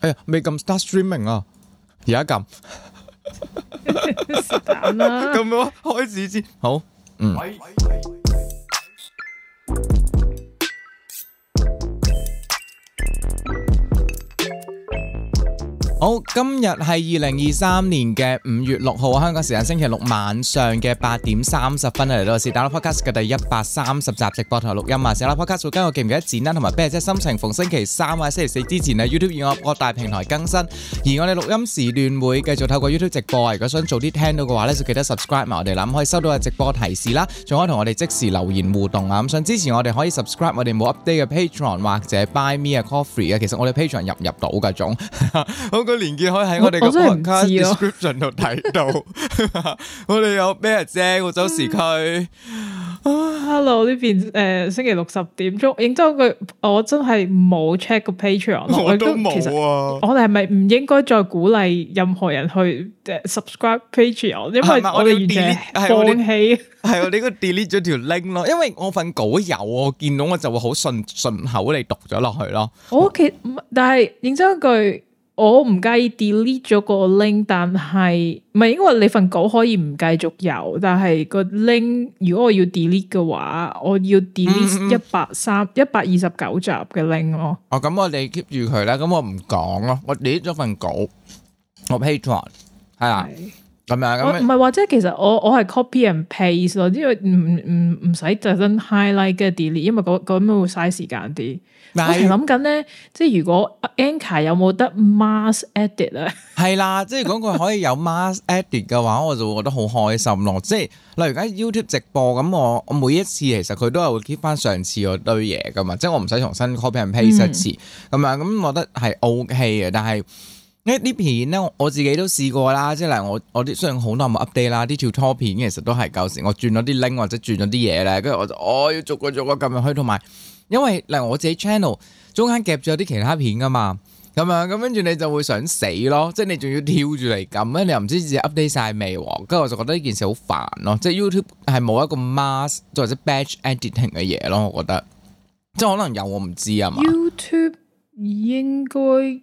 哎呀，未撳 start streaming 啊，而家撳，撳啦，咁樣開始先，好，嗯。好，今日係二零二三年嘅五月六號啊，香港時間星期六晚上嘅八點三十分啊，嚟到是《Whatever Podcast》嘅第一百三十集直播同錄音啊，《Whatever Podcast》會根據記唔記得指南同埋咩啫，心情逢星期三或者星期四之前咧，YouTube 以外各大平台更新，而我哋錄音時段會繼續透過 YouTube 直播啊。如果想早啲聽到嘅話咧，就記得 subscribe 埋我哋啦，可以收到個直播提示啦，仲可以同我哋即時留言互動啊。咁想支持我哋可以 subscribe 我哋冇 update 嘅 Patreon 或者 Buy Me a Coffee 嘅，其實我哋 Patreon 入唔入到嘅種。好。個鏈接可以喺我哋個 podcast description 度睇到，我哋有咩啫？澳洲時區，啊，hello 呢邊誒，星期六十點鐘，認真句，我真係冇 check 個 Patreon，我都冇啊。我哋係咪唔應該再鼓勵任何人去 subscribe Patreon？因為我哋 delete，係我哋應該 delete 咗條 link 咯，因為我份稿有我見到我就會好順順口嚟讀咗落去咯。我屋企，但係認真句。我唔介意 delete 咗個 link，但係唔係因為你份稿可以唔繼續有，但係個 link 如果我要 delete 嘅話，我要 delete 一百三一百二十九集嘅 link 咯。哦，咁、哦嗯哦、我哋 keep 住佢啦，咁我唔講咯，我 delete 咗份稿，我 patreon 係啊。嗯咁啊，樣我唔係話，即係其實我我係 copy and paste 咯，因為唔唔唔使重新 highlight 嘅 delete，因為嗰嗰咁會嘥時間啲。但是我仲諗緊咧，即係如果 Anka 有冇得 mass edit 咧？係啦，即係如果佢可以有 mass edit 嘅話， 我就會覺得好開心咯。即係例如而家 YouTube 直播咁，我我每一次其實佢都係會 keep 翻上次嗰堆嘢噶嘛，即係我唔使重新 copy and paste 一次。咁啊、嗯，咁我覺得係 OK 嘅，但係。啲片咧，我自己都試過啦。即係嗱，我我啲雖然好耐冇 update 啦，呢條拖片其實都係舊時，我轉咗啲 link 或者轉咗啲嘢咧，跟住我就我、哦、要逐個逐個撳入去，同埋因為嗱我自己 channel 中間夾住有啲其他片噶嘛，咁啊咁跟住你就會想死咯，即係你仲要跳住嚟撳，跟住你又唔知自己 update 晒未喎，跟住我就覺得呢件事好煩咯。即係 YouTube 係冇一個 mass 或者 batch editing 嘅嘢咯，我覺得，即係可能有我唔知啊嘛。YouTube 應該。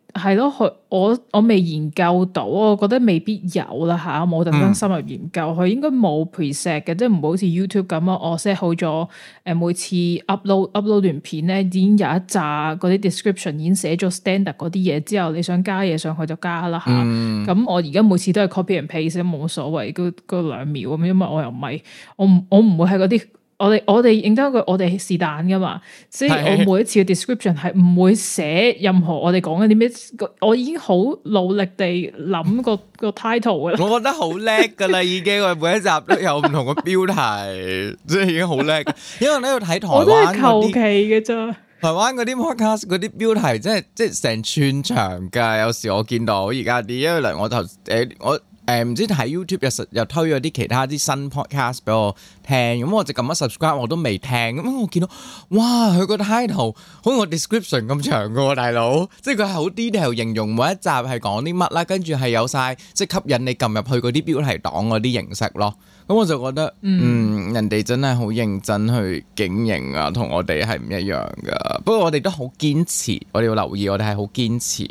係咯，佢我我未研究到，我覺得未必有啦嚇，冇特登深入研究佢，嗯、應該冇 preset 嘅，即係唔好似 YouTube 咁啊，我 set 好咗誒、呃、每次 upload upload 段片咧已經有一紮嗰啲 description 已經寫咗 standard 嗰啲嘢之後，你想加嘢上去就加啦嚇。咁，啊嗯、我而家每次都係 copy and paste，冇所謂嗰嗰兩秒，咁因為我又唔係我唔我唔會喺嗰啲。我哋我哋認得一句，我哋是但噶嘛，所以我每一次嘅 description 係唔會寫任何我哋講嘅啲咩，我已經好努力地諗個個 title 噶啦。 我覺得好叻噶啦，已經，我哋每一集都有唔同嘅標題， 即係已經好叻。因為呢度睇台灣，我都係求其嘅啫。台灣嗰啲 podcast 嗰啲標題真係，即係成串長嘅，有時我見到而家啲，因為嚟我頭。誒我。誒唔、欸、知睇 YouTube 又又推咗啲其他啲新 podcast 俾我聽，咁、嗯、我就撳咗 subscribe 我都未聽，咁、嗯、我見到哇佢個 title 好似個 description 咁長嘅、啊、喎，大佬，即係佢係好 detail 形容每一集係講啲乜啦，跟住係有晒，即係吸引你撳入去嗰啲標題黨嗰啲形式咯，咁、嗯、我就覺得嗯，嗯人哋真係好認真去經營啊，同我哋係唔一樣嘅，不過我哋都好堅持，我哋要留意，我哋係好堅持，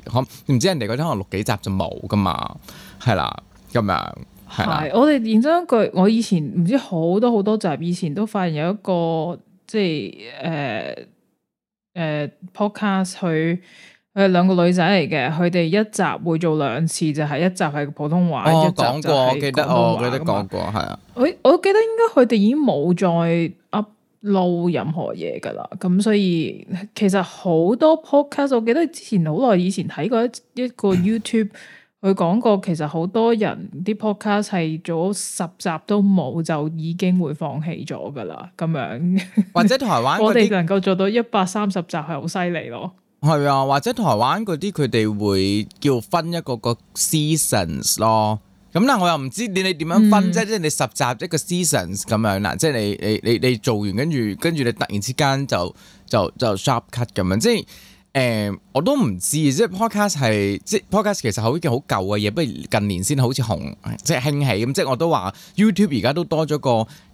唔知人哋嗰種可能錄幾集就冇嘅嘛，係啦。咁樣係，我哋認真一句。我以前唔知好多好多集，以前都發現有一個即係誒誒 podcast 佢佢兩個女仔嚟嘅，佢哋一集會做兩次，就係、是、一集係普通話。我講、哦、過，我記得，我記得講過，係啊。我我記得應該佢哋已經冇再 upload 任何嘢噶啦。咁所以其實好多 podcast，我記得之前好耐以前睇過一一個 YouTube。 佢講過，其實好多人啲 podcast 係做十集都冇，就已經會放棄咗噶啦，咁樣。或者台灣嗰啲， 我哋能夠做到一百三十集係好犀利咯。係啊，或者台灣嗰啲佢哋會叫分一個個 seasons 咯。咁嗱，我又唔知你你點樣分啫？嗯、即係你十集一個 seasons 咁樣啦，即係你你你你做完跟住跟住，你突然之間就就就 sharp cut 咁樣啫。即誒、嗯，我都唔知，即係 podcast 係，即係 podcast 其實係一件好舊嘅嘢，不如近年先好似紅，即係興起咁，即係我都話 YouTube 而家都多咗個。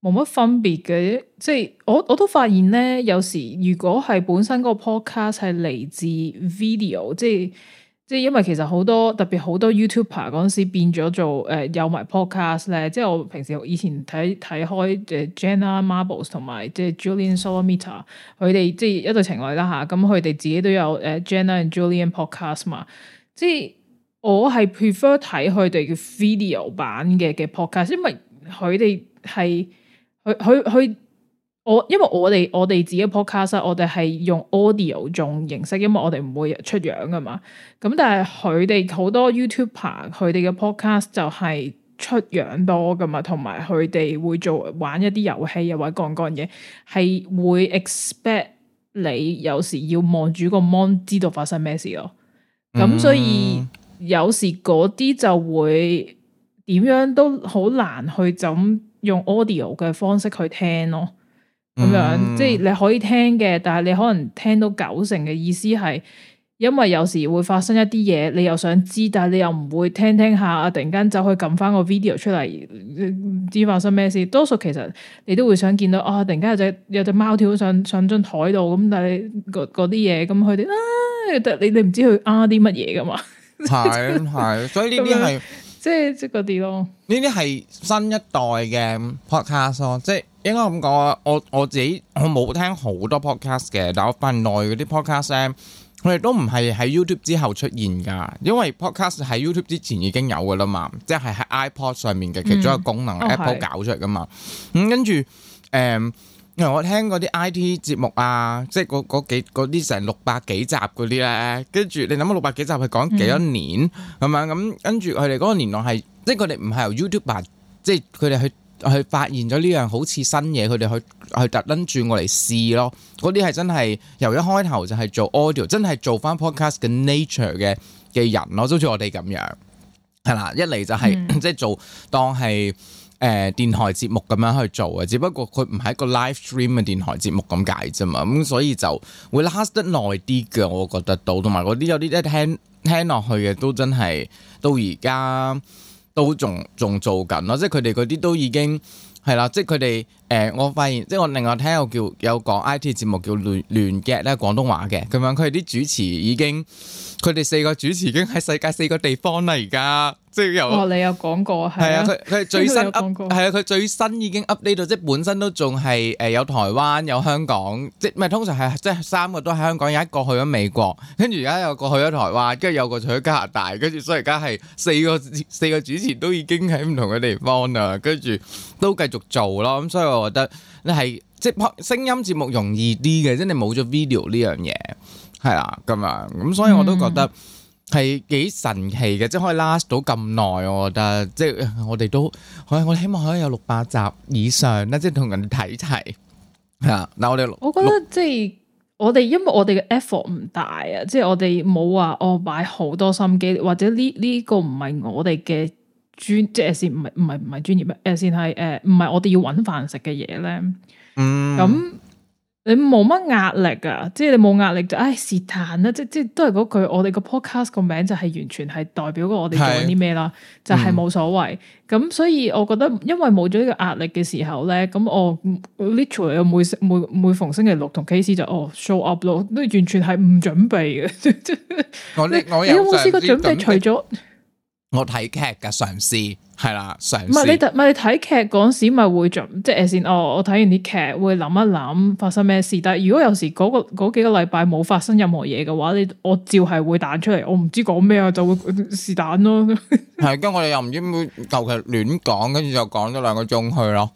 冇乜分別嘅，即係我我都發現咧，有時如果係本身個 podcast 係嚟自 video，即係即係因為其實好多特別好多 YouTuber 嗰陣時變咗做誒、呃、有埋 podcast 咧，即係我平時以前睇睇開誒 Jenna Marbles 同埋即係 Julian Solomita，佢哋即係一對情侶啦吓，咁佢哋自己都有誒、呃、Jenna and Julian podcast 嘛，即係我係 prefer 睇佢哋嘅 video 版嘅嘅 podcast，因為佢哋係。佢佢我因為我哋我哋自己 podcast，我哋係用 audio 種形式，因為我哋唔會出樣噶嘛。咁但係佢哋好多 YouTuber，佢哋嘅 podcast 就係出樣多噶嘛，同埋佢哋會做玩一啲遊戲又或者講講嘢，係會 expect 你有時要望住個 mon 知道發生咩事咯。咁、嗯、所以有時嗰啲就會點樣都好難去怎。就用 audio 嘅方式去聽咯，咁樣、嗯、即係你可以聽嘅，但係你可能聽到九成嘅意思係，因為有時會發生一啲嘢，你又想知，但係你又唔會聽聽下啊，突然間走去撳翻個 video 出嚟，唔知發生咩事？多數其實你都會想見到啊，突然間有隻有隻貓跳上上張台度咁，但係嗰啲嘢，咁佢哋啊，你你唔知佢啱啲乜嘢噶嘛？係係 這樣，所以呢啲係。即係即嗰啲咯，呢啲係新一代嘅 podcast 咯，即係應該咁講啊！我我自己我冇聽好多 podcast 嘅，但我發現內嗰啲 podcast 聲，佢哋都唔係喺 YouTube 之後出現噶，因為 podcast 喺 YouTube 之前已經有噶啦嘛，即係喺 iPod 上面嘅其中一個功能、嗯、，Apple 搞出嚟噶嘛，咁、嗯哦、跟住誒。嗯因為我聽嗰啲 IT 節目啊，即係嗰嗰幾嗰啲成六百幾集嗰啲咧，跟住你諗下六百幾集係講幾多年咁啊？咁跟住佢哋嗰個年代係，即係佢哋唔係由 YouTuber，即係佢哋去去發現咗呢樣好似新嘢，佢哋去去特登轉過嚟試咯。嗰啲係真係由一開頭就係做 audio，真係做翻 podcast 嘅 nature 嘅嘅人咯，好似我哋咁樣。係啦，一嚟就係即係做當係。誒、呃、電台節目咁樣去做嘅，只不過佢唔係個 live stream 嘅電台節目咁解啫嘛，咁、嗯、所以就會 last 得耐啲嘅，我覺得到，同埋嗰啲有啲一，有一聽聽落去嘅都真係到而家都仲仲做緊咯，即係佢哋嗰啲都已經係啦，即係佢哋。誒、呃，我發現即係我另外聽個叫有講 I.T. 節目叫聯聯劇咧，廣東話嘅咁樣，佢哋啲主持已經，佢哋四個主持已經喺世界四個地方啦，而家，即係又、哦、你有講過係啊，佢佢、啊、最新 up 啊，佢最新已經 update 到，即係本身都仲係誒有台灣有香港，即係通常係即係三個都喺香港，有一個去咗美國，跟住而家有個去咗台灣，跟住有個去咗加拿大，跟住所以而家係四個四個主持都已經喺唔同嘅地方啦，跟住都繼續做咯，咁所以我我覺得你係即係聲音節目容易啲嘅，即係你冇咗 video 呢樣嘢，係啊咁樣，咁所以我都覺得係幾神奇嘅，嗯、即係可以 last 到咁耐。我覺得即係我哋都可以，我哋希望可以有六百集以上啦，即係同人哋睇齊。係啊，嗱，我哋，我覺得即係我哋，因為我哋嘅 effort 唔大啊，即係 我哋冇話我擺好多心機，或者呢呢、呢個唔係我哋嘅。專即係先唔係唔係唔係專業咩？誒、呃，先係誒，唔係、呃呃、我哋要揾飯食嘅嘢咧。嗯，咁你冇乜壓力噶、啊，即係你冇壓力就誒是但啦。即即都係嗰句，我哋個 podcast 個名就係完全係代表過我哋做緊啲咩啦，是就係冇所謂。咁、嗯、所以我覺得，因為冇咗呢個壓力嘅時候咧，咁我，我 literally 每每每逢星期六同 c a K C 就哦 show up 咯，都完全係唔準備嘅 你。我有冇試過準備除咗？除了 我睇劇嘅嘗試係啦，嘗試唔係你睇唔係你睇劇嗰時咪會做即係先哦。我睇完啲劇會諗一諗發生咩事，但係如果有時嗰、嗰個嗰幾個禮拜冇發生任何嘢嘅話，你我照係會彈出嚟。我唔知講咩啊，就會 是彈咯。係跟我哋又唔知會求其亂講，跟住就講咗兩個鐘去咯。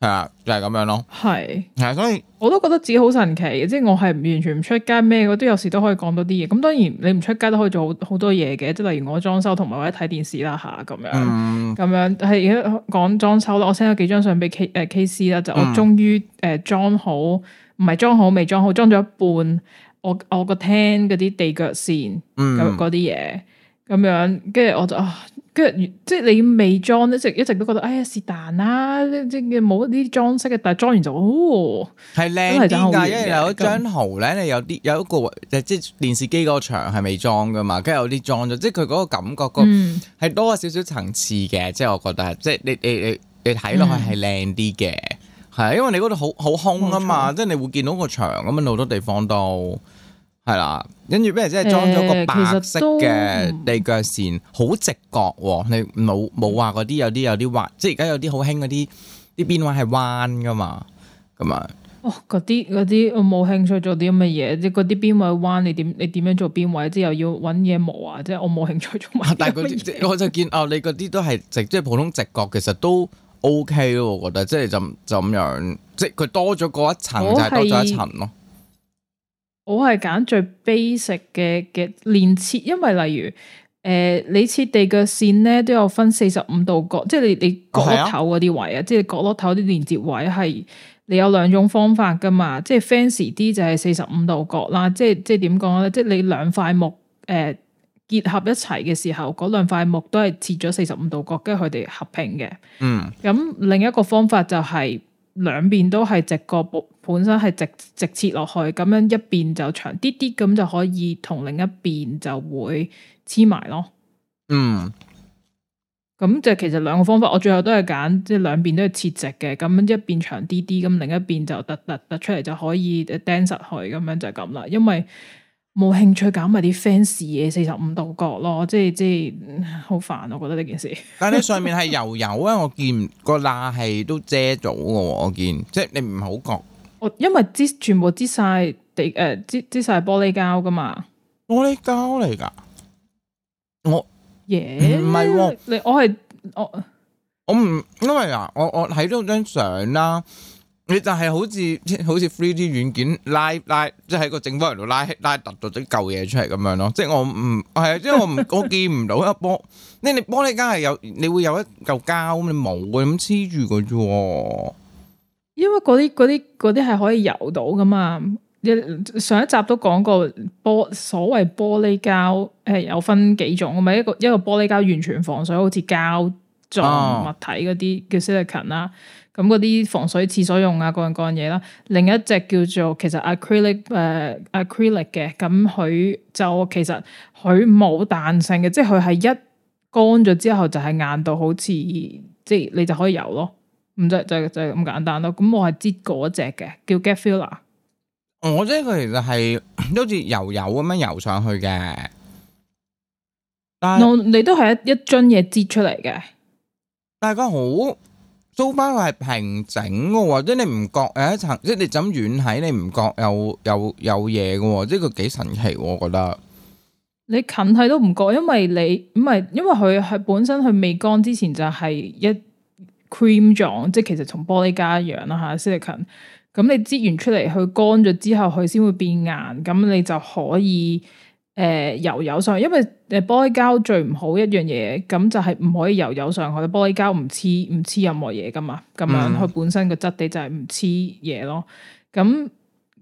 係啊，就係、是、咁樣咯。係係是，所以我都覺得自己好神奇。即係我係完全唔出街，咩我都有時都可以講多啲嘢。咁當然你唔出街都可以做好多嘢嘅。即係例如我裝修同埋我一睇電視啦，吓咁樣咁、嗯、樣係而家講裝修啦。我 send 咗幾張相俾 K 誒、呃、K C 啦，就我終於誒、嗯呃、裝好，唔係裝好未裝好，裝咗一半。我我個廳嗰啲地腳線嗯嗰啲嘢。咁樣，跟住我就啊，跟住即係你未裝一直一直都覺得，哎呀是但啦，即即冇一啲裝飾嘅，但裝完就哦，係靚啲㗎，因為有一張圖咧，你有啲有一個即係即電視機嗰個牆係未裝噶嘛，跟住有啲裝咗，即係佢嗰個感覺、嗯那個係多咗少少層次嘅，即係我覺得，即係你你你你睇落去係靚啲嘅，係啊、嗯，因為你嗰度好好空啊嘛，即係你會見到個牆咁樣好多地方都。係啦，跟住咩即係裝咗個白色嘅地腳線，好直角喎，哦。你冇冇話嗰啲有啲有啲彎，即係而家有啲好興嗰啲啲邊位係彎噶嘛，咁啊。哦，嗰啲嗰啲我冇興趣做啲咁嘅嘢，即係嗰啲邊位彎，你點你點樣做邊位？即係又要搵嘢磨啊！即係我冇興趣做。但係嗰啲 我就見啊，你嗰啲都係直，即係普通直角，其實都 OK 咯，我覺得，即係就就咁樣，即係佢多咗嗰一層就係是多咗一層咯。我係揀最 basic 嘅嘅連接，因為例如，誒、呃、你切地嘅線咧都有分四十五度角，即係你你角落頭嗰啲位啊，的即係角落頭啲連接位係你有兩種方法㗎嘛，即係 fancy 啲就係四十五度角啦，即係即係點講咧，即係你兩塊木誒、呃、結合一齊嘅時候，嗰兩塊木都係切咗四十五度角，跟住佢哋合併嘅。嗯，咁另一個方法就係、是。兩邊都係直角，本身係直直切落去，咁樣一邊就長啲啲，咁就可以同另一邊就會黐埋咯。嗯，咁就其實兩個方法，我最後都係揀即係兩邊都係切直嘅，咁樣一邊長啲啲，咁另一邊就突突突出嚟，就可以誒釘實去，咁樣就係咁啦，因為。冇興趣搞埋啲 fans 嘢四十五度角咯，即係即係好煩，我覺得呢件事。但係你上面係油油啊！ 我見個罅係都遮咗嘅喎，我見即係你唔好覺。我因為擠全部擠曬地誒擠擠曬玻璃膠嘅嘛，玻璃膠嚟㗎。我嘢唔係喎，Yeah? 啊、你我係我我唔，因為嗱我我睇咗張相啦。你就係好似好似 3D 軟件拉拉，即係喺個正方嚟度拉拉凸咗啲舊嘢出嚟咁樣咯。即係我唔係啊，即係我唔 我見唔到一波。你你玻璃膠係有，你會有一嚿膠，你冇嘅咁黐住佢啫。因為嗰啲嗰啲嗰啲係可以油到噶嘛。一上一集都講過玻所謂玻璃膠，係有分幾種，咪一個一個玻璃膠完全防水，好似膠狀物體嗰啲叫 silicone 啦。啊咁嗰啲防水廁所用啊，各樣各樣嘢啦。另一隻叫做其實 acrylic 誒 acrylic 嘅，咁、呃、佢就其實佢冇彈性嘅，即係佢係一乾咗之後就係硬到好似即係你就可以油咯，咁就就就咁簡單咯。咁我係擠嗰隻嘅，叫 Get Filler。我即佢其實係好似油油咁樣油上去嘅，但你都係一樽嘢擠出嚟嘅。大家好。蘇包佢係平整嘅喎，即你唔覺有一層，即係你枕遠喺，你唔覺有有有嘢嘅喎，即係佢幾神奇喎，我覺得。你近睇都唔覺，因為你唔係因為佢係本身佢未乾之前就係一 cream 狀，即係其實從玻璃膠一樣啦嚇、啊、silicone 咁、嗯、你擠完出嚟佢乾咗之後，佢先會變硬，咁、嗯、你就可以。誒、呃、油油上去，因為誒玻璃膠最唔好一樣嘢，咁就係唔可以油油上去。玻璃膠唔黐唔黐任何嘢噶嘛。咁樣佢、嗯、本身個質地就係唔黐嘢咯。咁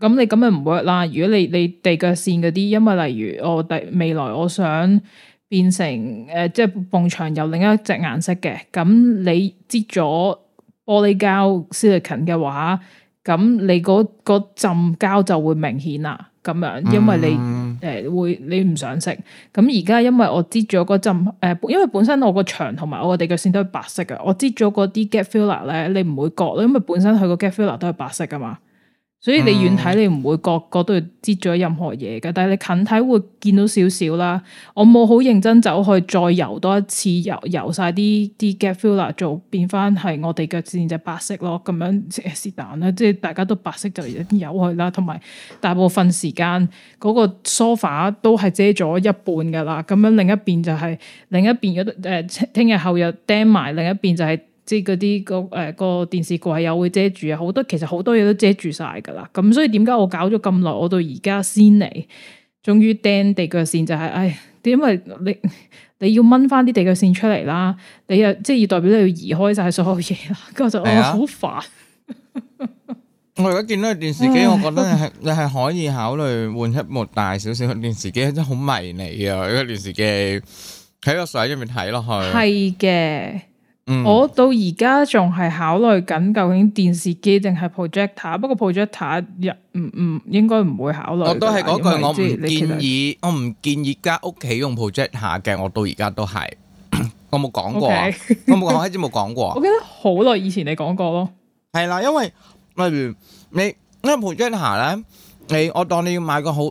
咁你咁咪唔 work 啦。如果你你，你地腳線嗰啲，因為例如我第未來我想變成誒即係埲牆油另一隻顏色嘅，咁你擠咗玻璃膠 silicone 嘅話，咁你嗰嗰浸膠就會明顯啦。咁樣，因為你誒、嗯呃、會你唔想食，咁而家因為我接咗嗰陣誒，因為本身我個牆同埋我哋嘅線都係白色嘅，我接咗嗰啲 get filler 咧，你唔會覺咯，因為本身佢個 get filler 都係白色噶嘛。所以你遠睇、嗯、你唔會覺得嗰度擠咗任何嘢嘅，但係你近睇會見到少少啦。我冇好認真走去再游多一次，游遊曬啲啲 gap filler，變翻係我哋腳線就白色咯。咁樣是但啦，即係大家都白色就遊去啦。同埋 大部分時間嗰、那個 sofa 都係遮咗一半嘅啦。咁樣另一邊就係、是、另一邊嗰誒，聽、呃、日後日釘埋，另一邊就係、是。即係嗰啲個誒個、呃、電視櫃又會遮住啊，好多其實好多嘢都遮住晒噶啦。咁所以點解我搞咗咁耐，我到而家先嚟，終於釘地腳線就係、是，唉，因為你你要掹翻啲地腳線出嚟啦，你又即係要代表你要移開晒所有嘢啦。咁我就我好煩。我而家見到個電視機，我覺得係你係可以考慮換一部大少少嘅電視機，真係好迷你啊！一個電視機喺個水入面睇落去，係嘅。嗯、我到而家仲係考慮緊究竟電視機定係 projector，不過 projector 又、嗯、唔唔、嗯、應該唔會考慮。我都係嗰句，我唔建議，我唔建議家屋企用 projector 嘅。我到而家都係， 我冇講過，我冇講開始冇講過。 我記得好耐以前你講過咯，係啦， 因為例如你因為 projector 咧，你我當你要買個好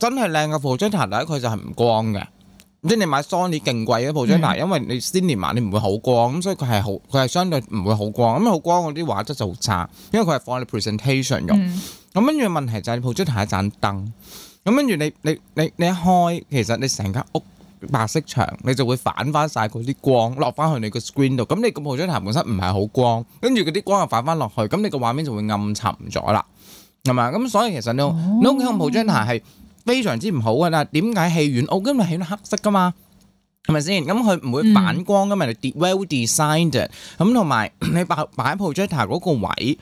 真係靚嘅 projector，第一佢就係唔光嘅。即係你買 Sony 勁貴嘅，鋪張台，因為你 Cinema，你唔會好光，咁所以佢係好佢係相對唔會好光。咁好光嗰啲畫質就好差，因為佢係放喺你 presentation 用。咁跟住問題就係你鋪張台一盞燈。咁跟住你你你你一開，其實你成間屋白色牆，你就會反翻曬嗰啲光落翻去你個 screen 度。咁你個鋪張台本身唔係好光，跟住嗰啲光又反翻落去，咁你個畫面就會暗沉咗啦，係嘛？咁所以其實你用用響鋪張台係非常之唔好㗎喇，但係點解戲院我今日起到黑色噶嘛？係咪先？咁佢唔會反光噶嘛？你 de well designed 咁，同埋你擺擺 projector 嗰個位，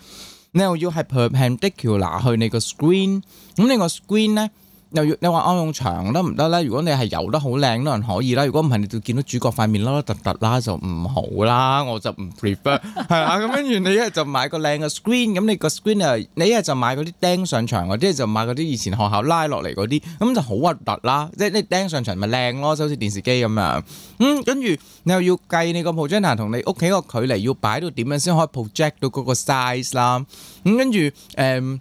你又要係 perpendicular 去你個 screen。咁你個 screen 咧？又要你話安用牆得唔得咧？如果你係油得好靚都還可以啦。如果唔係，你就見到主角塊面凹凹凸凸啦，就唔好啦。我就唔 prefer。係啊，咁跟住你一係就買個靚嘅 screen，咁你個 screen 啊，你一係就買嗰啲釘上牆，或者就買嗰啲以前學校拉落嚟嗰啲，咁就好核突啦。即係你釘上牆咪靚咯，就好似電視機咁樣。嗯，跟住你又要計你個 projector 同你屋企個距離要擺到點樣先可以 project 到嗰個 size 啦、嗯。咁跟住誒。嗯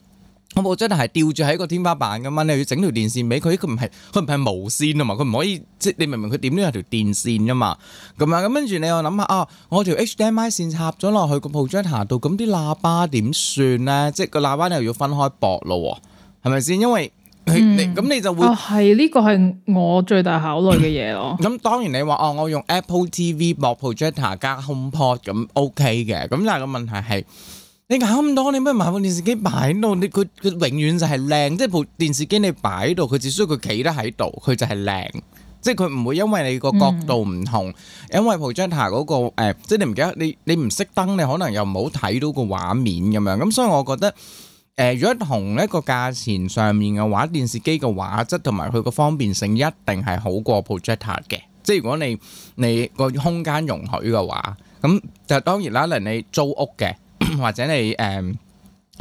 我部將係吊住喺個天花板咁樣，你要整條電線俾佢，佢唔係佢唔係無線啊嘛，佢唔可以即係你明唔明？佢點都有條電線噶嘛，咁樣咁跟住你又諗下啊，我條 HDMI 線插咗落去個 projector 度，咁啲喇叭點算咧？即係個喇叭又要分開駁咯，係咪先？因為、嗯、 你咁你就會係呢、哦、個係我最大考慮嘅嘢咯。咁 當然你話哦，我用 Apple TV 駁 projector 加 HomePod 咁 OK 嘅，咁但係個問題係。你搞咁多，你咪買部電視機擺喺度？你佢佢永遠就係靚，即係部電視機你擺喺度，佢只需要佢企得喺度，佢就係靚。即係佢唔會因為你個角度唔同，嗯、因為 projector 嗰、那個誒、呃，即係你唔記得你你唔熄燈，你可能又唔好睇到個畫面咁樣。咁所以我覺得誒，如、呃、果同一個價錢上面嘅話，電視機嘅畫質同埋佢個方便性一定係好過 projector 嘅。即係如果你你個空間容許嘅話，咁就當然啦，例如你租屋嘅。或者你誒、嗯、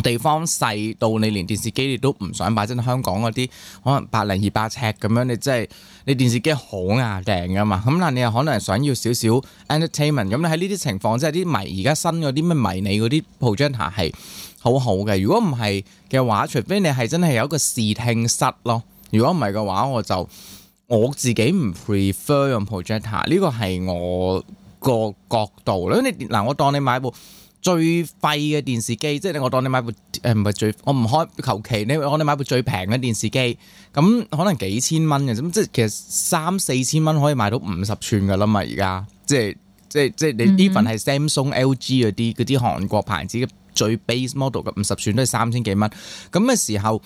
地方細到你連電視機你都唔想擺，真香港嗰啲可能百零二百尺咁樣，你即係你電視機好壓定㗎嘛？咁、嗯、嗱，但你又可能想要少少 entertainment，咁、嗯、你喺呢啲情況，即係啲迷而家新嗰啲咩迷你嗰啲 projector 係好好嘅。如果唔係嘅話，除非你係真係有一個視聽室咯。如果唔係嘅話，我就我自己唔 prefer 用 projector，呢個係我個角度咧。你嗱，我當你買部最廢嘅電視機，即係我當你買部誒唔係最，我唔開求其你我你買部最平嘅電視機，咁可能幾千蚊嘅，咁即係其實三四千蚊可以買到五十寸㗎喇嘛，而家即係即係即係你呢份係 Samsung、嗯嗯、LG 嗰啲嗰啲韓國牌子嘅最 base model 嘅五十寸都係三千幾蚊，咁嘅時候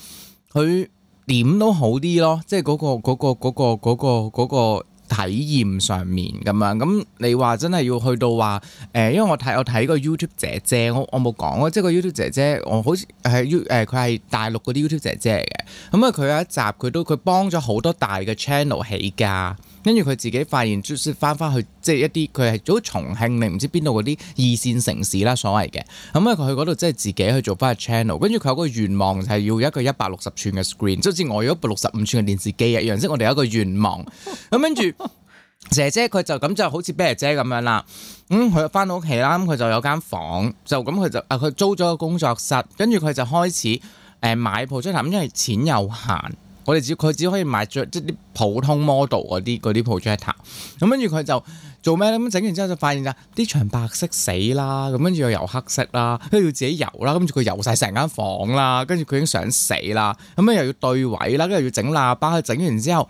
佢點都好啲咯，即係嗰個嗰個嗰個嗰個嗰個。那個那個那個那個體驗上面咁啊，咁你話真係要去到話誒、呃，因為我睇我睇個 YouTube 姐姐，我我冇講啊，即係個 YouTube 姐姐，我好似係 You 誒，佢、呃、係大陸嗰啲 YouTube 姐姐嚟嘅，咁啊佢有一集佢都佢幫咗好多大嘅 channel 起家。跟住佢自己發現，即係翻翻去即係一啲，佢係做咗重慶定唔知邊度嗰啲二線城市啦，所謂嘅。咁、嗯、啊，佢去嗰度即係自己去做翻個 channel。跟住佢有個願望就係要一個一百六十寸嘅 screen，即好似我有一部六十五寸嘅電視機一樣。即、就是、我哋有一個願望。咁跟住 姐姐佢就咁就好似 bear 姐咁樣啦。咁佢翻到屋企啦，咁佢就有間房，就咁佢就啊佢租咗個工作室，跟住佢就開始誒、呃、買鋪出嚟。因為錢有限。我哋只佢只可以買著即啲普通 model 嗰啲嗰啲 projector，咁跟住佢就做咩咧？咁整完之後就發現就啲牆白色死啦，咁跟住又油黑色啦，跟住要自己油啦，跟住佢油晒成間房啦，跟住佢已經想死啦，咁樣又要對位啦，跟住要整喇叭，整完之後，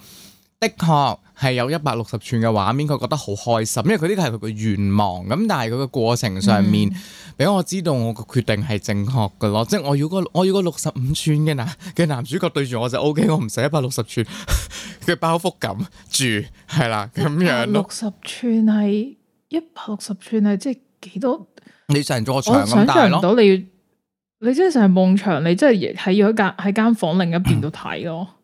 的確。係有一百六十寸嘅畫面，佢覺得好開心，因為佢呢個係佢嘅願望。咁但係佢個過程上面，俾、嗯、我知道我個決定係正確嘅咯。嗯、即係我要個我要六十五寸嘅男嘅男主角對住我，我就 O、OK, K，我唔使一百六十寸嘅包覆感住係啦，咁樣。六十寸係一百六十寸啊！寸係即係幾多？你成座牆咁大咯？想象唔到你，你真係成夢牆，你真係喺要一間喺間房另一邊度睇咯。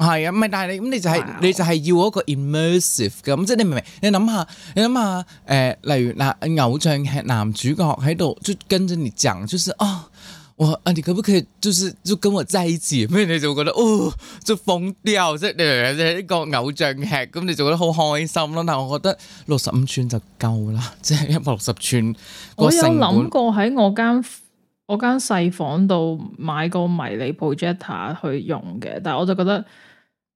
係啊，唔係但係你咁你就係、是、你就係要一個 immersive 嘅咁，即係你明唔明？你諗下，你諗下，誒、呃，例如嗱，偶像劇男主角喺度就跟住你講，就是啊，我、哦、啊，你可不可以就是就跟我在一起？咪你就覺得哦，就瘋掉！即係即係一個偶像劇，咁你就覺得好開心咯。但係我覺得六十五寸就夠啦，即係一百六十寸。那個、我有諗過喺我間我間細房度買個迷你 projector 去用嘅，但係我就覺得。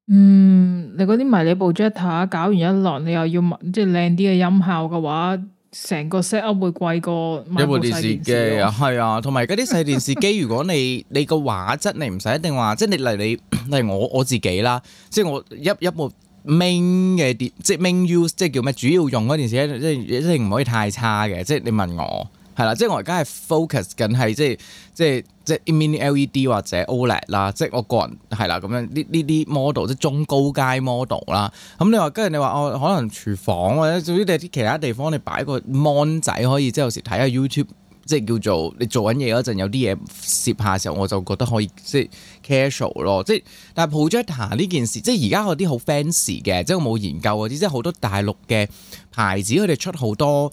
嗯，你嗰啲迷你部 projector 搞完一落，你又要即係靚啲嘅音效嘅話，成個 set up 會貴過買一部，一部電視機 啊。係啊，同埋嗰啲細電視機，如果你你個畫質，你唔使一定話，即係你嚟，你嚟我我自己啦，即係我一一部 main 嘅電，即係 main use，即係叫咩主要用嗰電視機，即係一定唔可以太差嘅。即係你問我。係啦，即係我而家係 focus 緊係即係即係即係 mini LED 或者 OLED 啦，即係我個人係啦，咁樣呢呢啲 model 即係中高階 model 啦。咁、嗯、你話跟住你話哦，可能廚房或者總之你啲其他地方你擺個 mon 仔可以即係有時睇下 YouTube，即係叫做你做緊嘢嗰陣有啲嘢攝下時候，時候我就覺得可以即係 casual 咯。即係但係 projector 呢件事，即係而家有啲好 fancy 嘅，即係我冇研究嗰啲，即係好多大陸嘅牌子佢哋出好多。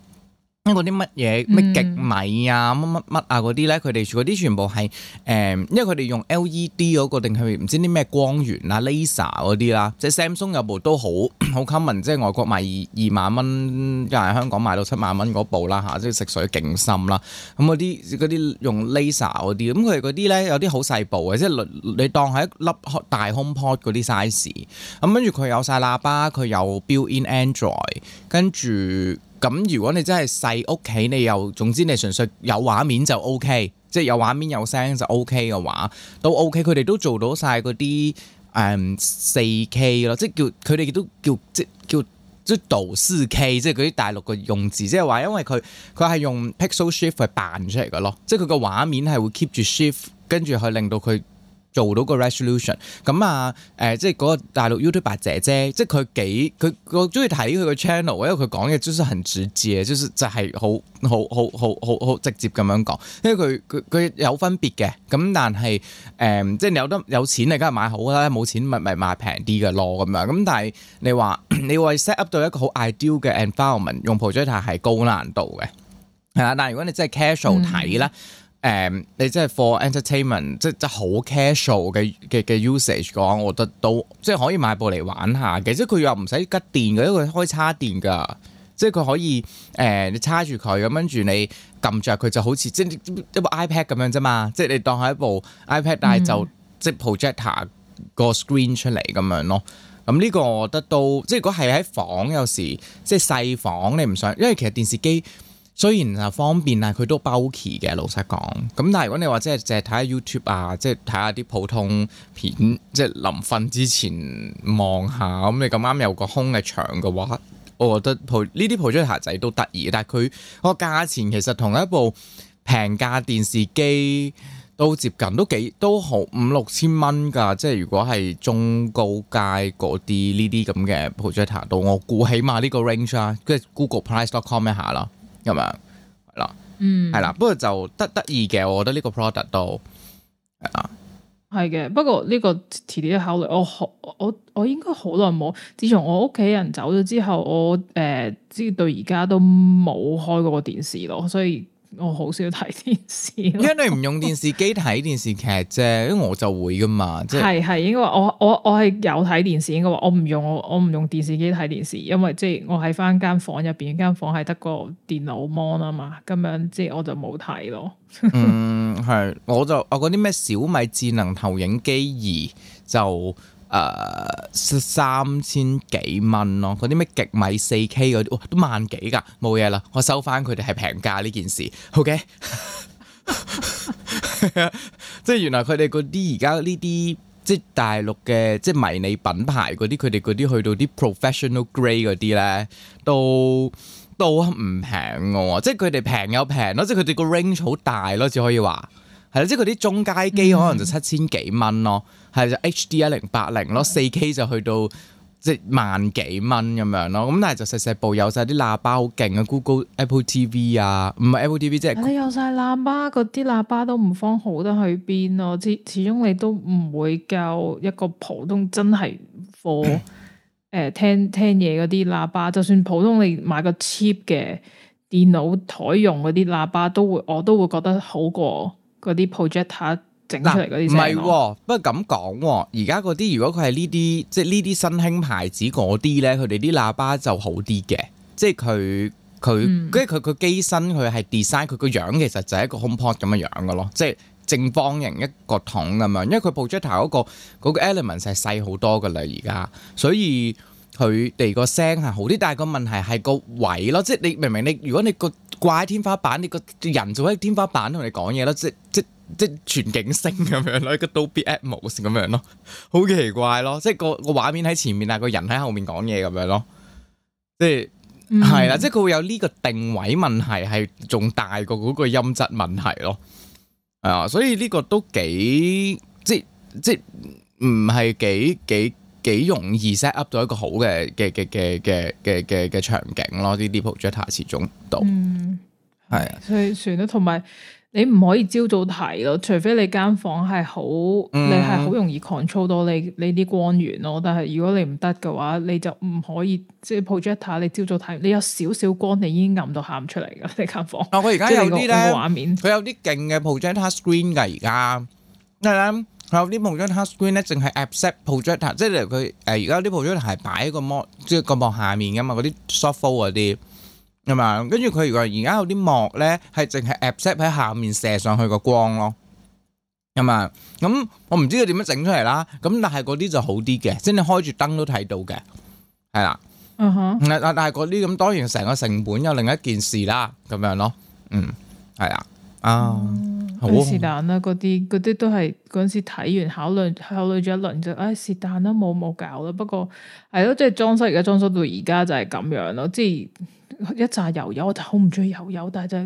因嗰啲乜嘢咩極米啊乜乜乜啊嗰啲咧，佢哋嗰啲全部係誒、呃，因為佢哋用 LED 嗰個定係唔知啲咩光源啊 Laser 嗰啲啦，即係 Samsung 有部都好好 common，即係外國賣二二萬蚊，又係香港賣到七萬蚊嗰部啦吓，即係食水勁深啦。咁嗰啲嗰啲用 Laser 嗰啲，咁佢哋嗰啲咧有啲好細部嘅，即係你你當係一粒大 HomePod 嗰啲 size。咁跟住佢有晒喇叭，佢有 built in Android，跟住。咁如果你真係細屋企，你又總之你純粹有畫面就 OK，即係有畫面有聲就 OK 嘅話都 OK。佢哋都做到晒嗰啲誒四 K 咯，即係叫佢哋都叫即係叫即係導師 K，即係嗰啲大陸嘅用字，即係話因為佢佢係用 pixel shift 去扮出嚟嘅咯，即係佢個畫面係會 keep 住 shift，跟住去令到佢。做到個 resolution 咁啊！誒、呃，即係嗰個大陸 YouTuber 姐姐，即係佢幾佢我中意睇佢個 channel，因為佢講嘅資訊很直接，就係就係好好好好好好直接咁樣講。因為佢佢佢有分別嘅。咁但係誒、呃，即係你有得有錢你梗係買好啦，冇錢咪咪買平啲嘅咯咁樣。咁但係你話你會 set up 到一個好 ideal 嘅 environment 用 projector 係高難度嘅，係啊！但係如果你真係 casual 睇啦。嗯誒，你即係 for entertainment，即即係好 casual 嘅嘅嘅 usage 講，我覺得都即係可以買部嚟玩下嘅。即係佢又唔使吉電嘅，因為佢開叉電㗎，即係佢可以誒，你叉住佢，咁跟住你撳着佢就好似即係一部 iPad 咁樣啫嘛。即係你當係一部 iPad，但係就即 projector 個 screen 出嚟咁樣咯。咁呢個我覺得都即係如果係喺房有時即係細房，你唔想，因為其實電視機。雖然啊方便啊，佢都 bulky 嘅，老實講。咁但係如果你話即係淨係睇下 YouTube 啊，即係睇下啲普通片，即係臨瞓之前望下，咁你咁啱有個空嘅場嘅話，我覺得呢啲 projector 仔都得意。但係佢個價錢其實同一部平價電視機都接近都，都幾都好五六千蚊㗎。即係如果係中高階嗰啲呢啲咁嘅 projector 到，我估起碼呢個 range 啊，跟住 Google Price dot com 一下啦。咁樣係啦，嗯，係啦，不過就得得意嘅，我覺得呢個 product 都係啦，係嘅，不過呢個遲啲考慮，我好，我我應該好耐冇，自從我屋企人走咗之後，我誒，至到而家都冇開過個電視咯，所以。我好少睇電視，因為你唔用電視機睇電視劇啫，我就會噶嘛，即係係應該話我我我係有睇電視，應該話我唔用我我唔用電視機睇電視，因為即係我喺翻間房入邊，間房係得個電腦 mon 啊嘛，咁樣即係我就冇睇咯。嗯，係，我就我嗰啲咩小米智能投影機二就。誒三千幾蚊咯，嗰啲咩極米四 K 嗰啲，都萬幾噶，冇嘢啦。我收翻佢哋係平價呢件事，OK？ 即係原來佢哋嗰啲而家呢啲，即係大陸嘅即係迷你品牌嗰啲，佢哋嗰啲去到啲 professional grade 嗰啲咧，都都唔平喎。即係佢哋平有平咯，即係佢哋個 range 好大咯，只可以話。係啦，即係嗰啲中階機可能就七千幾蚊咯，係就 H D 一零八零咯，四 K 就去到即係萬幾蚊咁樣咯。咁但係就細細部有晒啲喇叭好勁啊，Google Apple T V 啊，唔係 Apple T V 即係。你、嗯、有晒喇叭，嗰啲喇叭都唔方好得去邊咯。始始終你都唔會教一個普通真係貨誒聽聽嘢嗰啲喇叭，就算普通你買個 cheap 嘅電腦台用嗰啲喇叭，都會我都會覺得好過。嗰啲 projector 整出嚟嗰啲聲咯，唔係、啊，不過咁講喎。而家嗰啲如果佢係呢啲，即係呢啲新興牌子嗰啲咧，佢哋啲喇叭就好啲嘅。即係佢佢，嗯、因為佢個機身佢係 design，佢個樣其實就係一個 homepod 咁樣樣嘅咯。即係正方形一個筒咁樣，因為佢 projector 嗰個嗰個 element 係細好多嘅啦。而家所以佢哋個聲係好啲，但係個問題係個位咯。即係你明唔明你？你如果你個怪天花板，你個人做喺天花板同你講嘢咯，即即即全景聲咁樣咯，一個 Dolby Atmos 模式咁樣咯，好奇怪咯，即個個畫面喺前面啊，個人喺後面講嘢咁樣咯，即係啦，即佢會有呢個定位問題係仲大過嗰個音質問題咯，係啊，所以呢個都幾即即唔係幾幾。幾容易 set up 到一個好嘅嘅嘅嘅嘅嘅嘅嘅場景咯，呢啲 projector 始終都，係、嗯、是所以算啦。同埋你唔可以朝早睇咯，除非你間房係好，你係好容易 control 到你你啲光源咯。嗯、但係如果你唔得嘅話，你就唔可以即係 projector 你朝早睇，你有少少光你已經暗到喊出嚟嘅你間房。啊，佢而家有啲咧畫面，佢有啲勁嘅 projector screen 嚟噶，係啦。然後啲 projector screen 咧，淨係 accept projector，即係佢誒而家啲 projector 係擺喺個幕，即係個幕下面噶嘛，嗰啲 softwall 嗰啲啊嘛，跟住佢如果而家有啲幕咧，係淨係 accept 喺下面射上去個光咯，咁啊，咁我唔知佢點樣整出嚟啦，咁但係嗰啲就好啲嘅，即係你開住燈都睇到嘅，係啦，嗯哼，但但係嗰啲咁當然成個成本有另一件事啦，咁樣咯，嗯，係啊。啊，嗯、好啊，是但啦，嗰啲嗰啲都係嗰陣時睇完考慮考慮咗一輪就，唉、哎，是但啦，冇冇搞啦。不過係咯，即、嗯、係、就是、裝修而家裝修到而家就係咁樣咯。即係一紮油油，我就好唔中意油油，但係就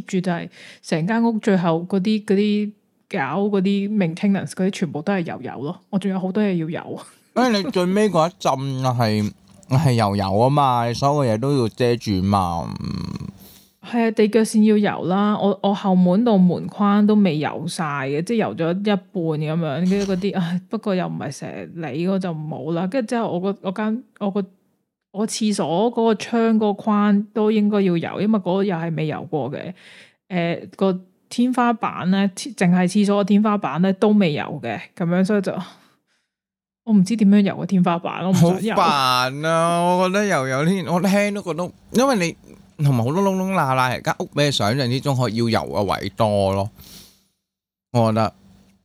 keep 住就係、是、成間屋最後嗰啲嗰啲搞嗰啲 maintenance 嗰啲全部都係油油咯。我仲有好多嘢要油。誒、哎，你最尾嗰一浸又係係油油啊嘛？你所有嘢都要遮住嘛？嗯係啊，地腳線要油啦，我我後門度門框都未油晒嘅，即係油咗一半咁樣，跟住嗰啲，唉，不過又唔係成日你嗰就冇啦。跟住之後我個我間我個我，我廁所嗰個窗嗰個框都應該要油，因為嗰個又係未油過嘅。誒、呃，個天花板咧，淨係廁所個天花板咧都未油嘅，咁樣所以就我唔知點樣油個天花板咯。我油好煩啊！我覺得油油添，我聽都覺得，因為你。同埋好多窿窿罅罅，而家屋你上人之中，可能要油嘅位多咯。我覺得，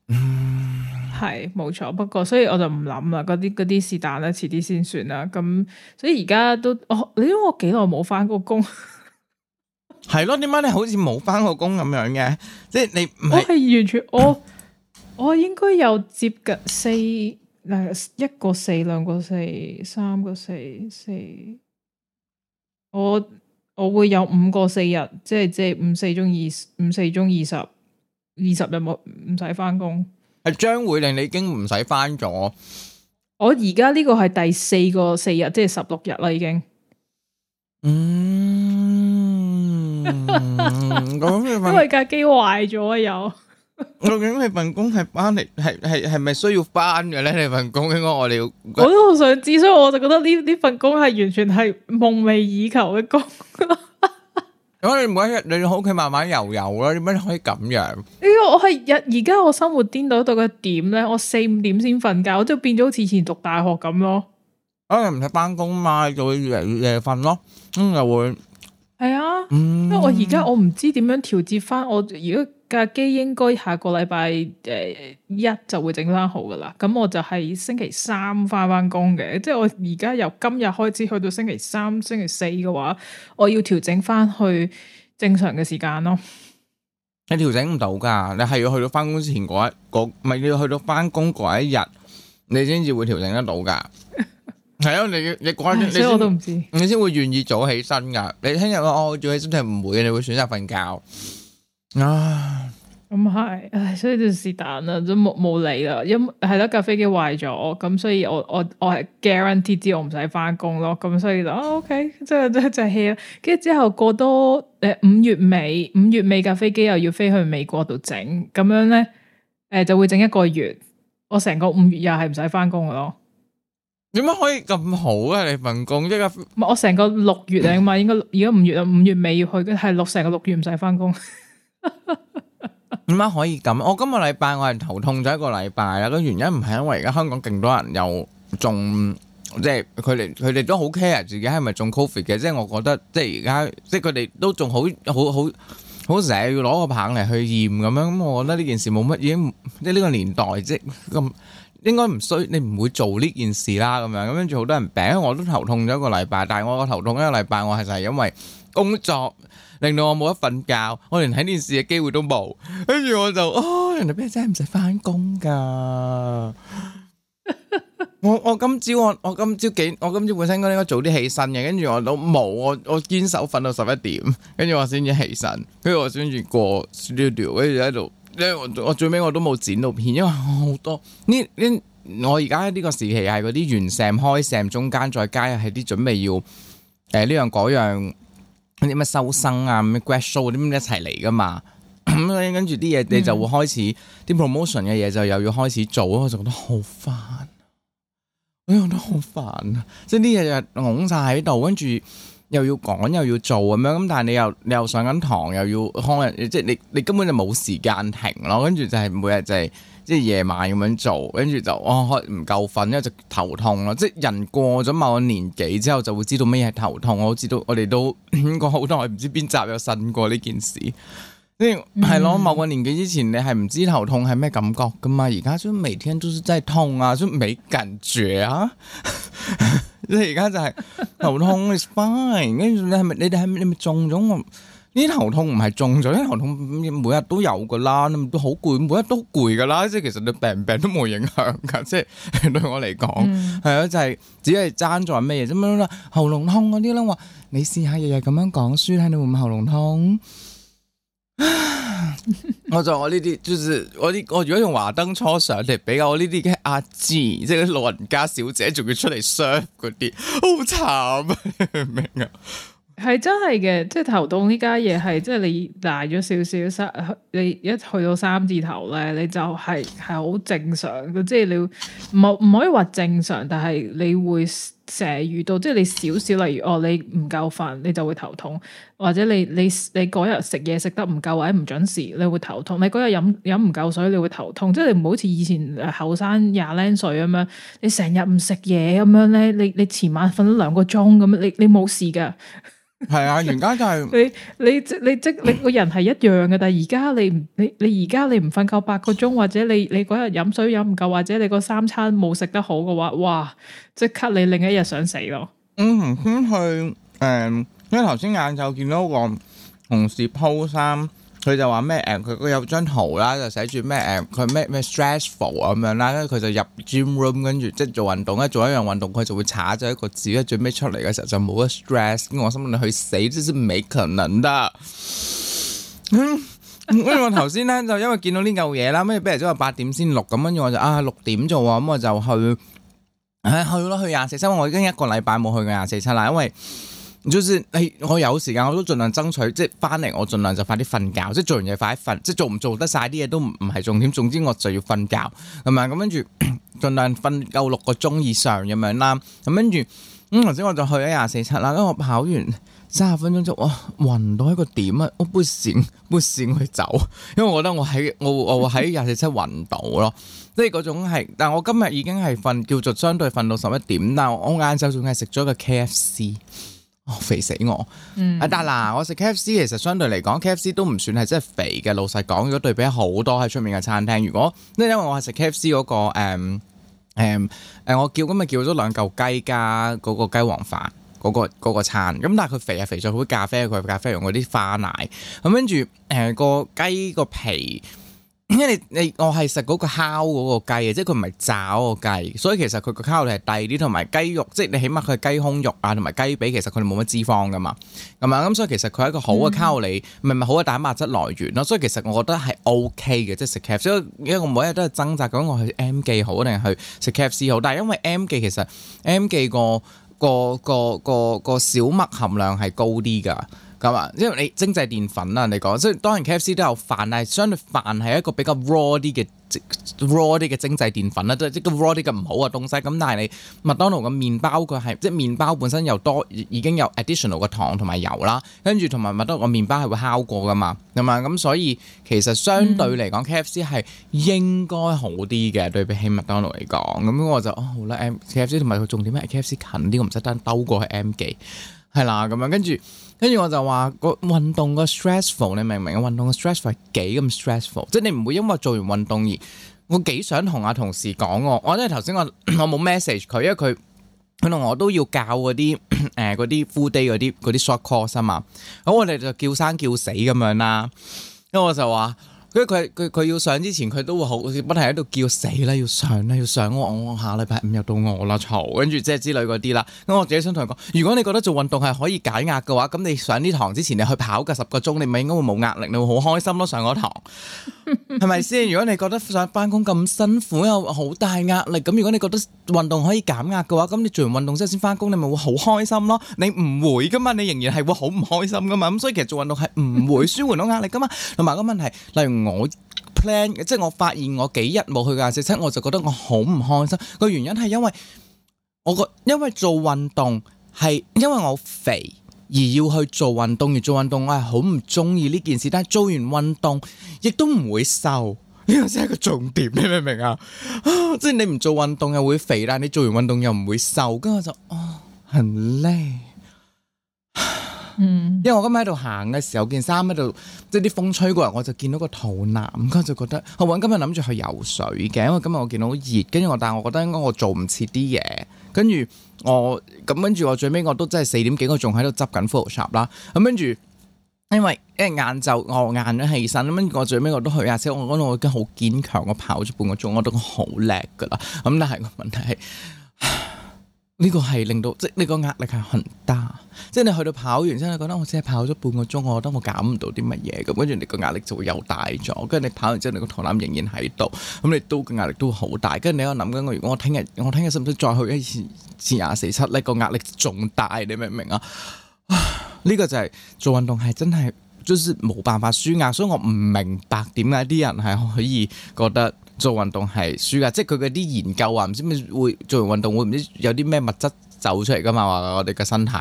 嗯，係冇錯，不過所以我就唔諗啦，嗰啲嗰啲是但啦，遲啲先算啦。咁所以而家都、哦、你我你知我幾耐冇翻過工？係 咯？點解你好似冇翻過工咁樣嘅？即、就、係、是、你我係完全 我我應該有接近四兩一個四兩個四三個四四我。我會有五個四日，即係即係五四中二五四中二十二十日冇唔使翻工，係將會令你已經唔使翻咗。我而家呢個係第四個四日，即係十六日啦已經。嗯，唔講咩因為架機壞咗呀又。究竟你份工係翻嚟，係係係咪需要翻嘅咧？你份工應該我哋要。我都好想知，所以我就覺得呢呢份工係完全係夢寐以求嘅工。如 果你每日，你喺屋企慢慢悠悠啦，點解可以咁樣？因為我係日而家我生活顛倒到嘅點咧，我四五點先瞓覺，我就變咗好似以前讀大學咁咯。可能唔使翻工嘛，就會越嚟越夜瞓咯，嗯，又會係啊，嗯，因為我而家我唔知點樣調節翻我而。架機應該下個禮拜誒一就會整翻好噶啦，咁我就係星期三翻翻工嘅，即係我而家由今日開始去到星期三、星期四嘅話，我要調整翻去正常嘅時間咯。你調整唔到噶，你係要去到翻工之前嗰一嗰，咪你要去到翻工嗰一日，你先至會調整得到噶。係啊， 你你講啲，你， 你才我都唔知，你先會願意早起身噶。你聽日話我早起身，你係唔會，你會選擇瞓覺。啊，咁係，唉，所以就是但啦，都冇冇理啦，因係啦，架飛機壞咗，咁所以我我我係 guaranteed 知我唔使翻工咯，咁所以就啊 OK，真係真係真氣啦，跟住之後過多誒、呃、五月尾五月尾，架飛機又要飛去美國度整，咁樣咧誒、呃、就會整一個月，我成個五月又係唔使翻工咯，點解可以咁好啊？你份工，即係唔係我成個六月啊嘛， 應該而家五月啊，五月尾要去係六成個六月唔使翻工。 點解可以咁？我今個禮拜我係頭痛咗一個禮拜啦，個原因唔係因為而家香港勁多人又中，即係佢哋佢哋都好 care 自己係咪中 COVID 嘅，即係我覺得即係而家即係佢哋都仲好好好好成日要攞個棒嚟去驗咁樣，咁我覺得呢件事冇乜嘢，即係呢個年代即係咁應該唔需，你唔會做呢件事啦咁樣，跟住好多人病，我都頭痛咗一個禮拜，但係我個頭痛一個禮拜，我係就係因為工作。令到我冇得瞓覺，我連睇電視嘅機會都冇，跟住我就，啊，人哋咩真係唔使翻工噶？我我今朝我我今朝幾我今朝本身應該早啲起身嘅，跟住我都冇，我我堅守瞓到十一點，跟住我先至起身，跟住我先至過 studio，跟住喺度，因為我我最尾我都冇剪到片，因為我好多呢呢，我而家呢個時期係嗰啲完 sam 開 sam 中間，再加入係啲準備要，誒，呢樣嗰樣。啲咩收生啊，咩 grad show 嗰啲一齊嚟㗎嘛，咁所以 跟住啲嘢你就會開始啲、嗯、promotion 嘅嘢就又要開始做，嗯、我就覺得好煩，哎呀，我都好煩啊！即係呢日日拱晒喺度，跟住又要講又要做咁樣，咁但係你又你又上緊堂，又要開即係你你根本就冇時間停咯，跟住就係每日就係、是。即係夜晚咁樣做，跟住就哦，可能唔夠瞓，因為就頭痛咯。即係人過咗某個年紀之後，就會知道咩係頭痛。我知道我，我哋都過好耐唔知邊集有呻過呢件事。呢係咯，某個年紀之前你係唔知頭痛係咩感覺噶嘛？而家就每天都真係痛啊，就未感覺啊。即係而家就係頭痛，is fine，跟住你係咪你哋係咪中咗？呢啲頭痛唔係中咗，呢啲頭痛每日都有噶啦，都好攰，每日都攰噶啦。即係其實你病唔病都冇影響噶，即係對我嚟講，係啊，嗯，就係只係爭在咩嘢啫？喉嚨痛嗰啲啦，話你試下日日咁樣講書，睇你會唔喉嚨痛？ 我就我呢啲，就是我啲我如果用華燈初上嚟比較，我呢啲嘅阿芝，即係啲老人家小姐，仲要出嚟傷嗰啲，好慘啊！ 明啊？係真係嘅，即係頭痛呢家嘢係，即係你大咗少少三，你一去到三字頭咧，你就係係好正常嘅，即係你唔唔可以話正常，但係你會成日遇到，即係你少少，例如哦，你唔夠瞓，你就會頭痛；或者你你你嗰日食嘢食得唔夠或者唔準時，你會頭痛。你嗰日飲飲唔夠水，你會頭痛。即係你唔好似以前後生廿零歲咁樣，你成日唔食嘢咁樣咧，你你前晚瞓咗兩個鐘咁，你你冇事噶。係啊，而家 就係、是、 你你，你即你即你個人係一樣嘅，但係而家你唔你你而家你唔瞓夠八個鐘，或者你你嗰日飲水飲唔夠，或者你嗰三餐冇食得好嘅話，哇！即刻你另一日想死咯。嗯，咁去誒、呃，因為頭先晏晝見到個同事鋪衫。佢就話咩誒？佢佢有張圖啦，就寫住咩誒？佢咩咩 stressful 咁樣啦，跟住佢就入 gym room，跟住即係做運動，一做一樣運動，佢就會查咗一個字，一最尾出嚟嘅時候就冇咗 stress。我心諗你去死，這是沒可能得。跟、嗯、住 我頭先咧，就因為見到呢嚿嘢啦，咩不如早話八點先錄咁，跟住我就啊六點做咁我就去，哎、去咯去廿四七，因為我已經一個禮拜冇去過廿四七喇，因為。總之，誒、就是，我有時間我都盡量爭取，即係翻嚟，我盡量就快啲瞓覺，即係做完嘢快啲瞓，即係做唔做得晒啲嘢都唔唔係重點。總之，我就要瞓覺，係咪咁跟住盡量瞓夠六個鐘以上咁樣啦。咁跟住咁頭先，嗯、我就去咗廿四七啦。咁我跑完三十分鐘就哇暈到一個點啊，我撥線撥線去走，因為我覺得我喺我我喺廿四七暈到咯，即係嗰種係。但係我今日已經係瞓叫做相對瞓到十一點，但我晏晝仲係食咗個 KFC。肥死我！阿達嗱，我食 K F C 其實相對嚟講，K F C 都唔算係真係肥嘅。老實講，如果對比好多喺出面嘅餐廳，如果因為我係食 K F C 嗰、嗰個誒誒、嗯嗯、我叫咁咪叫咗兩嚿雞加嗰個雞皇飯嗰、嗰個嗰個嗰個餐，咁但係佢肥係肥在佢咖啡，佢咖啡用嗰啲花奶，咁跟住誒個雞個皮。因為你我係食嗰個烤嗰個雞啊，即係佢唔係炸嗰個雞，所以其實佢個卡路里係低啲，同埋雞肉即係你起碼佢係雞胸肉啊，同埋雞髀，其實佢哋冇乜脂肪噶嘛，咁樣，咁所以其實佢係一個好嘅卡路里，咪咪、嗯、好嘅蛋白質來源咯，所以其實我覺得係 O K 嘅，即係食 KFC。所以因為我每日都係掙扎緊，我去 M 記好定係去食 KFC 好，但係因為 M 記其實 M 記個個個個個小麥含量係高啲噶。咁啊，因為、就是、你精製澱粉啦、啊，你講，所以當然 K F C 都有飯，但係相對飯係一個比較 raw 啲嘅 raw 嘅精製澱粉啦，即都係一個 raw 啲嘅唔好嘅東西。咁但係你麥當勞嘅麵包，佢係即係麵包本身又多已經有 additional 嘅糖同埋油啦，跟住同埋麥當勞嘅麵包係會烤過㗎嘛，咁啊咁，所以其實相對嚟講、嗯、K F C 係應該好啲嘅，對比起麥當勞嚟講。咁我就哦，好啦 K F C，同埋佢重點係 K F C 近啲，我唔使單兜過去 M 記係啦。咁樣跟住。跟住我就話個運動個 stressful，你明唔明啊？運動個 st stressful 幾咁 stressful，即係你唔會因為做完運動而我幾想同阿同事講喎。我因為頭先我我冇 message 佢，因為佢佢同我都要教嗰啲誒嗰啲 full day 嗰啲嗰啲 short course 啊嘛。咁我哋就叫生叫死咁樣啦。因為我就話。佢佢佢要上之前佢都會好似不停喺度叫死啦，要上啦，要上下禮拜五又到我啦，嘈，跟住即係之類嗰啲啦。咁我自己想同佢講，如果你覺得做運動係可以解壓嘅話，咁你上呢堂之前你去跑個十個鐘，你咪應該會冇壓力，你會好開心咯，上個堂係咪先？ 如果你覺得上翻工咁辛苦，又好大壓力，咁如果你覺得運動可以減壓嘅話，咁你做完運動之後先翻工，你咪會好開心咯。你唔會噶嘛，你仍然係會好唔開心噶嘛。咁所以其實做運動係唔會舒緩到壓力噶嘛。同埋個問題，例如。例如我 plan 嘅，即係我發現我幾日冇去廿四七，我就覺得我好唔開心。個原因係因為我個，因為做運動係因為我肥而要去做運動，而做運動我係好唔中意呢件事。但係做完運動亦都唔會瘦，呢個先係個重點，你明唔明啊？啊，即係你唔做運動又會肥啦，你做完運動又唔會瘦，跟住我就哦，好攰。因為我今日喺度行嘅時候，件衫喺度，即係啲風吹過嚟，我就見到個肚腩，我就覺得我今日諗住去游水嘅，因為今日我見到好熱，跟住我，但係我覺得應該我做唔切啲嘢，跟住我咁跟住我最尾我都真係四點幾，我仲喺度執緊 Photoshop 啦，咁跟住因為因晏晝我晏咗起身，咁跟住我最尾我都去，而且我嗰度我已經好堅強，我跑咗半個鐘，我都好叻㗎喇，咁但係個問題。呢個係令到即係你個壓力係很大，即係你去到跑完之後，你覺得我只係跑咗半個鐘，我覺得我減唔到啲乜嘢，咁跟住你個壓力就會又大咗。跟住你跑完之後，你個肚腩仍然喺度，咁你都個壓力都好大。跟住你又諗緊，我如果我聽日我聽日使唔使再去一次二廿四七，呢個壓力仲大，你明唔明啊？呢個就係做運動係真係，就是冇辦法舒壓，所以我唔明白點解啲人係可以覺得。做運動係輸噶即係佢嗰啲研究呀唔知咩會做完運動會唔知有啲咩物質走出嚟噶嘛？話我哋個身體，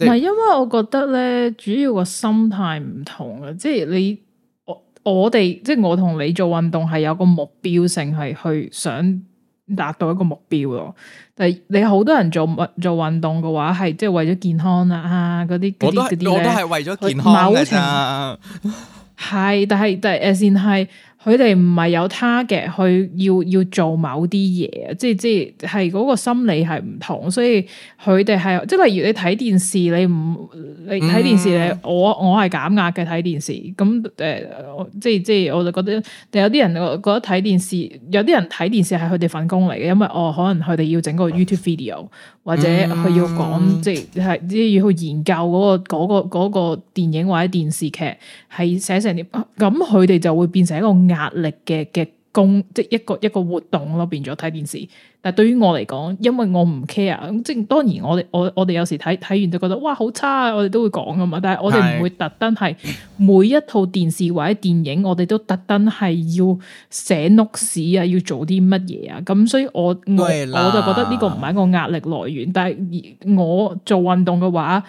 唔係因為我覺得咧，主要個心態唔同啊，即係你我我哋即係我同你做運動係有個目標性，係去想達到一個目標咯。但係你好多人做運做運動嘅話，係即係為咗健康啊嗰啲，我都我都係為咗健康噶、啊、咋，係 但係但係先係。佢哋唔係有他嘅去要要做某啲嘢，即係即係係嗰個心理係唔同，所以佢哋係，即係例如你睇電視你唔你睇電視你我我係減壓嘅睇電視，咁誒、嗯嗯、即係即係我就覺得，但有啲人覺得睇電視有啲人睇電視係佢哋份工嚟嘅。因為我、哦、可能佢哋要整個 YouTube video 或者佢要講、嗯、即係即係要去研究嗰個嗰個嗰個電影或者電視劇，係寫成點，咁佢哋就會變成一個。壓力嘅嘅工，即一個一個活動咯，變咗睇電視。但係對於我嚟講，因為我唔 care，咁即係當然我我我哋有時睇睇完就覺得哇好差啊，我哋都會講噶嘛。但係我哋唔會特登係每一套電視或者電影，我哋都特登係要寫 notes 啊，要做啲乜嘢啊。咁所以我我，的我，我就覺得呢個唔係一個壓力來源。但係我做運動嘅話。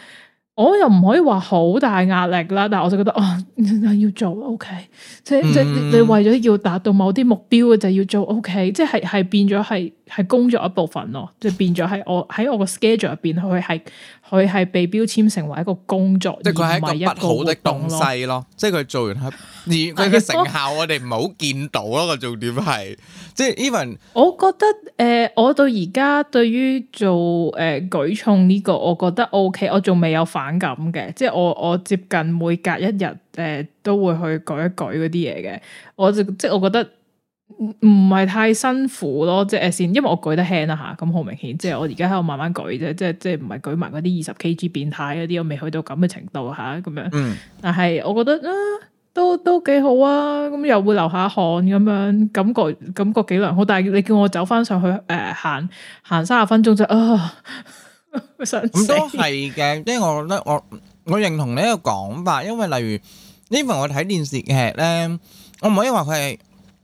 我又唔可以話好大壓力啦，但係我就覺得啊、哦，要做 OK，即係、嗯、即係你為咗要達到某啲目標嘅就要做 OK，即係係變咗係係工作一部分咯，即係變咗喺我喺我個 schedule 入邊佢係佢係被標籤成為一個工作，即係佢係一個不好的東西咯，即係佢做完後而佢嘅成效我哋唔係好見到咯，個重點係。即係 even，我覺得誒、呃，我到而家對於做誒、呃、舉重呢、這個，我覺得 O、OK, K，我仲未有反感嘅。即係我我接近每隔一日誒、呃，都會去舉一舉嗰啲嘢嘅。我就即係我覺得唔唔係太辛苦咯。即係先，因為我舉得輕啦嚇，咁、啊、好明顯。即係我而家喺度慢慢舉啫，即係即係唔係舉埋嗰啲二十 K G 變態嗰啲，我未去到咁嘅程度嚇咁、啊、樣。嗯，但係我覺得咧。都都幾好啊！咁又會流下汗咁樣，感覺感覺幾良好。但係你叫我走翻上去誒，行行三十分鐘啫。啊、呃，咁 死都係嘅。即係我覺得我我，我認同呢個講法，因為例如，even 我睇電視劇咧，我唔可以話佢係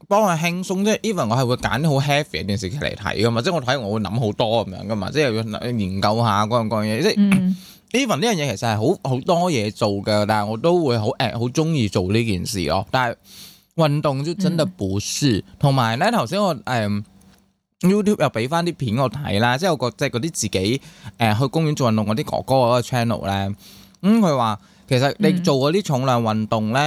幫我輕鬆即係 even 我係會揀啲好 heavy 電視劇嚟睇噶嘛，即係我睇我會諗好多咁樣噶嘛，即係要研究下嗰樣嗰樣嘢。即嗯 Even 呢樣嘢其實係好好多嘢做嘅，但係我都會好誒好鍾意做呢件事咯。但係運動都真係補書，同埋咧頭先我誒、呃、YouTube 又俾返啲片我睇啦，即係我覺即係嗰啲自己誒、呃、去公園做運動嗰啲哥哥嗰個 channel 咧，咁佢話其實你做嗰啲重量運動咧，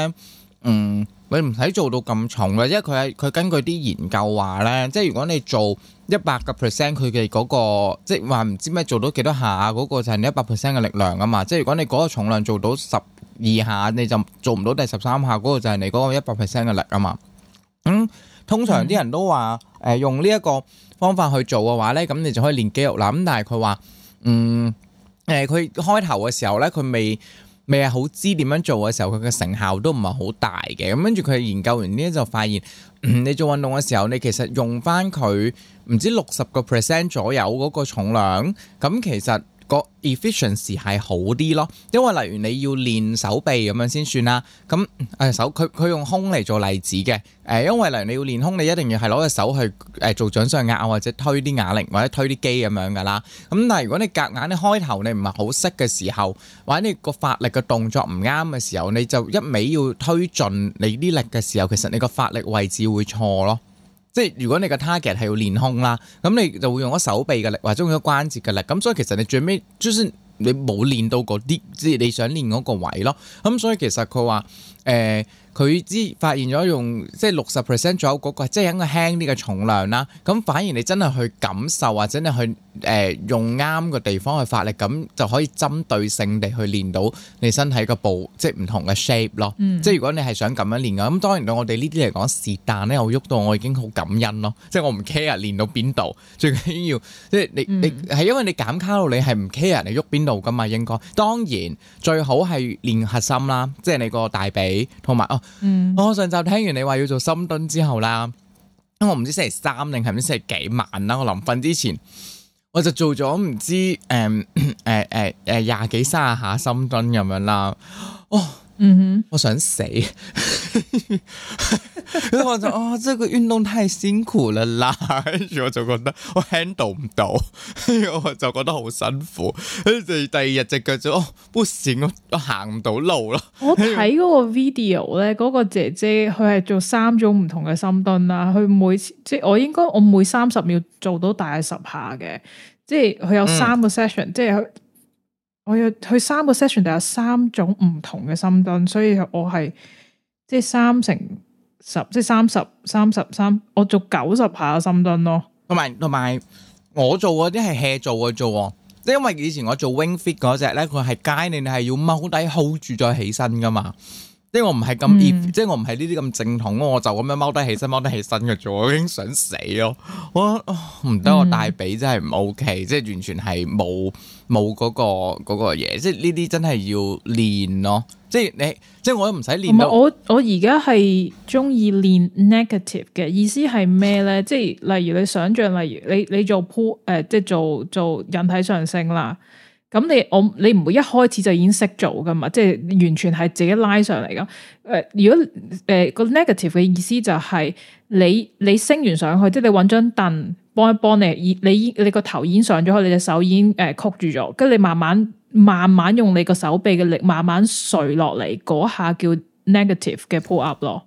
嗯。嗯你唔使做到咁重啦，因為佢係佢根據啲研究話咧，即係如果你做一百個 percent 佢嘅嗰個，即係話唔知咩做到幾多下嗰個就係你一百 percent 嘅力量啊嘛。即係如果你嗰個重量做到十二下，你就做唔到第十三下嗰個就係你嗰個一百 percent 嘅力啊嘛。咁、嗯、通常啲人都話誒、呃、用呢一個方法去做嘅話咧，咁你就可以練肌肉啦。咁但係佢話嗯誒佢、呃、開頭嘅時候咧，佢未，未係好知點樣做嘅時候，佢嘅成效都唔係好大嘅。咁跟住佢研究完呢，就發現、嗯、你做運動嘅時候，你其實用翻佢唔知六十個 percent 左右嗰個重量，咁、嗯、其實，個 efficiency 係好啲咯，因為例如你要練手臂咁樣先算啦，咁誒、呃、手佢佢用胸嚟做例子嘅，誒、呃、因為例如你要練胸，你一定要係攞隻手去誒、呃、做掌上壓或者推啲啞鈴或者推啲機咁樣噶啦，咁但係如果你夾硬你開頭你唔係好識嘅時候，或者你個發力嘅動作唔啱嘅時候，你就一味要推進你啲力嘅時候，其實你個發力位置會錯咯。即係如果你個 target 係要練胸啦，咁你就會用咗手臂嘅力，或者用咗關節嘅力，咁所以其實你最尾就算、是、你冇練到嗰啲，即係你想練嗰個位咯，咁所以其實佢話誒。呃佢知發現咗用即係六十 percent 左右嗰、那個，即、就、係、是、一個輕啲嘅重量啦。咁反而你真係去感受或者你去誒、呃、用啱個地方去發力，咁就可以針對性地去練到你身體個部，即係唔同嘅 shape 咯。嗯、即係如果你係想咁樣練嘅，咁當然對我哋呢啲嚟講是但咧，我喐到我已經好感恩咯。即係我唔 care 練到邊度，最緊要即係你你係、嗯、因為你減卡路里你係唔 care 你喐邊度㗎嘛？應該當然最好係練核心啦，即係你個大髀同埋 嗯，我、oh, 上集聽完你話要做深蹲之後啦，因為我唔知星期三定係唔知星期幾晚啦，我臨瞓之前我就做咗唔知誒誒誒誒廿幾三十下深蹲咁樣啦，哦。嗯哼，我想死，我就哦，即個運動太辛苦啦， 跟住我就覺得我 handle 唔到， 我就覺得好辛苦。跟住第二日隻腳就哦，不行，我行唔到路啦。 我睇嗰個 video 咧，嗰、嗰個姐姐佢係做三種唔同嘅深蹲啦，佢每次即係我應該我每三十秒做到大十下嘅，即係佢有三個 session，嗯、即係。我要去三個 session，就有三種唔同嘅深蹲，所以我係即係三乘十，即係三十、三十三，我做九十下深蹲咯。同埋同埋，我做嗰啲係 hea 做嘅做，即係因為以前我做 wing fit 嗰隻咧，佢係街你係要踎低 hold 住再起身噶嘛。即係我唔係咁 fit 即係我唔係呢啲咁正統，我就咁樣踎低起身，踎得起身嘅啫，我已經想死咯。我唔得，我大髀真係唔 OK，即係完全係冇冇嗰個、嗰個嘢。即係呢啲真係要練咯。即係你，即係我都唔使練。我我而家係中意練 negative 嘅意思係咩咧？即係例如你想象，例如你你做 pull 誒、呃，即係做做人體上升啦。咁你我你唔會一開始就已經識做噶嘛，即係完全係自己拉上嚟噶。誒、呃，如果誒個、呃、negative 嘅意思就係你你升完上去，即係你搵張凳幫一幫你，你你你個頭已經上咗，你隻手已經誒、呃、曲住咗，跟住你慢慢慢慢用你個手臂嘅力慢慢垂落嚟，嗰下叫 negative 嘅 pull up 咯。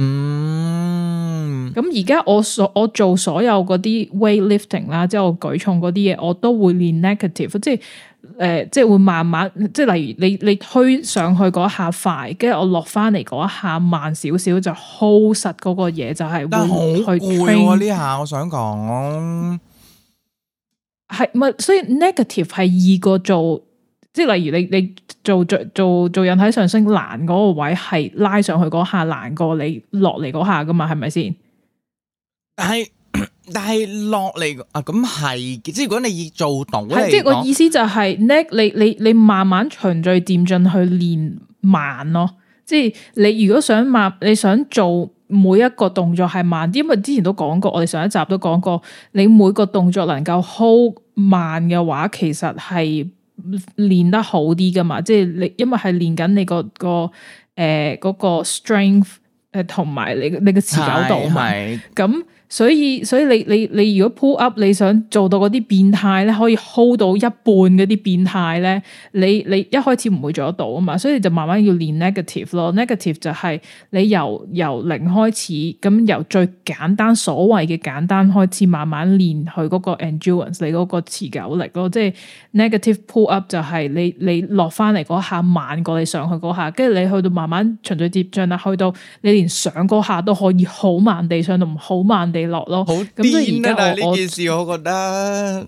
嗯，咁而家我所我做所有嗰啲 weightlifting 啦，即係我舉重嗰啲嘢，我都會練 negative，即係誒、呃，即係會慢慢，即係例如你你推上去嗰下快，跟住我落翻嚟嗰一下慢少少，就 hold 實嗰個嘢就係會去 train。但係好攰喎呢下，我想講係，唔係所以 negative 係易過做，即係例如你你。做做做引體上升難嗰個位係拉上去嗰下難過你落嚟嗰下㗎嘛係咪先？係，但係落嚟啊咁，係即係如果你要做到，即係我說意思就係、是、咧，你你你，你慢慢循序漸進去練慢咯。即係你如果想慢，你想做每一個動作係慢啲，因為之前都講過，我哋上一集都講過，你每個動作能夠 hold 慢嘅話，其實係。練得好啲噶嘛，即係你，因為係練緊你個個誒嗰個 strength 誒，同埋你你個持久度嘛，咁係係。所以所以你你你如果 pull up 你想做到啲變態咧，可以 hold 到一半啲變態咧，你你一開始唔會做得到啊嘛，所以你就慢慢要練 negative 咯。negative 就係你由由零開始，咁、嗯、由最簡單所謂嘅簡單開始，慢慢練佢個 endurance 你個持久力咯。即係 negative pull up 就係你你落翻嚟嗰下慢過你上去嗰下，跟住你去到慢慢循序漸進啊去到你連上嗰下都可以好慢地上到，唔好慢。落咯，好癲啊，啊！但係呢件事，我覺得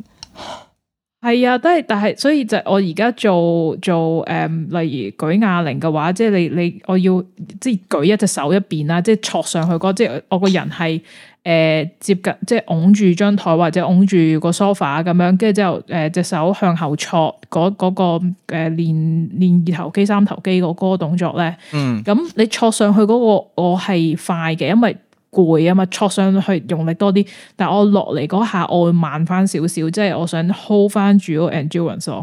係啊，都係，但係所以就我而家做做誒、呃，例如舉啞鈴嘅話，即係你你我要即係舉一隻手一邊啦，即係坐上去嗰即係我個人係誒、呃、接近，即係拱住張台或者拱住個 sofa 咁樣，跟住之後誒隻手向後坐嗰嗰個誒練練二頭肌三頭肌嗰個動作咧，嗯，咁你坐上去嗰個我係快嘅，因為。攰啊嘛，坐上去用力多啲，但我落嚟嗰下我會慢翻少少，即係我想 hold 翻住個 endurance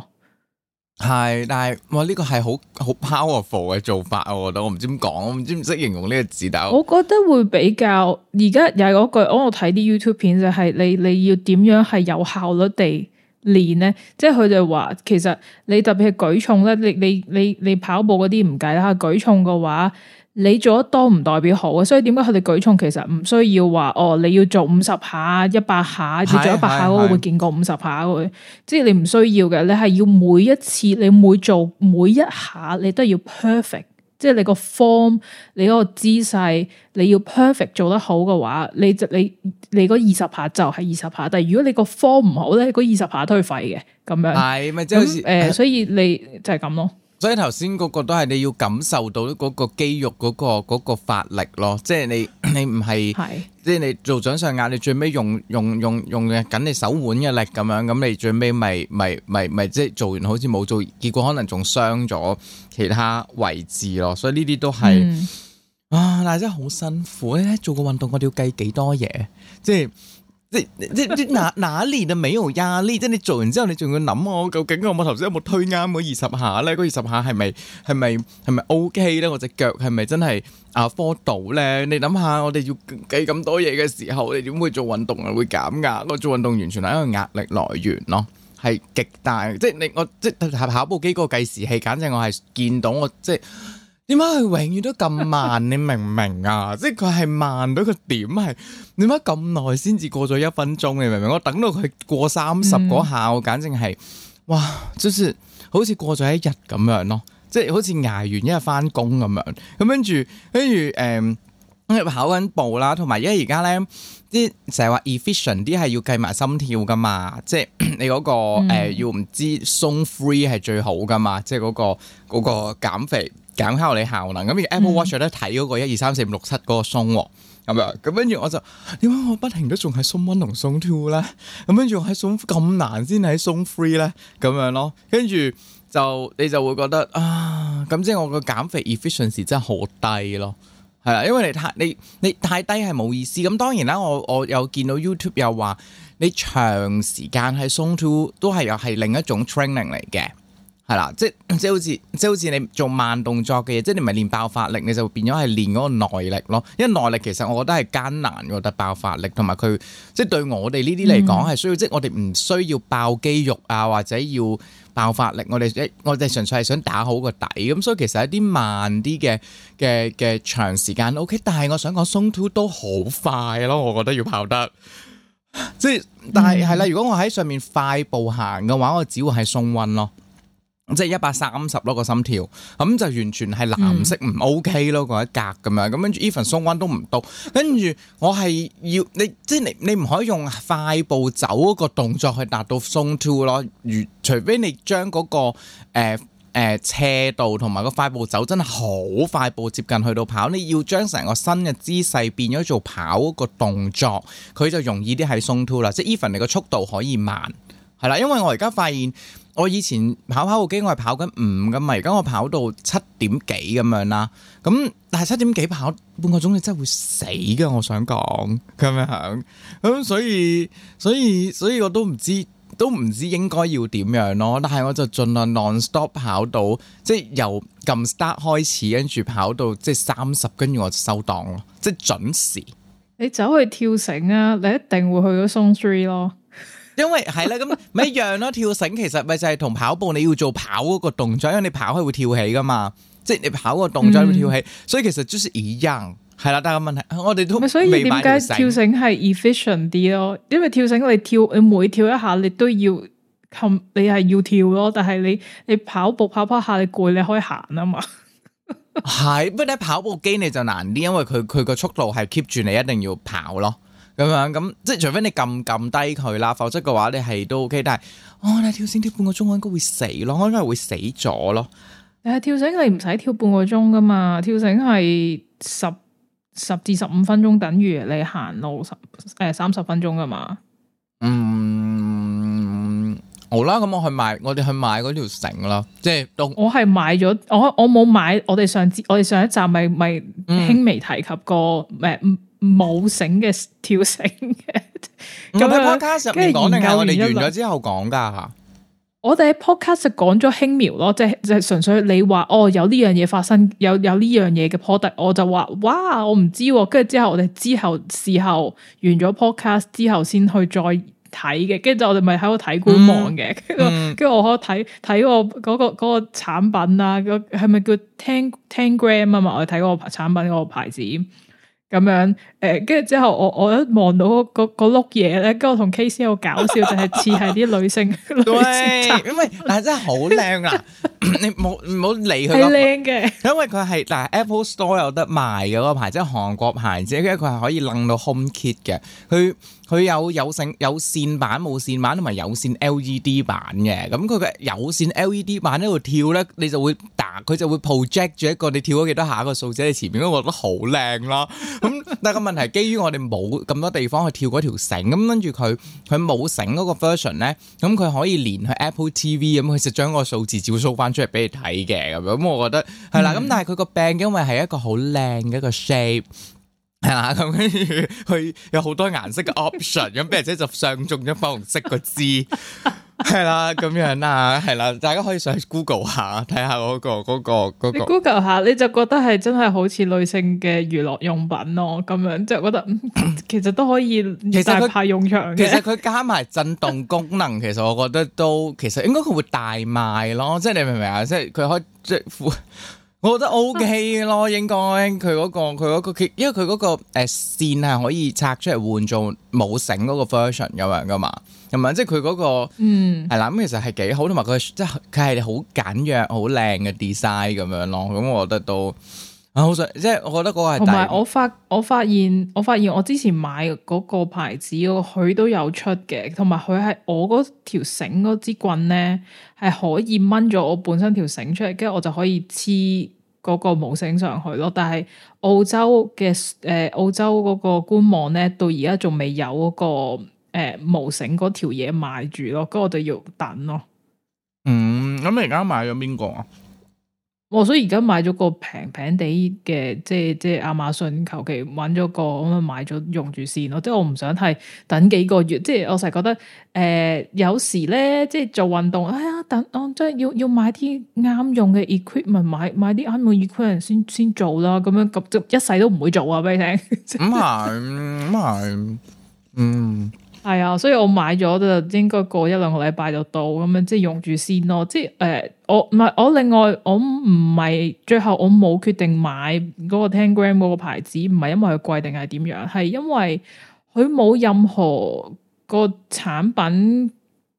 係，但係哇呢個係好好 powerful 嘅做法，我覺得我唔知點講，我唔知唔識形容呢個字，但我，我覺得會比較而家又係句，我我睇啲 YouTube 片就係、是、你你要點樣係有效率地練咧？即係佢哋話其實你特別係舉重咧，你你你你跑步嗰啲唔計啦，舉重嘅話。你做得多唔代表好啊，所以點解佢哋舉重其實唔需要話哦，你要做五十下、一百下，做一百下嗰個會見過五十下嘅，即係你唔需要嘅。你係要每一次你每做每一下你都要 perfect，即係你個 form、你嗰個姿勢，你，姿勢你要 perfect 做得好嘅話，你你你嗰二十下就係二十下。但係如果你個 form 唔好咧，嗰二十下都係廢嘅咁樣。係咪即係好似、呃、所以你就係、是、咁咯。所以頭先個個都係，你要感受到嗰個肌肉嗰、嗰個嗰、嗰個發力咯，即係你你唔係， 即係你做掌上壓，你最尾用用用用緊你手腕嘅力咁樣，咁你最尾咪咪咪咪即係做完好似冇做，結果可能仲傷咗其他位置咯，所以呢啲都係啊、嗯，但係真係好辛苦咧，做個運動我哋要計幾多嘢，即係。 即即即哪哪裏都沒有壓力。即你做完之後，你仲要諗我究竟我頭先有冇推啱嗰二十下咧？嗰二十下係咪係咪係咪 O K 咧？我隻腳係咪真係啊？afford 到咧？你諗下，我哋要計咁多嘢嘅時候，你哋點會做運動啊？會減壓？我做運動完全係一個壓力來源咯，係極大。即你我即跑跑步機個計時器，簡直我係見到我即。點解佢永遠都咁慢？你明唔明啊？ 即係佢係慢到個點係點解咁耐先至過咗一分鐘？你明唔明？我等到佢過三十嗰下，嗯、我簡直係哇，就是好似過咗一日咁樣咯，即係好似捱完一日翻工咁樣。咁跟住，跟住誒，嗯、跑緊步啦，同埋因為而家咧啲成日話 efficient 啲係要計埋心跳噶嘛，即係 你嗰、嗰個誒、嗯呃、要唔知 zone free 係最好噶嘛，即係、嗰、嗰個嗰、嗰個嗰個減肥。減下你效能，咁而 Apple Watch 咧，睇嗰個一二三四五六七嗰個鬆咁樣。咁跟住我就點解我不停都仲係鬆 one 同鬆 two 咧？咁跟住喺鬆咁難先喺鬆 three 咧咁樣咯，跟住就你就會覺得啊，咁即係我個減肥 efficiency 真係好低咯，係啊，因為你太你你太低係冇意思。咁當然啦，我我有見到 YouTube 又話你長時間喺鬆 two 都係又係另一種 training 嚟嘅。係啦，即即好似即好似你做慢動作嘅嘢，即你咪係練爆發力，你就變咗係練嗰個耐力咯。因為耐力其實我覺得係艱難，我覺得爆發力同埋佢即對我哋呢啲嚟講係需要，嗯、即我哋唔需要爆肌肉啊，或者要爆發力，我哋我哋純粹係想打好個底。咁所以其實一啲慢啲嘅嘅嘅長時間 OK，但係我想講鬆 two 都好快咯，我覺得要跑得。即但係係啦，如果我喺上面快步行嘅話，我只會係鬆溫咯，咯。即係一百三十咯個心跳，咁就完全係藍色唔 OK 咯，嗰、嗯、一格咁樣，咁跟住 even 雙彎都唔到，跟住我係要你，即係你你唔可以用快步走嗰個動作去達到松 two 咯，如除非你將嗰、那個誒誒、呃呃、斜度同埋個快步走真係好快步接近去到跑，你要將成個身嘅姿勢變咗做跑嗰個動作，佢就容易啲係松 two 啦，即係 even 你個速度可以慢，係啦，因為我而家發現。我以前跑跑步機，我係跑緊五噶嘛，而家我跑到七點幾咁樣啦。咁但係七點幾跑半個鐘，你真係會死噶。我想講咁樣響。咁所以所以所以，所以所以我都唔知都唔知應該要點樣咯。但係我就盡量 non stop 跑到，即係由撳 start 開始，跟住跑到即係三十，跟住我就收檔咯，即係準時。你走去跳繩啊，你一定會去到 zone three 咯。 因為係啦，咁咪一樣咯、啊。跳繩其實咪就係同跑步，你要做跑嗰個動作，因為你跑係會跳起噶嘛，即係你跑嗰個動作會跳起，嗯、所以其實就是一樣。係啦，但係個問題，我哋都所以繩繩點解跳繩係 efficient 啲咯？因為跳繩你跳，你每跳一下你都要，你係要跳咯。但係你你跑步跑跑下你攰，你可以行啊嘛。係， 不你跑步機你就難啲，因為佢佢個速度係 keep 住你一定要跑咯。咁樣咁，即係除非你撳撳低佢啦，否則嘅話你係都 OK。但係，哦，你跳繩跳半個鐘，我應該會死咯，我應該會死咗咯。你係跳繩，你唔使跳半個鐘噶嘛？跳繩係十十至十五分鐘，等於你行路十誒三十分鐘噶嘛？嗯，好啦，咁我去買，我哋去買嗰條繩咯。即係，我係買咗，我我冇買。我哋上節，我哋上一集咪咪輕微提及過，唔。冇繩嘅跳繩嘅咁樣研究，跟住講定係我哋完咗之後講噶。我哋喺 podcast 就講咗輕描咯，即係即係純粹你話哦有呢樣嘢發生，有有呢樣嘢嘅 product 我就話哇我唔知、啊，跟住之後我哋之後事後完咗 podcast 之後先去再睇嘅，跟住就我哋咪喺度睇官網嘅，跟住、嗯、 我可睇睇我、嗰個、嗰個產品啦、啊，個係咪叫 Tangram 啊嘛？我哋睇嗰個產品嗰、嗰個品牌子。咁樣誒，跟住之後我我一望到嗰碌嘢咧，跟、那、住、個，我同 Case 好搞笑， 就係似係啲女性，因為但係真係好靚啊！你唔好理佢，係靚嘅，因為佢係嗱 Apple Store 有得賣嘅嗰、那個牌，子，即係韓國牌子，跟住佢係可以拎到 HomeKit 嘅，佢。佢有有線有線版、冇線版同埋有線 LED 版嘅，咁佢嘅有線 LED 版喺度跳咧，你就會打佢就會 project 住一個你跳咗幾多下一個數字喺前面，都覺得好靚咯。咁 但係個問題基於我哋冇咁多地方去跳嗰條繩，咁跟住佢佢冇繩嗰個 version 咧，咁佢可以連去 Apple TV 咁，佢就將個數字照 show 翻出嚟俾你睇嘅。咁我覺得係、嗯、啦。咁但係佢個柄，因為係一個好靚嘅一個 shape。咁跟住佢有好多顏色嘅 option，咁並且就上中咗粉紅色個字， 係啦，咁樣啊，係啦，大家可以上去 Google 下睇下嗰個嗰個嗰個。那個那個、Google 下你就覺得係真係好似女性嘅娛樂用品咯、哦，咁樣即係覺得其實都可以大派用場嘅 其實佢加埋震動功能，其實我覺得都其實應該佢會大賣咯，即係你明唔明啊？即係佢可以即係。 我覺得 OK 咯，應該佢嗰個佢嗰個因為佢嗰、嗰個誒、嗰個呃、線係可以拆出嚟換做冇繩嗰個 version 咁樣噶嘛，同埋即係佢嗰個係啦。咁、嗯、其實係幾好，同埋佢即係佢係好簡約、好靚嘅 design 咁樣咯。咁我覺得都啊，好想即係我覺得嗰個係同埋我發我發現我發現我之前買嗰個牌子嗰嗰佢都有出嘅，同埋佢係我嗰條繩嗰支棍咧係可以掹咗我本身條繩出嚟，跟住我就可以黐。嗰個模型上去咯，但係澳洲嘅誒、呃、澳洲嗰個官網咧，到而家仲未有嗰、那個、呃、模型嗰條嘢賣住咯，咁我就要等咯。嗯，咁你而家買咗邊個啊？我、哦、所以而家買咗個平平地嘅，即係即係亞馬遜，求其搵咗個咁樣買咗用住先咯，即係我唔想係等幾個月，即係我成日覺得，誒、呃、有時咧，即係做運動，哎呀等，我、哦、即係要要買啲啱用嘅 equipment，買買啲啱用 equipment 先先，做啦，咁樣咁即一世都唔會做啊！俾你聽，咁係咁係，嗯。係啊，所以我買咗就應該過一兩個禮拜就到咁樣、嗯，即係用住先咯。即係誒、呃，我唔係我另外我唔係最後我冇決定買嗰個 Tengram 嗰個牌子，唔係因為佢貴定係點樣，係因為佢冇任何個產品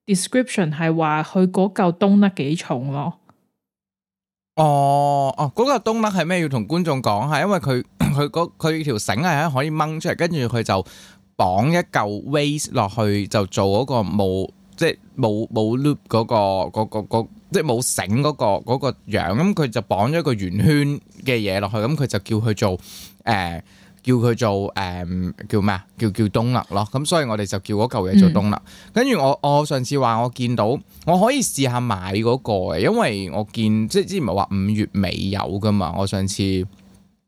description 係話佢嗰嚿冬甩幾重咯。哦哦，嗰嚿冬甩係咩？要同觀眾講，係因為佢佢嗰佢條繩係可以掹出嚟，跟住佢就。綁一嚿 weight 落去就做嗰個冇即係冇冇 loop 嗰、那個、那個、那個、即係冇繩嗰個嗰、那個樣，咁、嗯、佢就綁咗個圓圈嘅嘢落去，咁、嗯、佢就叫佢做誒叫佢做誒叫咩啊？叫、呃、叫冬甩咯，咁所以我哋就叫嗰嚿嘢做冬甩、嗯。跟住我我上次話我見到我可以試下買嗰、那個嘅，因為我見即係之前唔係話五月尾有噶嘛，我上次。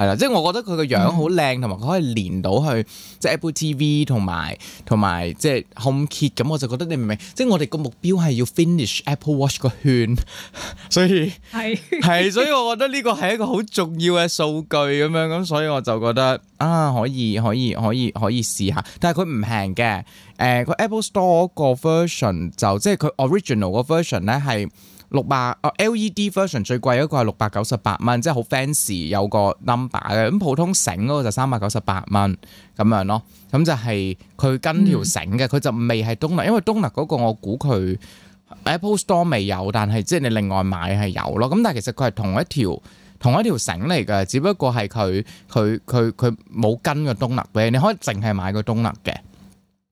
係啦，即係我覺得佢個樣好靚，同埋佢可以連到去即係 Apple TV 同埋同埋即係 HomeKit，咁我就覺得你明唔明？即係我哋個目標係要 finish Apple Watch 個圈， 所以係係， 所以我覺得呢個係一個好重要嘅數據咁樣，咁所以我就覺得 啊，可以可以可以可以試下，但係佢唔平嘅，誒、呃、個 Apple Store 個 version 就即係佢 original 個 version 咧係。六百哦，LED version 最貴嗰個係六百九十八蚊，即係好 fancy 有個 number 嘅。咁普通繩嗰個就三百九十八蚊咁樣咯。咁就係佢跟條繩嘅，佢、嗯、就未係東立，因為東立嗰個我估佢 Apple Store 未有，但係即係你另外買係有咯。咁但係其實佢係同一條同一條繩嚟嘅，只不過係佢佢佢佢冇跟個東立嘅，你可以淨係買個東立嘅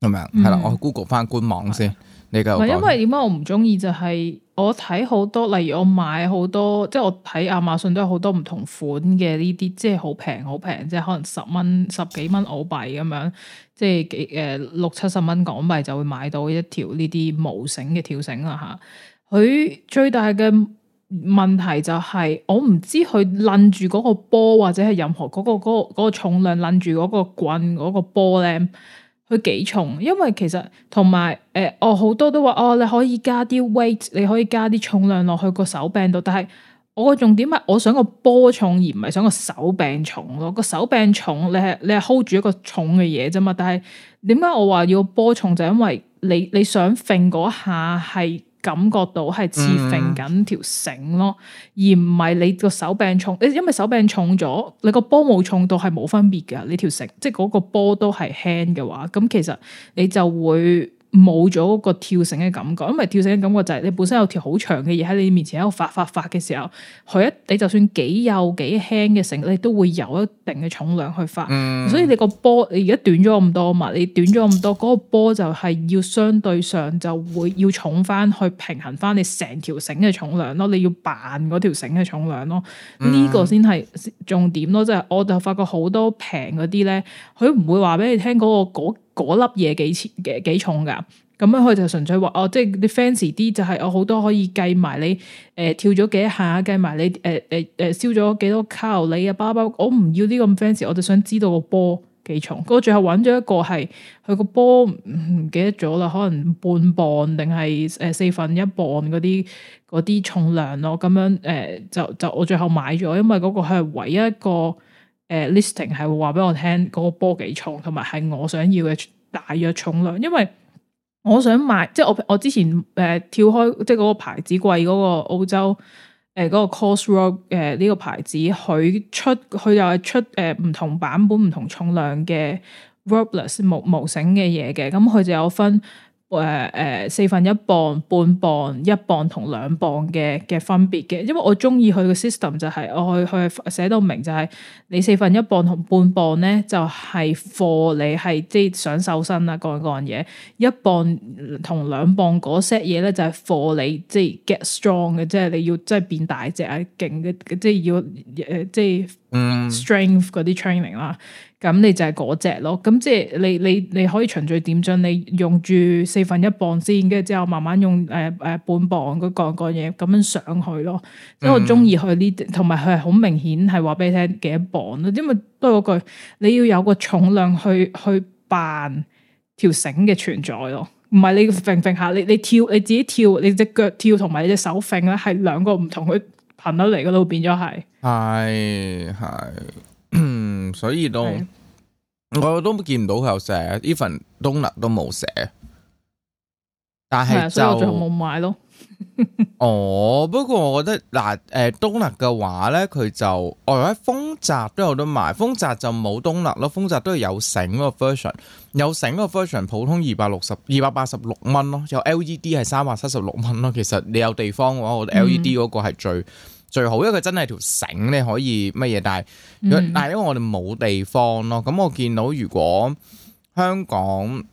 咁樣。係啦、嗯，我去 Google 翻官網先。的你繼續。因為點解我唔中意就係、是？我睇好多，例如我買好多，即係我睇亞馬遜都有好多唔同款嘅呢啲，即係好平好平，即係可能十蚊、十幾蚊澳幣咁樣，即係幾誒六七十蚊港幣就會買到一條呢啲無繩嘅跳繩啦吓。佢最大嘅問題就係、是、我唔知佢掹住嗰個波或者係任何嗰、嗰個、嗰個嗰個重量掹住嗰個棍嗰、嗰個波咧。佢幾重？因為其實同埋誒，我、呃哦、好多都話哦，你可以加啲 weight，你可以加啲重量落去個手柄度。但係我個重點係，我想個波重而唔係想個手柄重咯。個手柄重，你係你係 hold 住一個重嘅嘢啫嘛。但係點解我話要波重，就係、因為你你想揈嗰下係。感覺到係似揈緊條繩咯，嗯、而唔係你個手柄重，你因為手柄重咗，你，你個波冇重到係冇分別㗎，呢條繩即係嗰個波都係輕嘅話，咁其實你就會。冇咗嗰個跳繩嘅感覺，因為跳繩嘅感覺就係你本身有條好長嘅嘢喺你面前喺度發發發嘅時候，佢一你就算幾幼幾輕嘅繩，你都會有一定嘅重量去發，嗯、所以你個波你而家短咗咁多嘛，你短咗咁多，嗰、嗰個波就係要相對上就會要重翻去平衡翻你成條繩嘅重量咯，你要扮嗰條繩嘅重量咯，呢、嗯、個先係重點咯，即、就、係、是、我就發覺好多平嗰啲咧，佢唔會話俾你聽、嗰、嗰個嗰粒嘢幾錢嘅幾重噶？咁樣佢就純粹話哦，即係你 fancy 啲，就係我好多可以計埋你誒、呃、跳咗幾下，計埋你誒誒誒燒咗幾多卡路里啊！包包，我唔要呢個 fancy，我就想知道個波幾重。我最後揾咗一個係佢個波唔記得咗啦，可能半磅定係誒四分一磅嗰啲啲重量咯。咁樣誒、呃、就就我最後買咗，因為嗰個係唯一一個。誒、呃、listing 係會話俾我聽嗰，那個波幾重，同埋係我想要嘅大約重量，因為我想買，即係我我之前誒、呃、跳開，即係嗰個牌子貴嗰個澳洲誒嗰個 Crossrope 誒呢個牌子，佢、呃那個呃這個、出佢又係出誒唔、呃、同版本唔同重量嘅 ropeless 無無繩嘅嘢嘅，咁、嗯、佢就有分。誒誒、呃、四分一磅、半磅、一磅同兩磅嘅嘅分別嘅，因為我中意佢嘅 system 就係、是、我去去寫到明就係、是、你四分一磅同半磅咧，就係、是、for 你係即係想瘦身啊。各人各人嘢一磅同兩磅嗰 set 嘢咧就係、是、for 你即係 get strong 嘅，即係你要即係變大隻啊，勁嘅即係要誒、呃、即係。strength 嗰啲 training 啦，咁、嗯、你就係嗰隻咯，咁即係你你你可以循序點進，你用住四分一磅先，跟住之後慢慢用誒誒、呃呃、半磅佢講講嘢，咁樣上去咯。因為我中意佢呢啲，同埋佢係好明顯係話俾你聽幾磅咯。因為都係嗰句，你要有個重量去去扮條繩嘅存在咯，唔係你揈揈下你你跳你自己跳你隻腳跳同埋你隻手揈咧係兩個唔同佢。po 噴到嚟嗰度變咗係，係係， 所以都 我都見唔到佢有寫呢份 even 東立都冇寫，但係就。 哦，不過我覺得嗱，誒、呃、東立嘅話咧，佢就我喺豐澤都有得賣，豐澤就冇東立咯。豐澤都係有繩嗰個 version，有繩嗰個 version 普通二百六十二百八十六蚊咯，有 L E D 係三百七十六蚊咯。其實你有地方嘅話，我覺得 L E D 嗰個係最、嗯、最好，因為佢真係條繩你可以乜嘢，但係、嗯、但係因為我哋冇地方咯，咁我見到如果香港。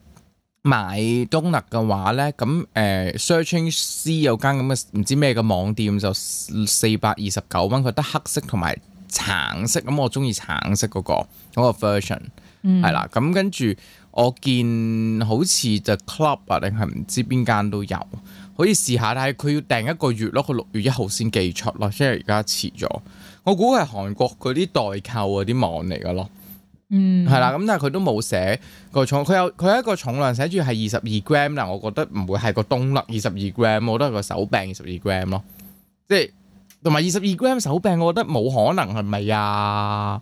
買東立嘅話呢，咁誒、呃、searching C 有間咁嘅唔知咩嘅網店就四百二十九蚊，佢得黑色同埋橙色，咁我中意橙色嗰個嗰個 version，係啦，咁跟住我見好似 The Club 啊定係唔知邊間都有可以試下，但係佢要訂一個月咯，佢六月一號先寄出咯，即係而家遲咗。我估係韓國嗰啲代購嗰啲網嚟噶咯。嗯，係啦，咁但係佢都冇寫個重，佢有佢一個重量寫住係二十二 gram 啦，我覺得唔會係個東粒二十二 gram，我覺得係個手柄二十二 gram 咯，即係同埋二十二 gram 手柄，我覺得冇可能係咪啊？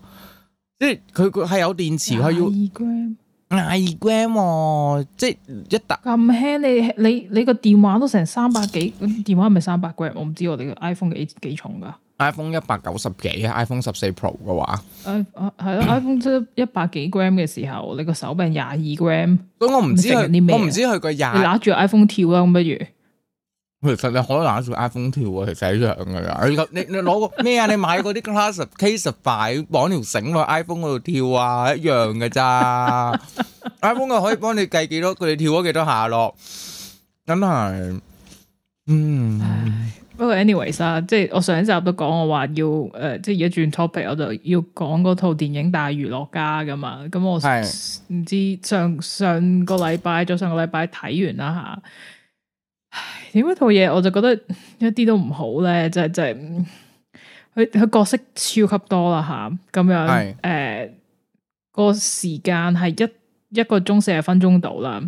即係佢佢係有電池，佢要二 gram，廿二 gram，即係一達咁輕，你你你個電話都成三百幾， 電話係咪三百 gram？我唔知我哋個 iPhone 8幾重噶？iPhone 一百九十幾，iPhone 十四 Pro 嘅話，誒係咯，iPhone 即一百幾 gram 嘅時候， 你個手柄廿二 gram，咁我唔知我唔知佢個廿，你攞住 iPhone 跳啊，不如，其實你可以攞住 iPhone 跳啊，其實一樣噶， 你你你攞個咩啊？你買嗰啲 class of Case K 十塊綁條繩去 iPhone 度跳啊，一樣噶咋 ？iPhone 佢可以幫你計幾多，佢哋跳咗幾多下咯。咁係，嗯。 不過 anyways 啊，即係我上一集都講我話要誒、呃，即係而家轉 topic，我就要講嗰套電影《大娛樂家》噶嘛。咁我唔是知上上個禮拜，早上個禮拜睇完啦吓。點解套嘢，我就覺得一啲都唔好咧？就係、就佢、係、佢、嗯、角色超級多啦吓，咁、啊、樣誒是、呃，個時間係一一個鐘四十分鐘到啦，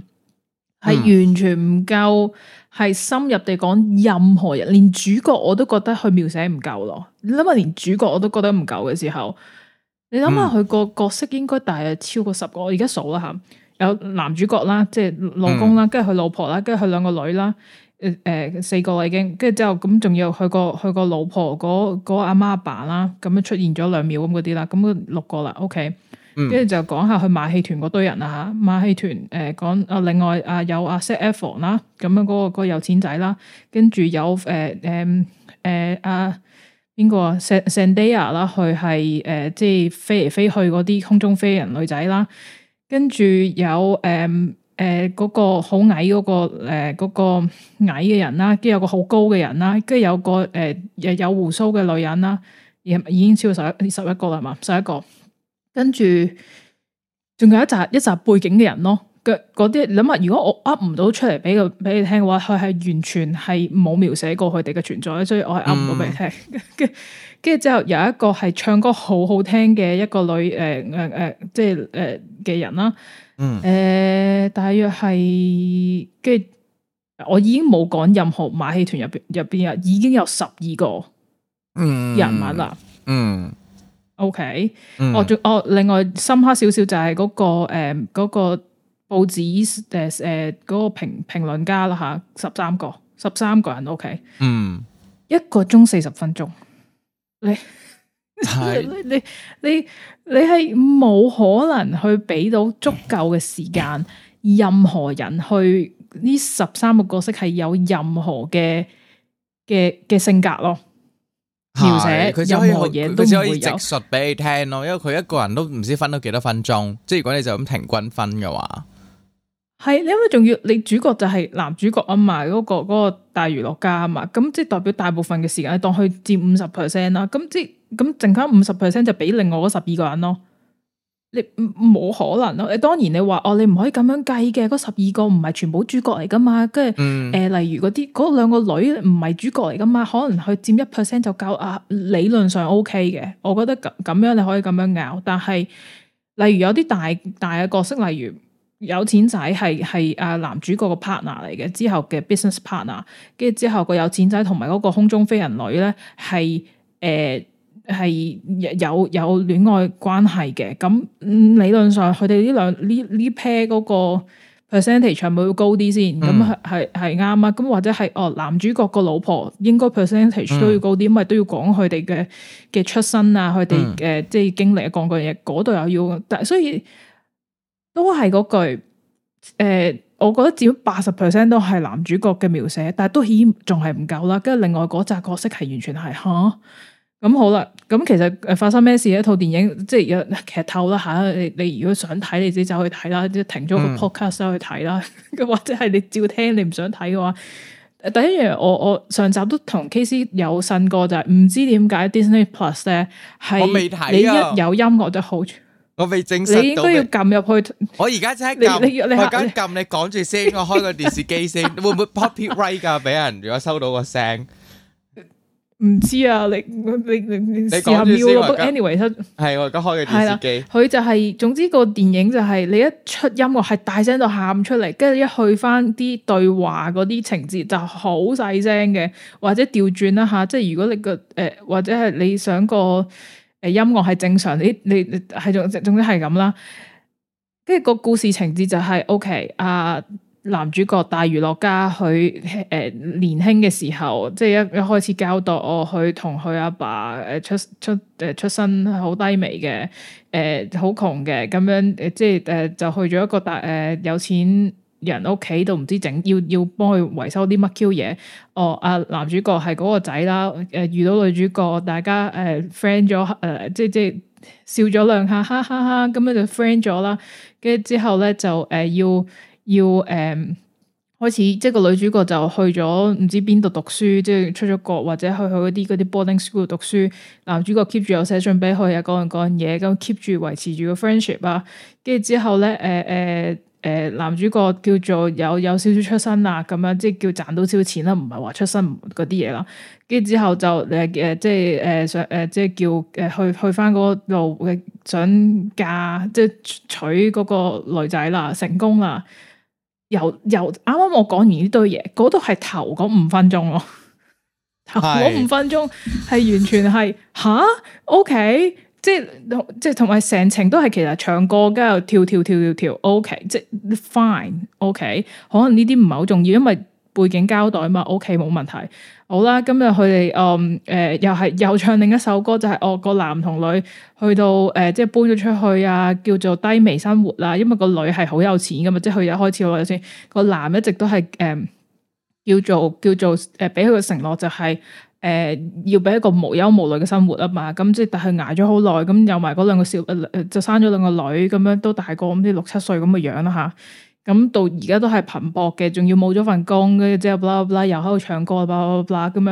係完全唔夠。嗯係深入地講任何人，連主角我都覺得佢描寫唔夠咯。你諗下，連主角我都覺得唔夠嘅時候，你諗下佢個角色應該大約超過十個。嗯、我而家數啦吓，有男主角啦，即係老公啦，跟住佢老婆啦，跟住佢兩個女啦，誒、呃、誒四個啦已經，跟住之後咁仲有佢個佢個老婆嗰阿媽阿爸啦，咁、嗰個、樣出現咗兩秒咁嗰啲啦，咁六個啦，OK。跟住就講下去馬戲團嗰堆人啦吓，馬戲團誒講啊，另外啊有阿 Zac Efron 啦，咁樣嗰個個有錢仔啦，跟住有誒誒誒阿邊個啊 Sand Zendaya 啦，佢係誒即係飛嚟飛去嗰啲空中飛人女仔啦，跟住有誒誒嗰個好矮嗰、嗰個誒、呃、個矮嘅人啦，跟住有個好高嘅人啦，跟住有個誒、呃、有鬍鬚嘅女人啦，已已經超過十一十一個啦嘛，十一個。跟住，仲有一集一集背景嘅人咯，嘅嗰啲諗下，如果我噏唔到出嚟俾佢俾你聽嘅話，佢係完全係冇描寫過佢哋嘅存在，所以我係噏唔到俾你聽。跟跟住之後，有一個係唱歌好好聽嘅一個女，誒誒誒，即係誒嘅人啦，嗯，誒、呃、大約係，跟住我已經冇講任何馬戲團入邊入邊呀已經有十二個人物啦，嗯，嗯。O K，我仲，我 Okay.、mm. 哦、另外深刻少少就係嗰個、那個誒，嗰個、呃那個報紙誒誒、呃那個評評論家啦吓，十三個十三個人 O K，嗯，okay. mm. 一個鐘四十分鐘，你是 你你你你係冇可能去俾到足夠嘅時間任何人去呢十三個角色係有任何嘅嘅嘅性格咯。係，佢任何嘢都只可，只可以直述俾你聽咯，因為佢一個人都唔知分到幾多分鐘，即係如果你就咁平均分嘅話，係你因為仲要你主角就係男主角啊嘛，嗰個嗰個大娛樂家啊嘛，咁即係代表大部分嘅時間當佢佔五十 percent 啦，咁即係咁剩翻五十 percent 就俾另外嗰十二個人咯。你冇可能咯！誒，當然你話哦，你唔可以咁樣計嘅，嗰十二個唔係全部主角嚟噶嘛，跟住誒，例如嗰啲嗰兩個女唔係主角嚟噶嘛，可能佢佔一 percent 就夠啊，理論上 OK 嘅，我覺得咁咁樣你可以咁樣拗。但係例如有啲大大嘅角色，例如有錢仔係係啊男主角嘅 partner 嚟嘅，之後嘅 business partner，跟住之後個有錢仔同埋嗰個空中飛人女咧係誒。係有有戀愛關係嘅，咁、嗯、理論上佢哋呢兩呢呢 pair 嗰個 percentage 係咪要高啲先？咁係係係啱啊！咁或者係哦男主角個老婆應該 percentage 都要高啲，咁咪、嗯、都要講佢哋嘅嘅出身啊，佢哋嘅即係經歷啊，講句嘢嗰度又要，但係所以都係嗰句誒、呃，我覺得至少八十 percent 都係男主角嘅描寫，但係都已仲係唔夠啦。跟住另外嗰扎角色係完全係吓，咁、嗯、好啦。咁其實誒發生咩事？一套電影即係有劇透啦吓。你你如果想睇，你自己走去睇啦。即停咗個 podcast 去睇啦。咁、嗯、或者係你照聽，你唔想睇嘅話，第一樣我我上集都同 KC 有新歌就係、是、唔知點解 Disney Plus 咧係你一有音樂就好。我未證實到。你應該要撳入去。我而家先你你你而家撳，你講住先 說著說著，我開個電視機先，會唔會 pop it right 噶？俾人如果收到個聲。唔知啊，你你你你試下瞄咯。Anyway，出係我而家開嘅電視機。佢就係、是，總之個電影就係、是、你一出音樂係大聲到喊出嚟，跟住一去翻啲對話啲情節就好細聲嘅，或者調轉啦吓。即係如果你個誒、呃，或者係你想個誒音樂係正常啲，你係總總之係咁啦。跟住個故事情節就係、是、OK 啊、呃。男主角大娛樂家，佢誒、呃、年輕嘅時候，即係一一開始交代我，佢同佢阿爸誒出出誒出身好低微嘅誒，好、呃、窮嘅咁樣誒、呃，即係誒就去咗一個大誒、呃、有錢人屋企度，唔知整要要幫佢維修啲乜 Q 嘢。我、哦、阿、啊、男主角係嗰個仔啦，誒、呃、遇到女主角，大家誒、呃、friend 咗誒，即、呃、即、係、笑咗兩下，哈哈哈！咁樣就 friend 咗啦。跟住之後咧就誒要。要誒、嗯、開始，即係個女主角就去咗唔知邊度讀書，即係出咗國或者去去嗰啲嗰啲 boarding school 讀書。男主角 keep 住有寫信俾佢啊，嗰樣嗰樣嘢，咁 keep 住維持住個 friendship 啊。跟住之後咧，誒誒誒，男主角叫做有有少少出身啦，咁樣即係叫賺到少少錢啦，唔係話出身嗰啲嘢啦。跟住之後就誒誒、呃，即係誒想誒即係、呃呃、叫誒、呃、去去翻嗰個路嘅想嫁即係娶嗰個女仔啦，成功啦。由由啱啱我講完呢堆嘢，嗰度係頭嗰五分鐘咯，頭嗰五分鐘係完全係吓 ，OK，即係即係同埋成程都係其實唱歌，跟住又跳跳跳跳跳，OK，即係 fine，OK，okay？可能呢啲唔係好重要，因為。背景交代嘛，O K 冇問題。好啦，今日佢哋嗯誒又係又唱另一首歌，就是，就係哦個男同女去到誒、呃、即係搬咗出去啊，叫做低微生活啦，啊。因為個女係好有錢噶嘛，即係佢一開始好有錢，個男一直都係誒、呃、叫做叫做誒俾佢嘅承諾，就是，就係誒要俾一個無憂無慮嘅生活啊嘛。咁、嗯、即係但係挨咗好耐，咁有埋嗰兩個小誒誒、呃、就生咗兩個女，咁樣都大個咁啲六七歲咁嘅樣啦吓。咁到而家都係貧薄嘅，仲要冇咗份工，跟住之後即係啦啦，又喺度唱歌啦啦啦咁樣。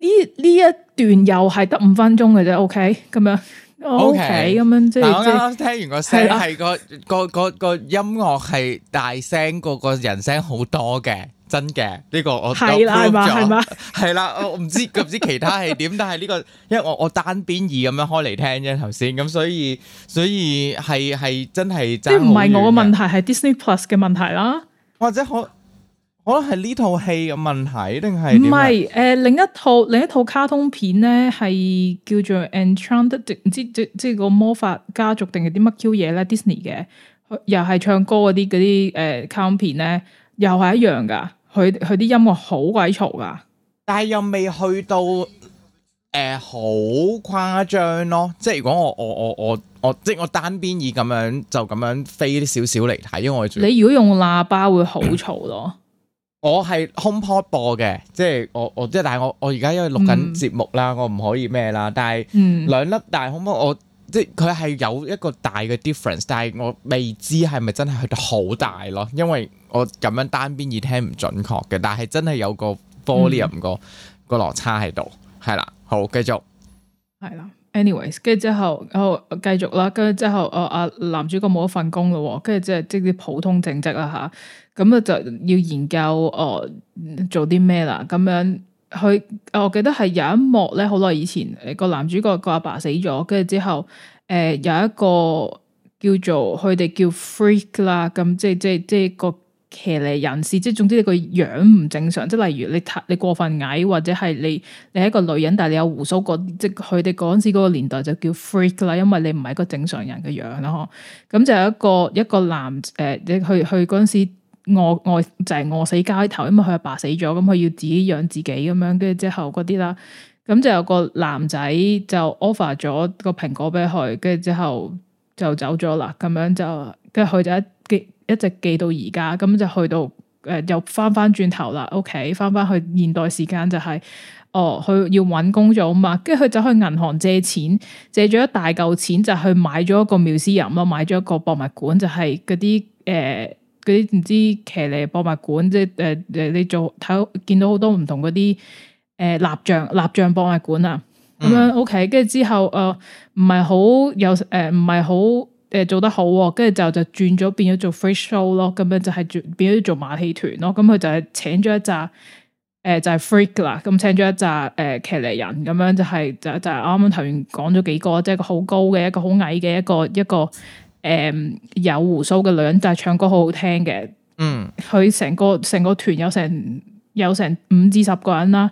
呢呢一段又係得五分鐘嘅啫，OK？咁樣 OK？咁樣即係我啱啱聽完個聲係的的、那個個個個音樂係大聲過個人聲好多嘅。真嘅呢、呢個我啦，觀眾，係啦， 我唔知佢唔知其他係點， 但係呢、呢個因為我我單邊耳咁樣開嚟聽啫頭先，咁所以所以係係真係即唔係我嘅問題，係 Disney Plus 嘅問題啦，或者可可能係呢套戲嘅問題定係唔係？誒、呃、另一套另一套卡通片咧係叫做 Enchanted，唔知即即個魔法家族定係啲乜 Q 嘢咧？Disney 嘅又係唱歌嗰啲嗰啲誒卡通片咧，又係一樣噶。佢佢啲音樂好鬼嘈噶，但係又未去到誒好誇張咯。即係如果我我我我我即係我單邊耳咁樣就咁樣飛啲少少嚟睇，因為我最你如果用喇叭會好嘈咯。 我係 HomePod 播嘅，即係我我即係但係我我而家因為錄緊節目啦，我唔、嗯、可以咩啦。但係兩粒但係 HomePod 我即係佢係有一個大嘅 difference，但係我未知係咪真係去到好大咯，因為。我咁樣單邊耳聽唔準確嘅，但係真係有個 volume 個個落差喺度，係啦、嗯啊，好繼續，係啦、嗯、，anyways，跟住之後，哦，繼續啦，跟住之後，哦，阿、啊、男主角冇一份工咯，跟住即係即係啲普通正職啦吓，咁啊就要研究哦做啲咩啦，咁樣佢，我記得係有一幕咧，好耐以前，個男主角個阿爸死咗，跟住之後，誒、呃、有一個叫做佢哋叫 freak 啦、啊，咁即係即係即係個。騎呢人士，即係總之你個樣唔正常，即係例如你太你過分矮，或者係你你係一個女人，但係你有鬍鬚嗰，即佢哋嗰陣時嗰個年代就叫 freak 啦，因為你唔係一個正常人嘅樣啦。咁就有一個一個男誒，你去去嗰陣時餓餓就餓、係、死街頭，因為佢阿爸爸死咗，咁佢要自己養自己咁樣，跟住之後嗰啲啦，咁就有個男仔就 offer 咗個蘋果俾佢，跟住之後就走咗啦。咁樣就跟住佢就一結。一直寄到而家，咁、嗯、就去到誒、呃、又翻翻轉頭啦。O K，翻翻去現代時間就係、是，哦，佢要搵工做嘛，跟住佢走去銀行借錢，借咗一大嚿錢就去買咗一個繆斯人啦，買咗一個博物館，就係嗰啲誒嗰啲唔知騎呢博物館，即係誒誒，你做睇見到好多唔同嗰啲誒蠟像蠟像博物館啊，咁樣 O K，跟住之後誒唔係好有誒唔係好。誒做得好，跟住就就轉咗變咗做 freak show 咯，咁樣就係變咗做馬戲團咯，咁佢就係請咗一扎誒、呃、就係、是、freak 啦，咁請咗一扎誒騎呢人，咁樣就係、是、就就係啱啱頭先講咗幾個，即、就、係、是、一個好高嘅，一個好矮嘅，一個一個誒、呃、有鬍鬚嘅女人，就係、是、唱歌好好聽嘅，嗯，佢成個成個團有成有成五至十個人啦，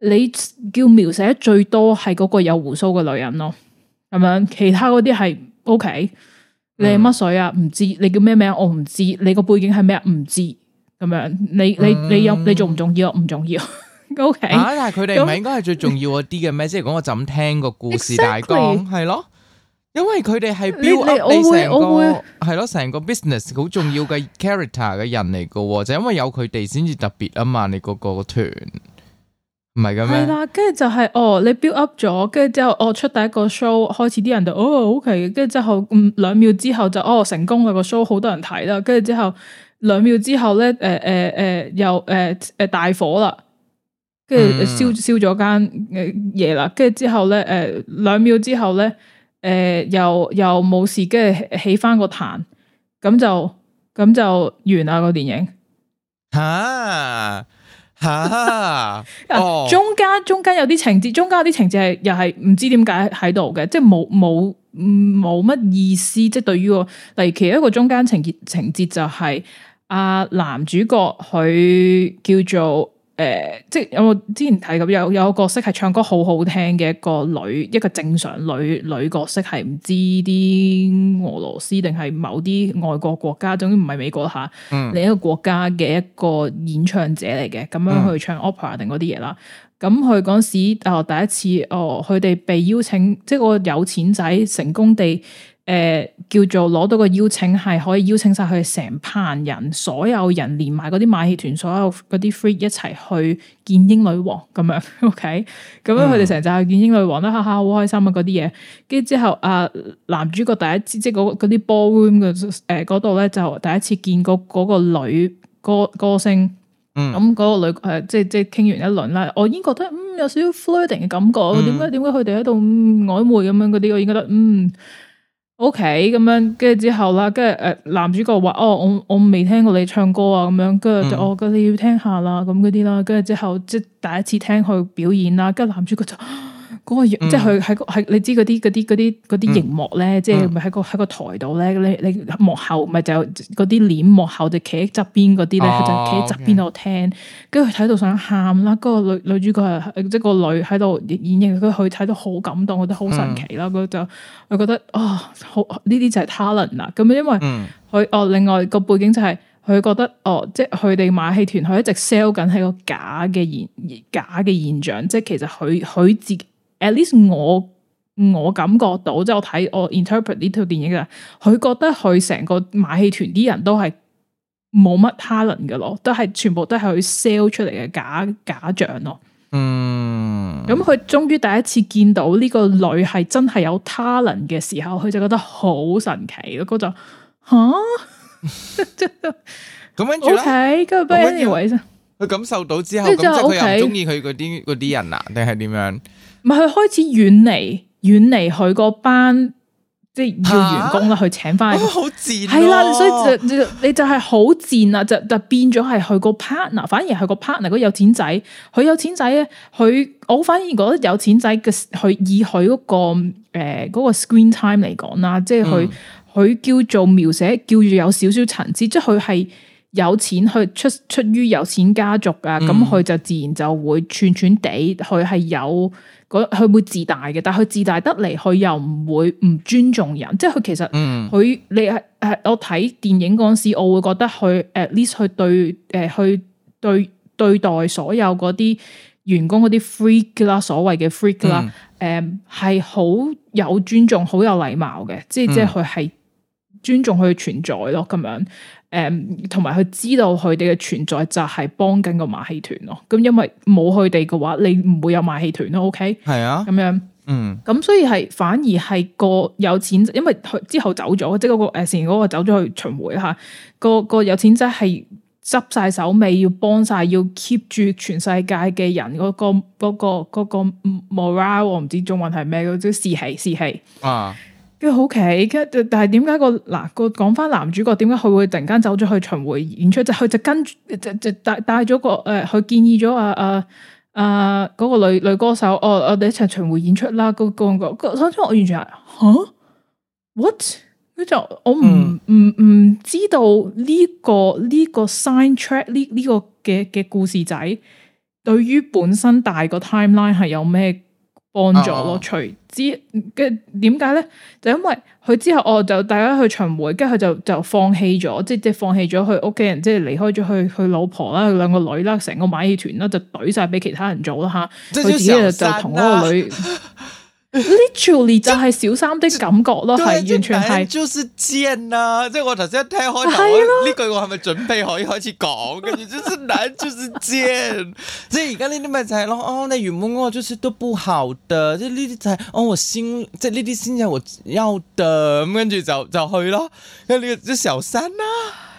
你叫描寫最多係嗰個有鬍鬚嘅女人咯，咁樣其他嗰啲係。O、okay. K，你係乜水啊？唔知你叫咩名，我唔知你個背景係咩，唔知咁樣。你你你，你有你重唔重要啊？唔重要。 o Okay . K 啊，但係佢哋唔係應該係最重要嗰啲嘅咩？即係講我就咁聽個故事大綱係 Exactly. 咯，因為佢哋係 build up 你成個係會咯，成個 business 好重要嘅 character 嘅人嚟噶，就因為有佢哋先至特別啊嘛。你嗰個團。唔係咁樣？係啦，跟住就係哦，你 build up 咗，跟住之後哦出第一個 show，開始啲人就哦 OK，跟住之後嗯兩秒之後就哦成功啦個 show，好多人睇啦，跟住之後兩秒之後咧，誒誒誒又誒誒大火啦，跟住燒燒咗間嘢啦，跟住之後咧誒兩秒之後咧誒又又冇事，跟住起翻個壇，咁就咁就完啦個電影。吓！吓， 中間中間有啲情節，中間有啲情節係又係唔知點解喺度嘅，即係冇冇冇乜意思。即係對於我，例如其中一個中間情節情節就係、是、阿、啊、男主角佢叫做。誒、呃，即係有冇之前睇咁，有有個角色係唱歌好好聽嘅一個女，一個正常女女角色係唔知啲俄羅斯定係某啲外國國家，總之唔係美國吓，啊嗯、另一個國家嘅一個演唱者嚟嘅，咁樣去唱 opera 定,嗰啲，嗯、嘢啦。咁佢嗰時哦、呃、第一次哦，佢、呃、哋被邀請，即係個有錢仔成功地。誒、呃，叫做攞到個邀請，係可以邀請晒佢成班人，所有人連埋嗰啲馬戲團，所有嗰啲 free 一齊去見英女王咁樣，OK？咁樣佢哋成扎去見英女王，啦、okay？嗯，哈哈好開心啊！嗰啲嘢，跟住之後，阿、啊、男主角第一次即係嗰啲 ballroom 嘅誒嗰度咧，呃、就第一次見嗰嗰個女歌歌星。咁嗰、嗯、個女誒，即係即係傾完一輪啦，我已經覺得嗯有少少 flirting 嘅感覺，點解點解佢哋喺度曖昧咁樣嗰啲？我已經覺得嗯。O K，咁樣，跟住之後啦，跟住誒，男主角話哦，我我未聽過你唱歌啊，咁樣，跟住就我，咁你要聽下啦，咁嗰啲啦，跟住之後即第一次聽佢表演啦，跟住男主角就。嗰、嗰個、即係佢喺個喺你知嗰啲嗰啲嗰啲嗰啲熒幕咧，嗯、即係咪喺個喺個台度咧？你你幕後咪就嗰啲簾幕後就企喺側邊嗰啲咧，哦、就企喺側邊度聽。跟住佢睇到想喊啦！嗰、嗰個女女主角即係、嗰個女喺度演演嘅，佢睇到好感動，覺得好神奇啦！佢、嗯、就佢覺得啊，好呢啲就係 talent 啦。咁因為佢哦，另外個背景就係、係、佢覺得哦，即係佢哋馬戲團佢一直 sell 緊係個假嘅現假嘅現象，即係其實佢佢自己 at least 我我感覺到即我睇我 interpret 呢套電影啦，佢覺得佢成個馬戲團啲人都係冇乜 talent 嘅咯，都係全部都係佢 sell 出嚟嘅假假象咯。嗯，咁佢終於第一次見到呢個女係真係有 talent 嘅時候，佢就覺得好神奇咯。嗰就吓咁跟住咧，跟住俾呢位先，佢感受到之後，即係佢又唔中意佢嗰啲啲人啊，定係點樣？唔係佢開始遠離，遠離佢個班，即係要員工啦，去、啊、請返。咁、啊、好賤、喔，係啦，所以就你就係好賤啊！就就,就,就,就變咗係佢個 partner，反而係個 partner。如果有錢仔，佢有錢仔咧，佢我反而覺得有錢仔嘅佢以佢嗰、那個誒嗰、呃那個 screen time 嚟講啦，即係佢佢叫做描寫叫做有少少層次，即係佢係有錢，佢出出於有錢家族啊，咁佢、嗯、就自然就會串串地，佢係有。佢佢會自大嘅，但係佢自大得嚟，佢又唔會唔尊重人，即係佢其實佢、嗯、你係係我睇電影嗰陣時，我會覺得佢誒，至少對誒、呃，去對對，對待所有嗰啲員工嗰啲 freak 啦，所謂嘅 freak 啦、嗯，誒係好有尊重，好有禮貌嘅，即係即係佢係尊重佢嘅存在咯咁樣。誒，同埋佢知道佢哋嘅存在就係幫緊個馬戲團咯，咁因為冇佢哋嘅話，你唔會有馬戲團咯。OK，係啊，咁樣，嗯，咁所以係反而係個有錢，因為佢之後走咗，即係嗰個誒，前嗰個走咗去巡迴吓，啊，個個有錢仔係執晒手尾，要幫晒，要 keep 住全世界嘅人，嗰個，嗰個，嗰個 moral，我唔知中文係咩，嗰啲士氣士氣啊。跟住好奇，跟住但係點解個嗱個講翻男主角點解佢會突然間走咗去巡回演出？就佢就跟住就就帶帶咗個誒，佢、呃、建議咗阿阿阿嗰個女女歌手，我我哋一齊巡回演出啦。嗰、這、嗰個首先我完全吓，what？佢就，我唔唔唔知道呢個呢、這個 sign track 呢呢個嘅嘅、這個這個、故事仔，對於本身大個 timeline 係有咩幫助咯？除、啊之嘅點解咧？就因為佢之後，我就大家去巡迴，跟住佢就就放棄咗，即即放棄咗佢屋企人，即係離開咗佢佢老婆啦、佢兩個女啦、成個馬戲團啦，就懟晒俾其他人做啦嚇。佢自己就同嗰個女。 literally 就係小三的感覺咯，係對完全係。就是賤啦、啊，即係我頭先一聽開頭呢對啦 句話，係咪準備可以開始講？跟住 就是男，就是賤。即係而家呢啲咪就係囉，然後哦，你原本哦，就是都不好的。即係呢啲就係，哦，我先即係呢啲先係我要的。咁跟住就就，就去咯。跟住呢個小三、啊、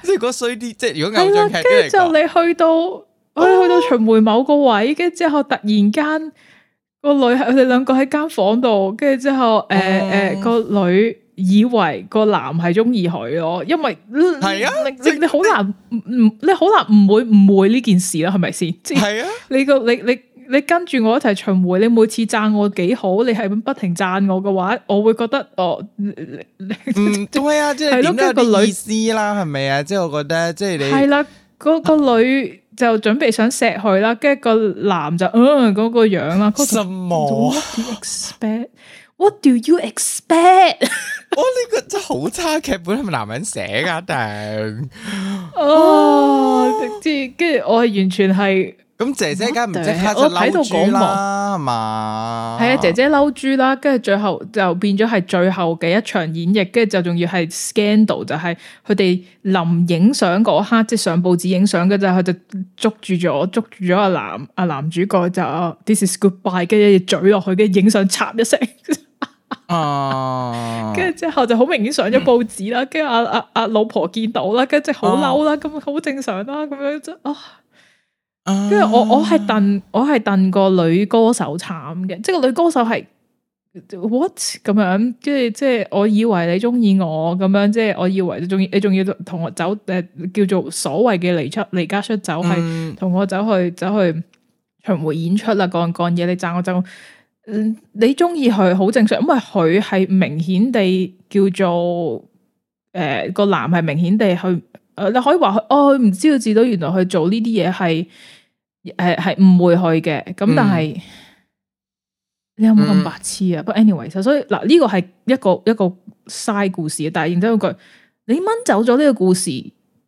如即如啦，即係如果衰啲，即係如果偶像劇，跟住你去到，我去，到去到巡迴某個位，跟住 之後突然間。個女喺佢哋兩個喺間房度，跟住之後，誒誒，個女以為個男係中意佢咯，因為係啊，你好難唔你好難唔會誤會呢件事啦，係咪先？係啊，你個你你你跟住我一齊循環，你每次讚我幾好，你係不停讚我嘅話，我會覺得我唔唔唔係啊，即係變咗啲意思啦，係咪啊？即係我覺得，即係你係啦，嗰個女。就準備想錫佢啦，跟住個男就嗯嗰、那個樣啦、啊，心魔。么 What do you expect？What do you expect？我呢、 哦這個真好差劇 本，係咪男人寫噶定？ 哦，直接跟住我係完全係。咁姐姐梗唔即刻就嬲豬啦，啊嘛？係啊、嗯，姐姐嬲豬啦，跟住最後就變咗係最後嘅一場演繹，跟住就仲要係 scandal，就係佢哋臨影相嗰刻，即係上報紙影相嘅就佢就捉住咗，捉住咗阿男，阿男主角就 this is goodbye，跟住嘴落去，跟住影相插一聲，哦、 嗯，跟住之後就好明顯上咗報紙啦，跟住阿阿阿老婆見到啦，跟住好嬲啦，咁好正常啦，咁樣就啊。因為我、uh, 我係戥我係戥個女歌手慘嘅，即係個女歌手係 what 咁樣，即係即係我以為你中意我咁樣，即係我以為你中意你仲要同我走，誒、呃，叫做所謂嘅離出離家出走，係同、嗯、我走去走去巡迴演出啦，講講嘢，你讚我就、呃，你中意佢好正常，因為佢係明顯地叫做誒、呃、個男係明顯地去。誒、呃，你可以話佢，哦，佢唔知道自己原來去做呢啲嘢係，誒、呃，係誤會佢嘅。咁但係，嗯、你有冇咁白痴啊？不、嗯、anyway，所以嗱，呢、呃這個係一個一個嘥故事。但係認真講句，你掹走咗呢個故事，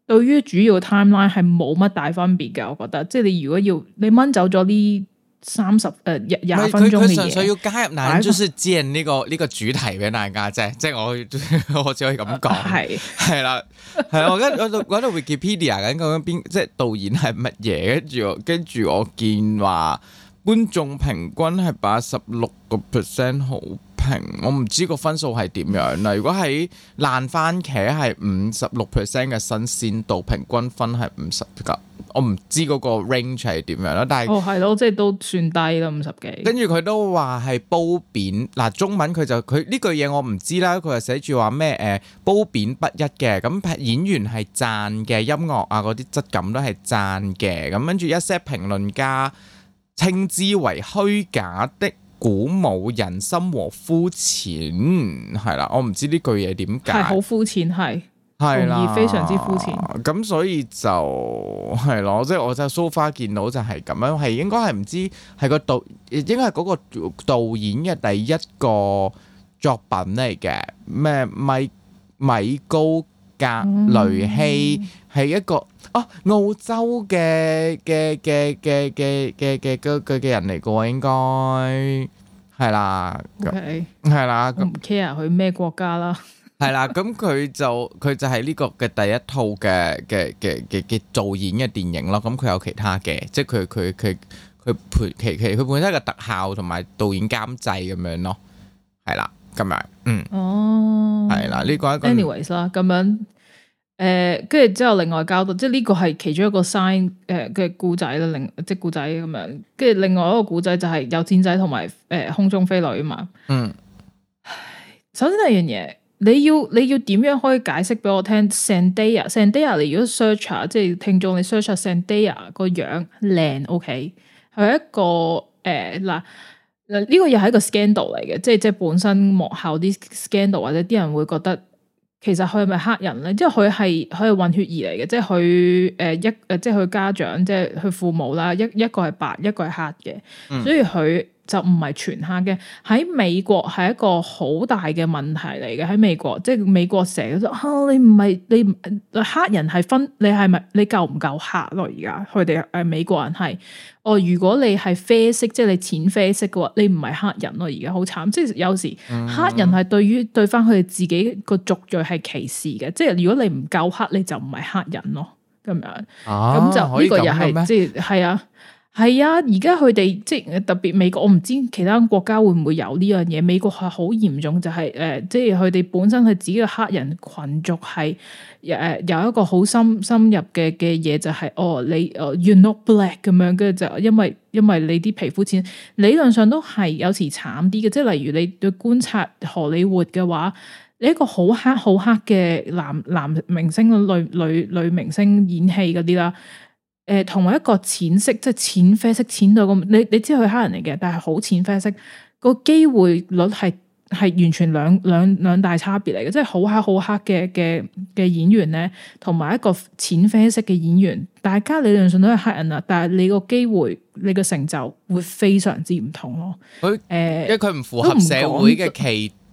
對於主要 timeline 係冇乜大分別嘅。我覺得，即係你如果要你掹走咗呢。三十誒廿分鐘嘅嘢，佢佢純粹要加入難主就算人呢個呢、呢個主題俾大家啫，即、就、係、是、我 我只可以咁講，係係 啦，係啊！ 我跟我在喺度 Wikipedia 緊講邊，即係導演係乜嘢？跟住跟住我見話。觀眾平均係八十六個 percent 好評，我唔知個分數係點樣啦。如果喺爛番茄係五十六 percent 嘅新鮮度，平均分係五十九，我唔知嗰個 range 係點樣啦。但係哦，係咯，即係都算低啦，五十幾。跟住佢都話係褒貶嗱，中文佢就佢呢句嘢我唔知啦。佢係寫住話咩誒褒貶不一嘅，咁、嗯、演員係讚嘅，音樂啊嗰啲質感都係讚嘅，咁、嗯、跟住一些評論家。稱之為虛假的鼓舞人心和膚淺，係啦，我唔知呢句嘢點解係好膚淺，係係啦，而非常之膚淺。咁所以就係咯，即係我就 so far 見到就係咁樣，係應該係唔知係個導，應該係嗰個導演嘅第一個作品嚟嘅，咩米米高格雷希係、嗯、一個。哦，澳洲嘅嘅嘅嘅嘅嘅嘅嘅嘅嘅人嚟嘅喎，應該係啦，係啦，咁唔 care 佢咩國家啦，係啦，咁佢就佢就係呢個嘅第一套嘅嘅嘅嘅嘅導演嘅電影咯，咁佢有其他嘅，即係佢佢佢佢陪其其佢本身嘅特效同埋導演監製咁樣咯，係啦，咁樣，嗯，哦，係啦，呢個一個 anyways 啦，咁樣。誒，跟住之後另外交代，即係呢個係其中一個 sign 誒嘅故仔啦，另即係故仔咁樣。跟住另外一個故仔就係有錢仔同埋誒空中飛女啊嘛。嗯。首先第一樣嘢，你要你要點樣可以解釋俾我聽？Zendaya 啊，Zendaya 啊，你如果 search 即係聽眾你 search Zendaya 啊個樣靚，OK？係一個誒嗱嗱呢個又係一個 scandal 嚟嘅，即係即係本身幕後啲 scandal 或者啲人會覺得。其實佢係咪黑人咧？即係佢係佢係混血兒嚟嘅，即係佢誒一誒，即係佢家長，即係佢父母啦，一一個係白，一個係黑嘅，嗯、所以佢。就唔係全黑嘅，喺美國係一個好大嘅問題嚟嘅。喺美國，即係美國成日都哦，你唔係你黑人係分你係咪你夠唔夠黑咯？而家佢哋誒美國人係哦，如果你係啡色，即係你淺啡色嘅話，你唔係黑人咯。而家好慘，即係有時、嗯、黑人係對於對翻佢哋自己個族裔係歧視嘅，即係如果你唔夠黑，你就唔係黑人咯。咁樣咁就呢個又係即係係啊。係啊，而家佢哋即係特別美國，我唔知其他國家會唔會有呢樣嘢。美國係好嚴重，就係誒，即係佢哋本身佢自己嘅黑人群族係誒有一個好深深入嘅嘅嘢，就係哦你哦 you're not black 咁樣，跟住就因為因為你啲皮膚淺，理論上都係有時慘啲嘅。即係例如你去觀察荷里活嘅話，你一個好黑好黑嘅男男明星、女女女明星演戲嗰啲啦。誒，同埋一個淺色，即係淺啡色，淺到咁，你你知佢黑人嚟嘅，但係好淺啡色，個機會率係係完全兩兩兩大差別嚟嘅，即係好黑好黑嘅嘅嘅演員咧，同埋一個淺啡色嘅演員，大家理論上都係黑人啦，但係你個機會，你個成就會非常之唔同咯。佢誒，因為佢唔符合社會嘅期、呃。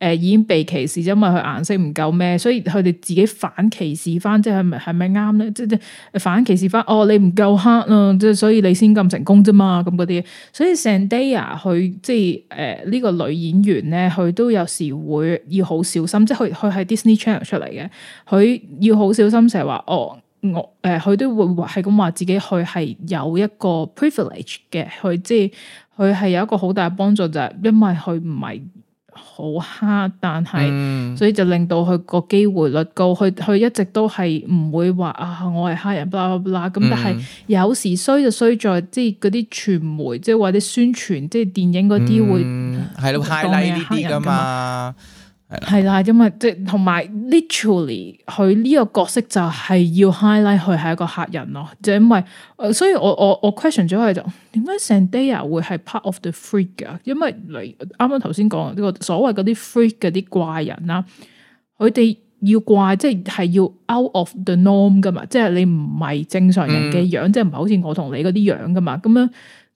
誒、呃、已經被歧視，因為佢顏色唔夠咩，所以佢哋自己反歧視翻，即係咪係咪啱咧？即係反歧視翻，哦，你唔夠黑啊，即係所以你先咁成功啫嘛，咁嗰啲。所以 Zendaya 啊，佢即係誒呢個女演員咧，佢都有時會要好小心，即係佢佢喺 Disney Channel 出嚟嘅，佢要好小心，成日話哦，我誒佢、呃、都會係咁話自己，佢係有一個 privilege 嘅，佢即係佢係有一個好大嘅幫助就係、是、因為佢唔係。好黑，但係、嗯、所以就令到佢個機會率高，佢佢一直都係唔會話啊，我係黑人，啦啦啦咁。但係、嗯、有時衰就衰在，即係嗰啲傳媒，即係或者宣傳，即係電影嗰啲、嗯、會係咯的 highlight 呢啲噶嘛。係啦，因為即係同埋 literally 佢呢個角色就係要 highlight 佢係一個客人咯，就因為所以我我我 question 咗佢就點解 Sandy 啊會係 part of the freak 嘅？因為你啱啱頭先講呢個所謂嗰啲 freak 嗰啲怪人啦，佢哋要怪即係係要 out of the norm 噶嘛，即係你唔係正常人嘅樣，嗯、即係唔係好似我同你嗰啲樣噶嘛，咁樣。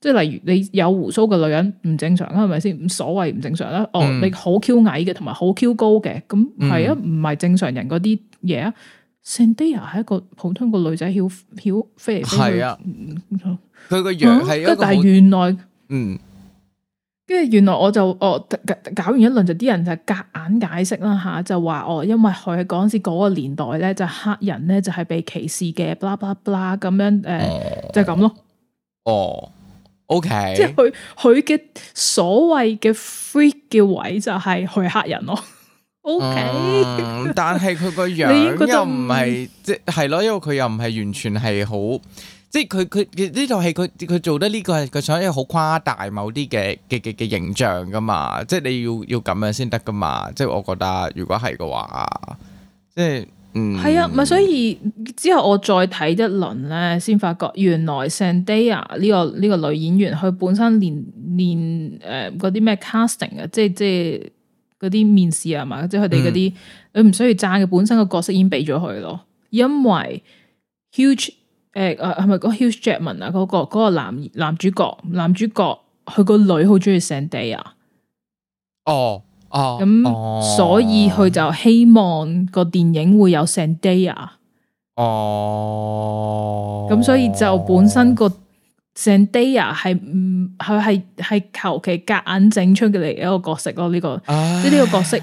即係例如你有鬍鬚嘅女人唔正常啦，係咪先？所謂唔正常啦，哦，你好 Q 矮嘅同埋好 Q 高嘅，咁係、嗯、啊，唔係正常人嗰啲嘢啊。Cynthia 係一個普通個女仔，跳跳飛嚟飛去，係啊，佢個樣係一個，嗯嗯、但係原來嗯，跟住原來我就哦搞完一輪就啲人就夾硬解釋啦吓，就話哦，因為佢嗰陣時嗰、嗰個年代咧就黑人咧就係被歧視嘅，blah blah blah 咁樣誒，就咁咯，哦。O K，即係佢佢嘅所謂嘅 free 嘅位就係去吓人咯。OK，嗯、但係佢個樣 你覺得 又唔係即係咯， 因為佢又唔係完全係好，即係佢佢呢套戲佢佢做得呢個佢想一個好誇大某啲嘅嘅嘅嘅形象噶嘛，即係你要要咁樣先得噶嘛，即係我覺得如果係嘅話，即係。嗯，係啊，咪所以之後我再睇一輪咧，先發覺原來 Zendaya 啊、這、呢個呢、這個女演員，佢本身練練誒嗰啲咩 casting 啊，即即嗰啲面試啊嘛，即佢哋嗰啲佢唔需要爭，佢本身個角色已經俾咗佢咯，因為 Hugh 誒、呃、誒係咪，嗰 Hugh Jackman 啊嗰、那個嗰、那個男男主角男主角，佢個女好中意 Zendaya 啊，哦。哦，咁、啊、所以佢就希望個電影會有 Sandaya。哦、啊，咁所以就本身個 Sandaya 係唔佢係係求其夾硬整出嚟一個角色咯，呢個即係呢個角色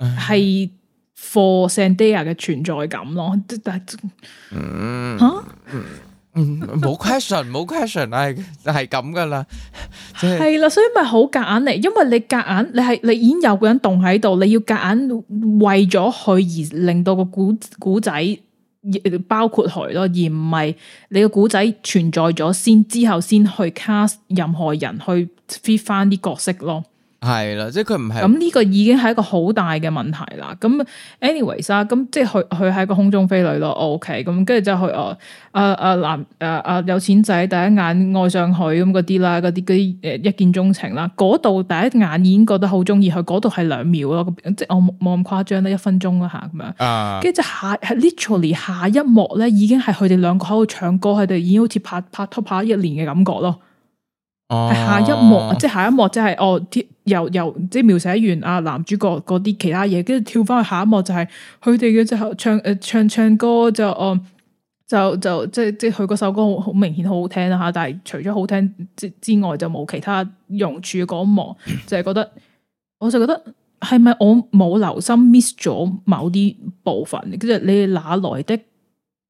係 For Sandaya 嘅存在感咯，但係嗯吓。 嗯，冇 question，冇 question 係係咁噶啦，係啦， 所以咪好夾硬嚟，因為你夾硬，你係你已經有個人動喺度，你要夾硬為咗佢而令到個古古仔包括佢咯，而唔係你個古仔存在咗先之後先去 cast 任何人去 fit 翻啲角色咯。係啦，即係佢唔係咁，呢個已經係一個好大嘅問題啦。咁 anyways 啊，咁即係佢佢係一個空中飛女咯。OK，咁跟住就去哦，啊，啊，男阿啊，啊，有錢仔第一眼愛上佢咁嗰啲啦，嗰啲嗰啲誒一見鐘情啦。嗰度第一眼已經覺得好中意佢，嗰度係兩秒咯，即係我冇咁誇張咧，一分鐘啊下咁樣。跟住就下，uh，下 literally 下一幕咧，已經係佢哋兩個喺度唱歌，佢哋已經好似拍拍拖拍，拍一年嘅感覺咯。係下一幕，哦、即係下一幕，就是，即係哦，又又即係描寫完啊男主角嗰啲其他嘢，跟住跳翻去下一幕就係佢哋嘅，即係唱、誒、呃、唱唱歌就哦、呃、就就，就即係即係佢嗰首歌好好明顯好好聽啦吓，但係除咗好聽之之外就冇其他用處嗰一幕，嗯、就係覺得，我就覺得係咪我冇留心 miss 咗某啲部分？跟住你哋哪來的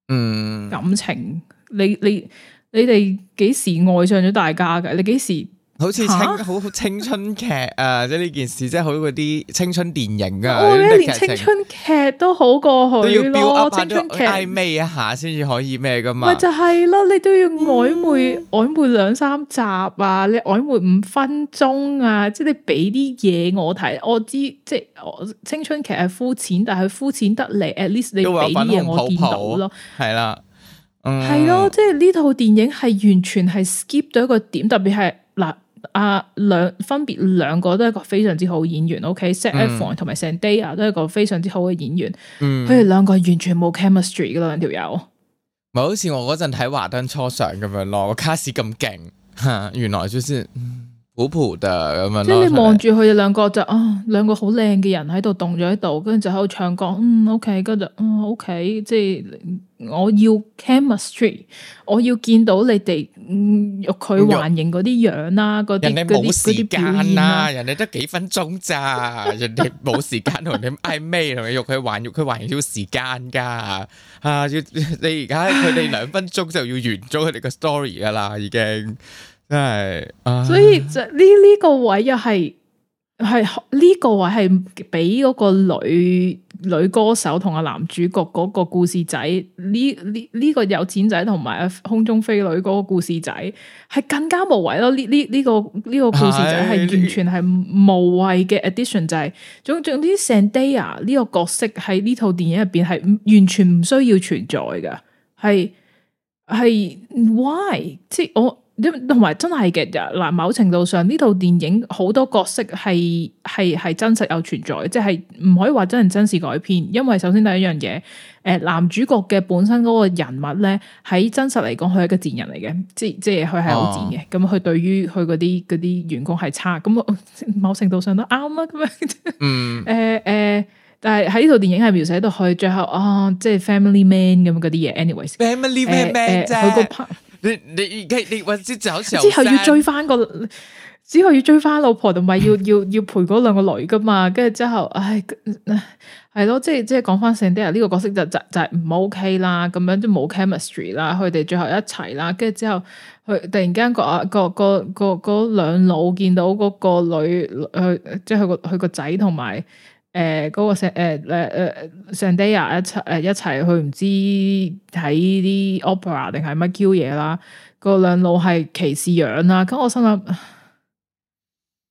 嗯感情？你、嗯、你？你你你哋幾時愛上咗大家㗎？你幾時？好似青好青春劇啊！即係呢件事，即係好嗰啲青春電影噶。我、哦、連青春劇都好過佢咯。青春劇曖昧一,一下先至可以咩噶嘛？咪就係咯，你都要曖昧曖、嗯、昧兩三集啊，你曖昧五分鐘啊，即係你俾啲嘢我睇。我知即係青春劇係膚淺，但係佢膚淺得嚟。At least 你俾嘢我見到咯，係啦。係咯、uh,，即係呢套電影係完全係 skip 咗一個點，特別係嗱，阿、啊、兩分別兩個都係一個非常之好演員，OK，Zac、okay? Efron 同埋 Zendaya 都係一個非常之好嘅演員，佢哋兩個完全冇 chemistry 嗰兩條友，咪、mm. 好似我嗰陣睇華燈初上咁樣咯，卡士咁勁，吓原來就是。普咁樣咯，即係你望住佢哋兩個就啊，兩個好靚嘅人喺度動咗喺度，跟住就喺度唱歌。嗯，OK，跟住，嗯，OK，即係我要 chemistry，我要見到你哋，嗯，佢環形嗰啲樣啦、啊，嗰啲人哋冇時間啦、啊，人哋得幾分鐘咋， 人哋冇時間同 你 I make 同佢用佢環用佢環形要時間噶啊！你而家佢哋兩分鐘就要完咗佢哋個 story 噶啦，已經。係，所以就呢呢個位又係係呢個位係俾嗰個女女歌手同阿男主角個故事仔，呢呢呢個有錢仔同埋空中飛女嗰個故事仔，係更加無謂咯。呢呢呢個呢個故事仔係完全係無謂嘅 addition，< 是的 S 1> 就係總總之，Sandy 啊呢個角色喺呢套電影入邊係完全唔需要存在嘅，係係 why 即係我。同埋真係嘅，嗱，某程度上呢套電影好多角色係係係真實有存在，即係唔可以話真人真事改編。因為首先第一樣嘢，誒，男主角嘅本身嗰個人物咧，喺真實嚟講佢係一個賤人嚟嘅，即即係佢係好賤嘅。咁佢、哦、對於佢嗰啲嗰啲員工係差，咁某程度上都啱啊。咁樣，誒誒、嗯呃呃，但係喺呢套電影係描寫到佢最後啊、哦，即係 Family Man 咁嗰啲嘢。Anyways，Family Man 啫、呃。呃呃 你你你或之後要追翻個，之後要追翻老婆同埋要要要陪嗰兩個女噶嘛？跟住之後，唉，係咯，即係即係講翻 Zendaya 呢個角色就就就係、是、唔 OK 啦，咁樣都冇 chemistry 啦，佢哋最後一齊啦，跟住之後佢突然間個個個個，個，個，個兩老見到嗰個女，佢、呃、即係佢個佢個仔同埋。誒，嗰、呃那個上誒誒誒 Sunday 一齊誒一齊去唔知睇啲 opera 定係乜 Q 嘢啦？嗰個兩老係歧視樣啦、啊，咁我心諗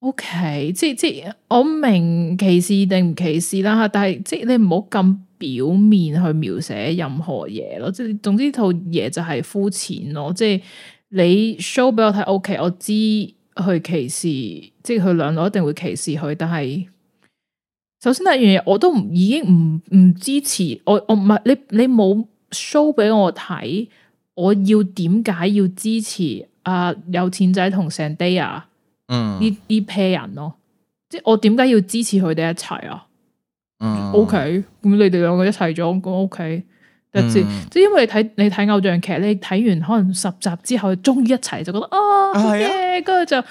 ，OK，即即我明歧視定唔歧視啦，但係即你唔好咁表面去描寫任何嘢咯，即總之套嘢就係膚淺咯，即你 show 俾我睇 OK，我知佢歧視，即佢兩老一定會歧視佢，但係。首先一樣嘢，我都唔已經唔唔支持我我唔係你你冇 show 俾我睇，我要點解要支持啊，有錢仔同 Sandy 啊？嗯，呢啲 pair 人咯，即係我點解要支持佢哋一齊啊？嗯，OK，咁你哋兩個一齊咗，咁 OK，得、嗯、即係因為你睇你睇偶像劇你睇完可能十集之後，終於一齊就覺得、哦、啊，係跟住就。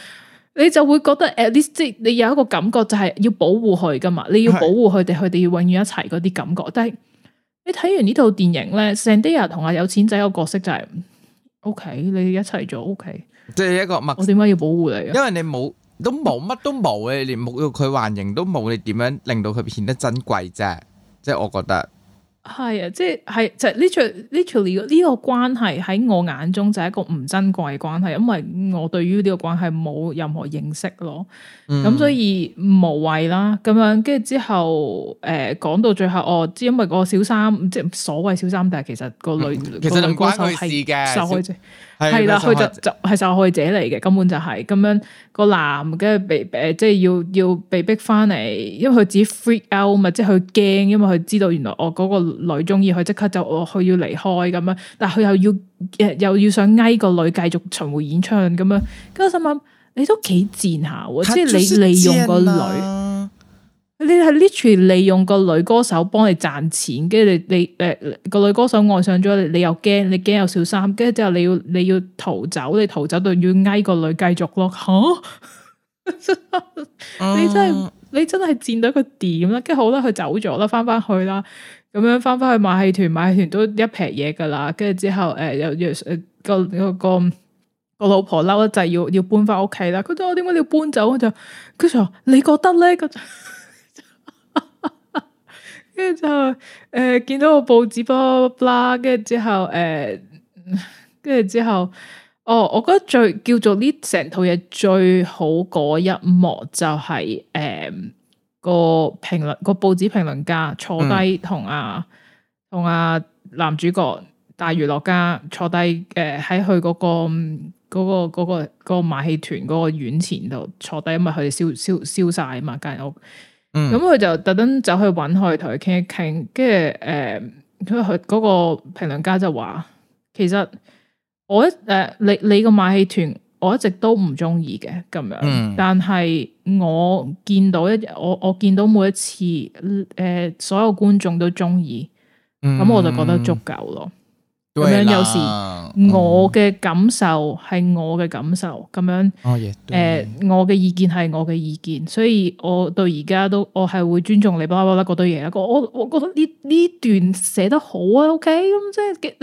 你就會覺得，at least 即係你有一個感覺就係要保護佢噶嘛，你要保護佢哋，佢哋要永遠一齊嗰啲感覺。但係你睇完呢套電影咧，Zendaya 同阿有錢仔個角色就係，OK，你一齊做 OK，即係一個，我點解要保護你？因為你冇，都冇乜，都冇，你連木佢環形都冇，你點樣令到佢顯得珍貴啫？即係我覺得。係啊，即係就係、literally 呢個關係喺我眼中就係一個唔珍貴嘅關係，因為我對於呢個關係冇任何認識咯，咁、嗯、所以無謂啦咁樣。跟住之後，誒、呃、講到最後，哦，因為個小三即係所謂小三，但係其實個女、嗯、其實女歌手係嘅，受害者。係啦，佢就就係受害者嚟嘅，根本就係、是、咁樣個男嘅被、誒，即係要要被逼翻嚟，因為佢自己 freak out 咪，即係佢驚，因為佢知道原來我嗰個女中意佢，即刻就我佢、哦、要離開咁樣，但係佢又要又要想嗌個女繼續巡回演唱咁樣，咁我心諗你都幾賤下啊，賤即係你利用個女。你係呢處利用個女歌手幫你賺錢，跟住你你誒個、呃、女歌手愛上咗你，你又驚，你驚有小三。跟住之後你要你要逃走，你逃走到要挨個女繼續咯，吓、 嗯！ 你真係你真係見到一個點啦，跟住好啦，佢走咗啦，翻翻去啦，咁樣翻翻去馬戲團，馬戲團都一撇嘢噶啦，跟住之後誒又又誒個、呃、個個，個老婆嬲一滯，要要搬翻屋企啦，佢就我點解你要搬走，我就，佢就你覺得咧，跟住就誒見到個報紙波，跟住之後誒，跟住之後，哦，我覺得最叫做呢成套嘢，最好嗰一幕就係、是、誒、呃、個評論個報紙評論家坐低同阿同阿男主角大娛樂家坐低，誒喺佢嗰個嗰、嗰個嗰、嗰個、嗰個馬戲團嗰個院、嗰個嗰個嗰個、前度坐低，因為佢哋燒燒燒晒啊嘛間屋。咁佢、嗯、就特登走去揾佢，同佢傾一傾。跟住誒，佢佢嗰個評論家就話：其實我一誒、呃，你你個馬戲團，我一直都唔中意嘅咁樣。嗯、但係我見到一，我我見到每一次誒、呃，所有觀眾都中意，咁我就覺得足夠咯。咁、嗯、樣有時。我嘅感受係我嘅感受，咁樣，誒、oh, yeah, 呃，我嘅意見係我嘅意見，所以我到而家都我係會尊重你，巴拉巴拉嗰堆嘢。個我我覺得呢呢段寫得好啊，OK，咁即係誒，呢、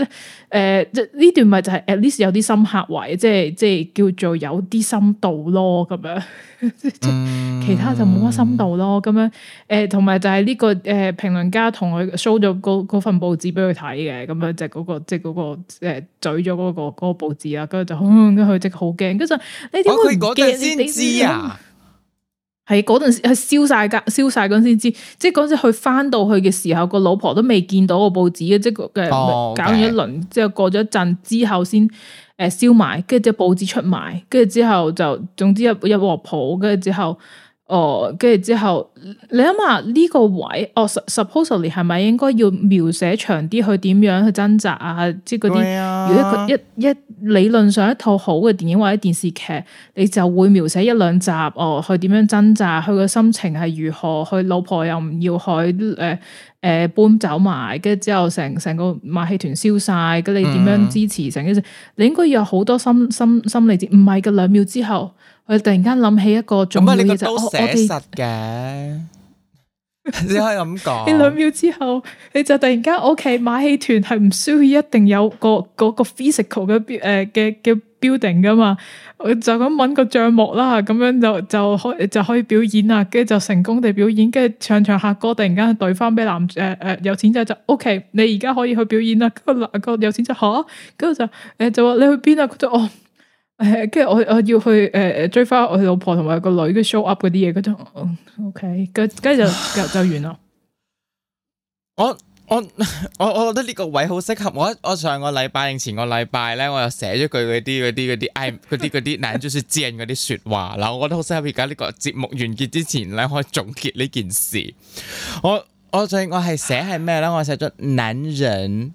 呃、段咪就係 at least 有啲深刻位，即係即係叫做有啲深度咯，咁樣，樣，其他就冇乜深度咯，咁、uh, 樣，誒，同埋就係呢個誒評論家同佢 show 咗嗰份報紙俾佢睇嘅，咁樣就嗰、係嗰個即係嗰、嗰個誒、呃俾咗嗰個嗰，那個報紙啊，跟住就，跟住佢即好驚，跟住你點會唔見先知啊？係嗰陣係燒晒噶，燒晒嗰陣先知。即係嗰陣佢翻到去嘅時候，個老婆都未見到個報紙嘅，即係、哦 okay. 搞完一輪之後，過咗一陣之後先誒燒埋，跟住隻報紙出埋，跟住之後就總之一一鑊泡，跟住之後。哦，跟住之後，你諗下呢個位哦、oh，supposedly 係咪應該要描寫長啲，佢點樣去掙扎啊？即係嗰啲，對啊、如果佢一一,一理論上一套好嘅電影或者電視劇，你就會描寫一兩集哦，佢、oh, 點樣掙扎，佢個心情係如何，佢老婆又唔要佢誒。呃誒、呃，搬走埋，跟住之後，成成個馬戲團燒晒，咁、嗯、你點樣支持？成件事，你應該要有好多心心心理戰。唔係嘅兩秒之後，佢突然間諗起一個重要嘅就，我我哋嘅。嗯你可以咁講，你兩 秒之後你就突然間 O K 馬戲團係唔需要一定有個嗰個,個 physical 嘅標誒嘅嘅 building 噶嘛，就咁揾個帳幕啦，咁樣就就可就可以表演啊，跟住就,就,就成功地表演，跟住唱唱下歌，突然間對翻俾男誒誒、呃、有錢仔，就 O K，你而家可以去表演啦。跟住嗱個有錢仔吓，跟住就誒、呃、就話你去邊啊，佢就哦。跟住我我要去誒誒追翻我老婆同埋個女，跟 show up 嗰啲嘢，嗰 OK 跟跟就就就完咯。我我我我覺得呢個位好適合我。我上個禮拜定前個禮拜咧，我又寫咗佢嗰啲、嗰啲、嗰啲，嗰啲、嗰啲男豬豬指引嗰啲說話。嗱， 我覺得好適合而家呢個節目完結之前咧，可以總結呢件事。我我最我係寫係咩咧？我寫咗男人。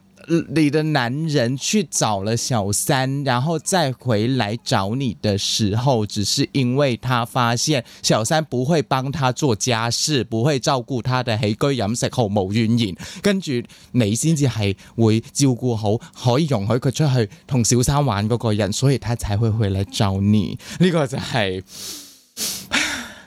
你的男人去找了小三，然後再回來找你的時候，只是因為他發現小三不會幫他做家事，不會照顧他的起居飲食，毫無怨言，跟住你先至係會照顧好，可以容許佢出去同小三玩嗰個人，所以他才會回來找你。呢、這個就係、是。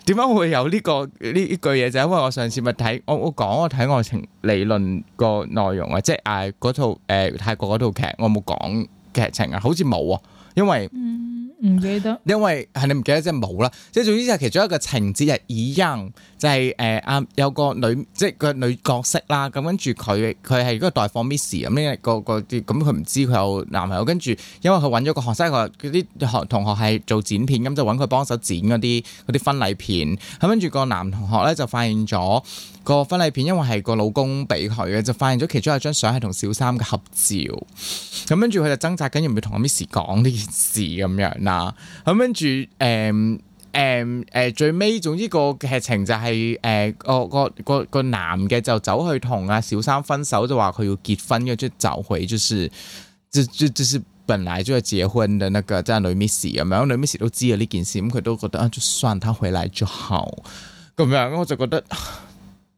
點解會有呢個呢呢句嘢？就係因為我上次咪睇，我我講我睇愛情理論個內容啊，即係誒套誒、呃、泰國嗰套劇，我冇講劇情啊，好似冇啊，因為，嗯唔記得，因為係你唔記得即係冇啦，即係總之係其中一個情節係已印，就係誒阿有個女即係個女角色啦，咁跟住佢佢係一個代課 miss 咁，因為個個咁佢唔知佢有男朋友，跟住因為佢揾咗個學生，個啲學同學係做剪片，咁就揾佢幫手剪嗰啲嗰啲婚禮片，咁跟住個男同學咧就發現咗。個婚禮片，因為係個老公俾佢嘅，就發現咗其中有一張相係同小三嘅合照。咁跟住佢就掙扎緊要唔要同阿 Miss 講呢件事咁樣啦。咁跟住誒誒誒，最尾總之個劇情就係、是、誒、呃、個個個個男嘅就走去同阿小三分手，就話佢要結婚嘅，即係走回，就去、就是就就就是本來就要結婚嘅那個即係女 Miss 咁樣，女 Miss 都知啊呢件事，咁佢都覺得啊，就算他回來之後咁樣，我就覺得。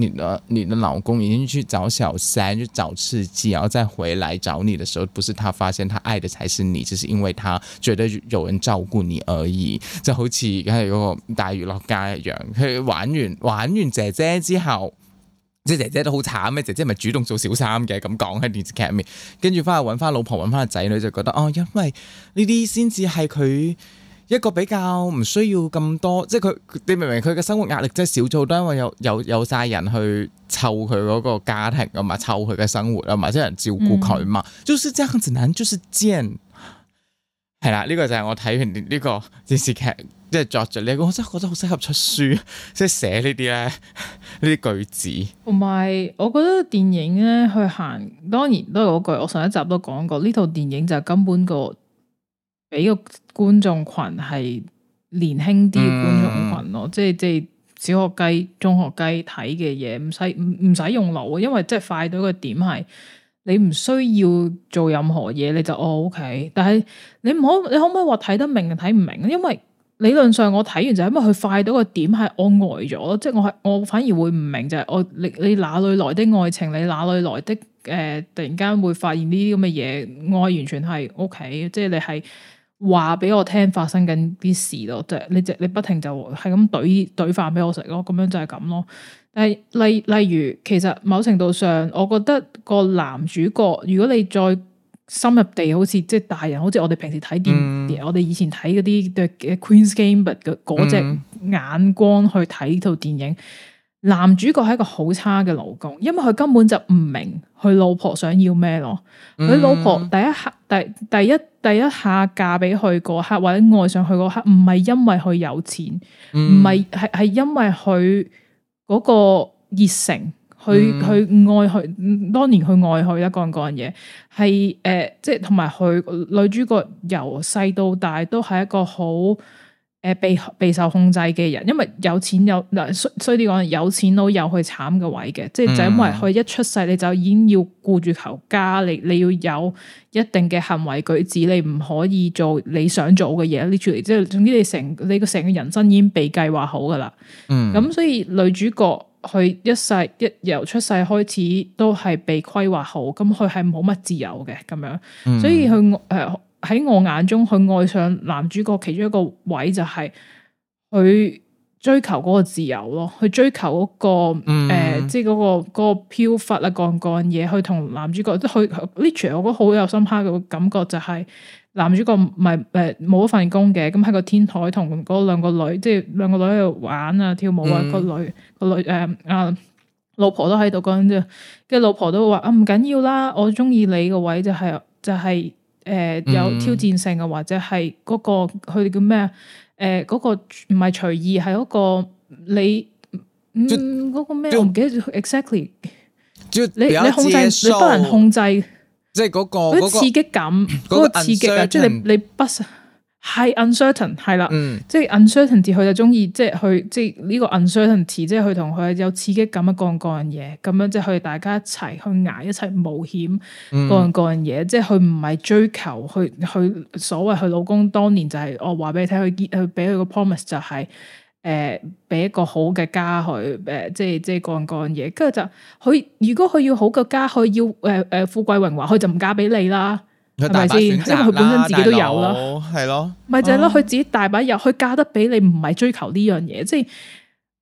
你的你的老公已經去找小三，去找刺激，然後再回來找你的時候，不是他發現他愛的才是你，只是因為他覺得有人照顧你而已，就好似而家嗰個大娛樂家一樣，佢玩完玩完姐姐之後，即係姐姐都好慘咩？姐姐咪主動做小三嘅，咁講喺電視劇面，跟住翻去搵翻老婆，搵翻個仔女就覺得哦，因為呢啲先至係佢。一個比較唔需要咁多，即係佢，你明唔明佢嘅生活壓力真係少咗好多，都因為有有有晒人去湊佢嗰個家庭啊嘛，湊佢嘅生活啊嘛，即係人照顧佢嘛，嗯、就是這樣子難就、這個就，就是賤，係啦，呢個就係我睇完呢個電視劇即係作著呢、這個，我真係覺得好適合出書，即係寫呢啲咧呢啲句子。同埋，我覺得電影咧去行，當然都係嗰句，我上一集都講過，呢套電影就根本個。俾個觀眾群係年輕啲觀眾群咯， 即係即係小學雞、中學雞睇嘅嘢，唔使唔唔使用腦，因為即係快到個點係你唔需要做任何嘢，你就哦 OK。但係你唔好，你可唔可以話睇得明睇唔明？因為理論上我睇完就係、因為佢快到個點係我呆咗，即係我係我反而會唔明就係、係、我你你哪裏來的愛情，你哪裏來的誒、呃？突然間會發現呢啲咁嘅嘢，我完全係 OK，即係你係。話俾我聽發生緊啲事咯，即係你即你不停就係咁懟懟飯俾我食咯，咁樣就係咁咯。但係例例如，其實某程度上，我覺得個男主角，如果你再深入地，好似即係大人，好似我哋平時睇電，嗯、我哋以前睇嗰啲嘅《Queen’s Game》嗰隻眼光去睇套電影。嗯嗯男主角係一個好差嘅老公，因為佢根本就唔明佢老婆想要咩咯。佢、嗯、老婆第一下第第一第一下嫁俾佢嗰刻，或者愛上佢嗰刻，唔係因為佢有錢，唔係係係因為佢嗰個熱誠，佢佢、嗯、愛佢當年佢愛佢啦，講嗰樣嘢係誒，即係同埋佢女主角由細到大都係一個好。誒、呃，被備受控制嘅人，因為有錢有嗱，衰衰哋講有錢佬有佢慘嘅位嘅，即係、嗯、就因為佢一出世你就已經要顧住求家，你你要有一定嘅行為舉止，你唔可以做你想做嘅嘢，呢條即係總之你成你個成個人生已經被計劃好噶啦，嗯，咁所以女主角佢一世一由出世開始都係被規劃好，咁佢係冇乜自由嘅咁樣，嗯、所以佢誒。呃喺我眼中，佢愛上男主角其中一個位就係佢追求嗰個自由咯，佢追求嗰、嗰個、mm hmm. 呃、即係嗰、嗰個漂忽啊，嗰樣嘢，佢同男主角都佢 literally，我覺得好有深刻嘅感覺就係男主角唔係誒冇一份工嘅，咁喺個天台同嗰兩個女，即係兩個女喺度玩啊跳舞啊，個、mm hmm. 女個女誒啊、呃、老婆都喺度講緊啫，跟住、就係、老婆都話啊唔緊要啦，我中意你個位就係、係、就係、係。就係誒、呃，有挑戰性嘅或者係嗰、那個佢哋叫咩啊？誒、呃，嗰、那個唔係隨意，係嗰、那個你，嗯，嗰、那個咩？就我唔記得，exactly。你你控制，你不能控制。即係嗰個嗰刺激感，嗰、那個、 個刺激啊！ 激即係你你不。 係 uncertain，係啦、嗯，即係 uncertainty，佢就中意即係去即係呢個 uncertainty，即係去同佢有刺激感啊，各樣各樣嘢，咁樣即係佢大家一齊去挨，一齊冒險，各樣各樣嘢，即係佢唔係追求去去所謂佢老公當年就係、是、我話俾你聽，佢佢俾佢個 promise 就係誒俾一個好嘅家佢誒，即係即係各樣各樣嘢，跟住就佢如果佢要好嘅家，佢要誒誒、呃呃、富貴榮華，佢就唔嫁俾你啦。係咪先？是是因為佢本身自己哥都有啦，係咯的，咪就係咯，佢自己大把日佢嫁得俾你唔係追求呢樣嘢。即係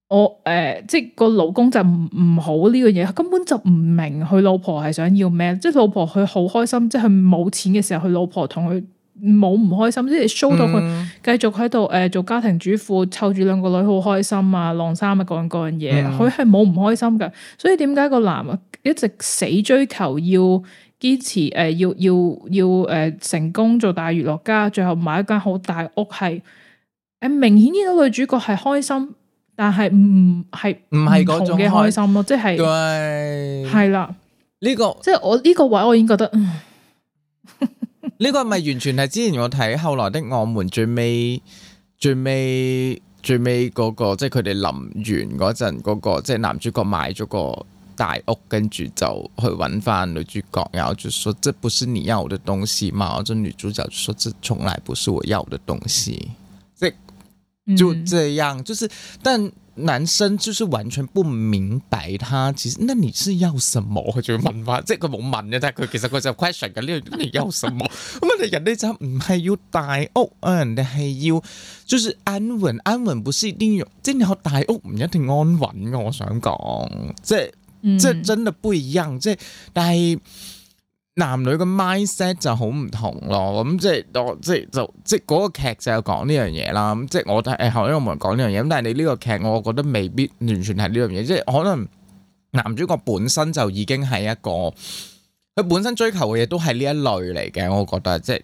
我誒、呃，即係個老公就唔唔好呢樣嘢，根本就唔明佢老婆係想要咩。即係老婆佢好開心，即係佢冇錢嘅時候，佢老婆同佢冇唔開心，即係 show 到佢繼續喺度誒做家庭主婦，湊住兩個女好開心啊，晾衫啊，嗰樣嗰樣嘢，佢係冇唔開心嘅。所以點解個男啊一直死追求要？堅持誒，要要要誒、呃，成功做大娛樂，樂家，最後買一間好大屋，係、呃、誒，明顯呢個女主角係開心，但係唔係唔係嗰種嘅開心咯，即係係啦，呢是、這個即係我呢、這個位，我已經覺得，呢、這個係咪 完全係之前我睇後來的我們最尾最尾最尾嗰、那個，即係佢哋臨完嗰陣嗰個，即係男主角買咗個。大屋跟住就去揾翻女主角，然後就說：這不是你要嘅東西嘛？即係女主角就說：這從來不是我要嘅東西。即就這樣，嗯、就是但男生就是完全不明白他，他其實那你是要什麼？佢就會問翻，即係佢冇問嘅，但係佢其實佢就 question 嘅呢樣嘢要什麼？咁啊，人哋就唔係要大屋啊，人哋係要，就是安穩，安穩不是一定有，即係你學大屋唔一定安穩噶。我想講，即嗯、即係真係不一樣，即係但係男女嘅 mindset 就好唔同咯。咁、嗯、即係，我即係就即係、嗰個劇就有講呢樣嘢啦。咁即係我哋誒、欸，後屘我冇人講呢樣嘢。咁但係你呢個劇，我覺得未必完全係呢樣嘢。即係可能男主角本身就已經係一個佢本身追求嘅嘢都係呢一類嚟嘅。我覺得即係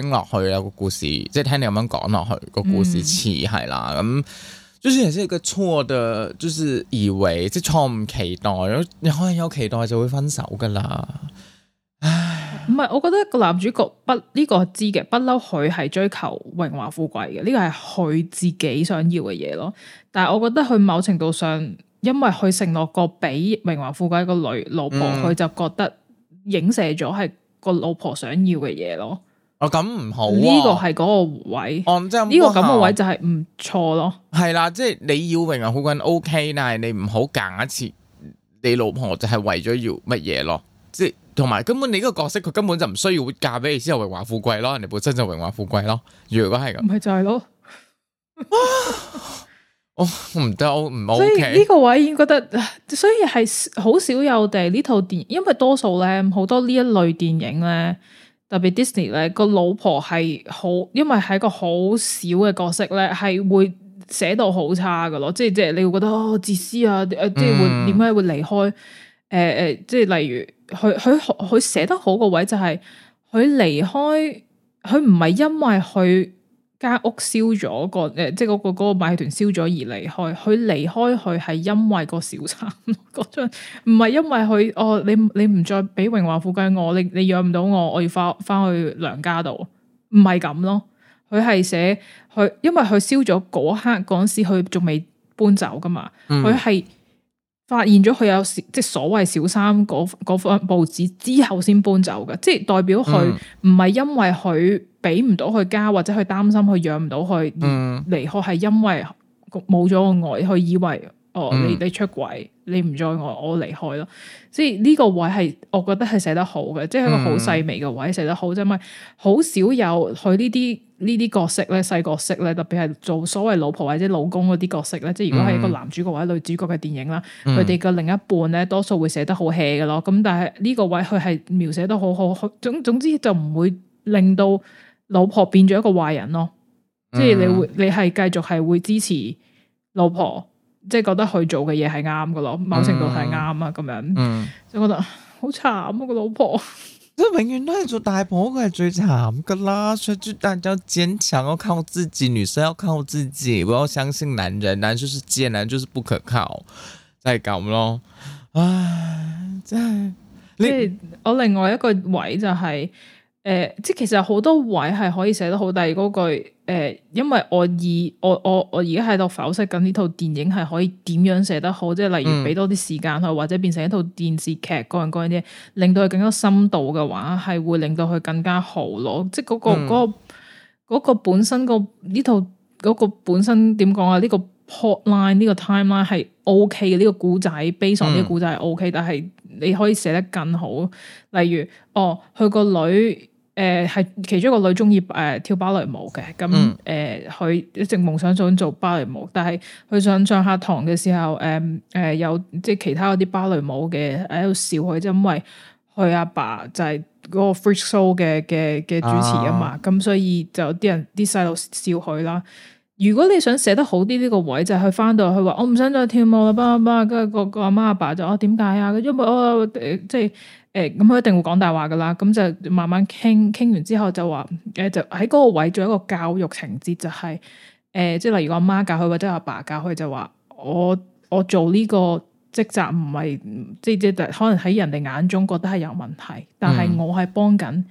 聽落去啊、嗰個故事，即係聽你咁樣講落去、嗰個故事似係、嗯、啦咁。嗯就是係一個錯嘅，就是以為即係錯誤期待，你可能有期待就會分手噶啦。唉，唔係，我覺得個男主角不呢個知嘅，不嬲佢係追求榮華富貴嘅，呢個係佢自己想要嘅嘢咯。但係我覺得佢某程度上，因為佢承諾過俾榮華富貴個女老婆，佢、嗯、就覺得影射咗係個老婆想要嘅嘢咯。咁唔、哦、好呢、啊、個係嗰個位哦，即係呢個咁個位就係唔錯咯。係哇啦，即係你，榮 OK，你要榮華，好緊 O K，但係你唔好揀一次，你老婆就係為咗要乜嘢咯。即係同埋根本你呢個角色，佢根本就唔需要嫁俾你，先有榮華富貴咯，人哋本身就榮華富貴咯。如果係咁，咪就係咯。哦、 oh，唔得唔 O K，呢個位已經覺得，所以係好少有地呢套電，因為多數咧好多呢一類電影咧。特別 Disney 咧，個老婆係好，因為係一個好少嘅角色咧，係會寫到好差嘅咯。即係即係，你會覺得哦，自私啊，即係會點解會離開？誒、呃、誒，即係例如佢佢佢寫得好個位就係、是、佢離開，佢唔係因為佢。間屋燒咗個誒，即係嗰個嗰個馬戲團燒咗而離開。佢離開佢係因為個小三張，唔 係因為佢哦，你你唔再俾榮華富貴我，你你養唔到我，我要翻翻去娘家度，唔係咁咯。佢係寫佢，因為佢燒咗嗰刻嗰時，佢仲未搬走噶嘛，佢係、嗯。發現咗佢有即係所謂小三嗰嗰份報紙之後先搬走嘅，即係代表佢唔係因為佢俾唔到佢家或者佢擔心佢養唔到佢離開，係因為冇咗個愛。佢以為。哦、oh, 嗯，你你出軌，你唔再愛我離開咯，所以呢、這個位係我覺得係寫得好嘅，即、就、係、是、一個好細微嘅位寫得好，啫嘛、嗯，好少有佢呢啲呢啲角色咧，細角色咧，特別係做所謂老婆或者老公嗰啲角色咧，即係如果係一個男主角或者女主角嘅電影啦，佢哋嘅另一半咧，多數會寫得好 hea 嘅咯。咁但係呢個位佢係描寫得好好，總總之就唔會令到老婆變咗一個壞人咯，嗯嗯、即係你會你係繼續係會支持老婆。即係覺得佢做嘅嘢係啱噶咯，某程度係啱啊，咁樣，就覺得好慘啊，個老婆，即係永遠都係做大婆，佢係最慘噶啦，所以就大家堅強，要靠自己，女生要靠自己，不要相信男人，男人就是賤，男人就是不可靠，就係咁咯，唉，真係，即係我另外一個位就係、是。誒、呃，即其實好多位係可以寫得好，但係嗰句誒、呃，因為我而我我我而家喺度剖析緊呢套電影係可以點樣寫得好，即係例如俾多啲時間佢，嗯、或者變成一套電視劇，各樣各樣嘢，令到佢更加深度嘅話，係會令到佢更加好咯。即係嗰、嗰個、嗯嗰個、嗰個本身個呢套嗰個本身點講啊？嗰個、呢、呢個 plot line 呢個 timeline 係 OK 嘅，呢、呢個古仔 basic 啲古仔係 O K，但係你可以寫得更好。例如，哦，佢個女。誒係、呃、其中一個女中意誒跳芭蕾舞嘅，咁誒佢一直夢想想做芭蕾舞，但係佢想上下堂嘅時候，誒誒有即係其他嗰啲芭蕾舞嘅喺度笑佢，就因為佢阿爸，爸就係嗰個 freak show 嘅嘅嘅主持啊嘛，咁、呃、所以就有啲人啲細路笑佢啦。如果你想寫得好啲呢個位，就係佢翻到去話，我唔想再跳舞啦，爸爸跟住個個阿媽阿爸就話我點解啊？因為我因為呃呃、呃呃呃、即係。誒，咁佢、嗯、一定會講大話噶啦，咁就慢慢傾傾完之後就話，誒，就喺嗰個位做一個教育情節、就是，就係誒，即係例如我媽教佢或者阿爸教佢，就話我我做呢個職責唔係，即即可能喺人哋眼中覺得係有問題，但係我係幫緊。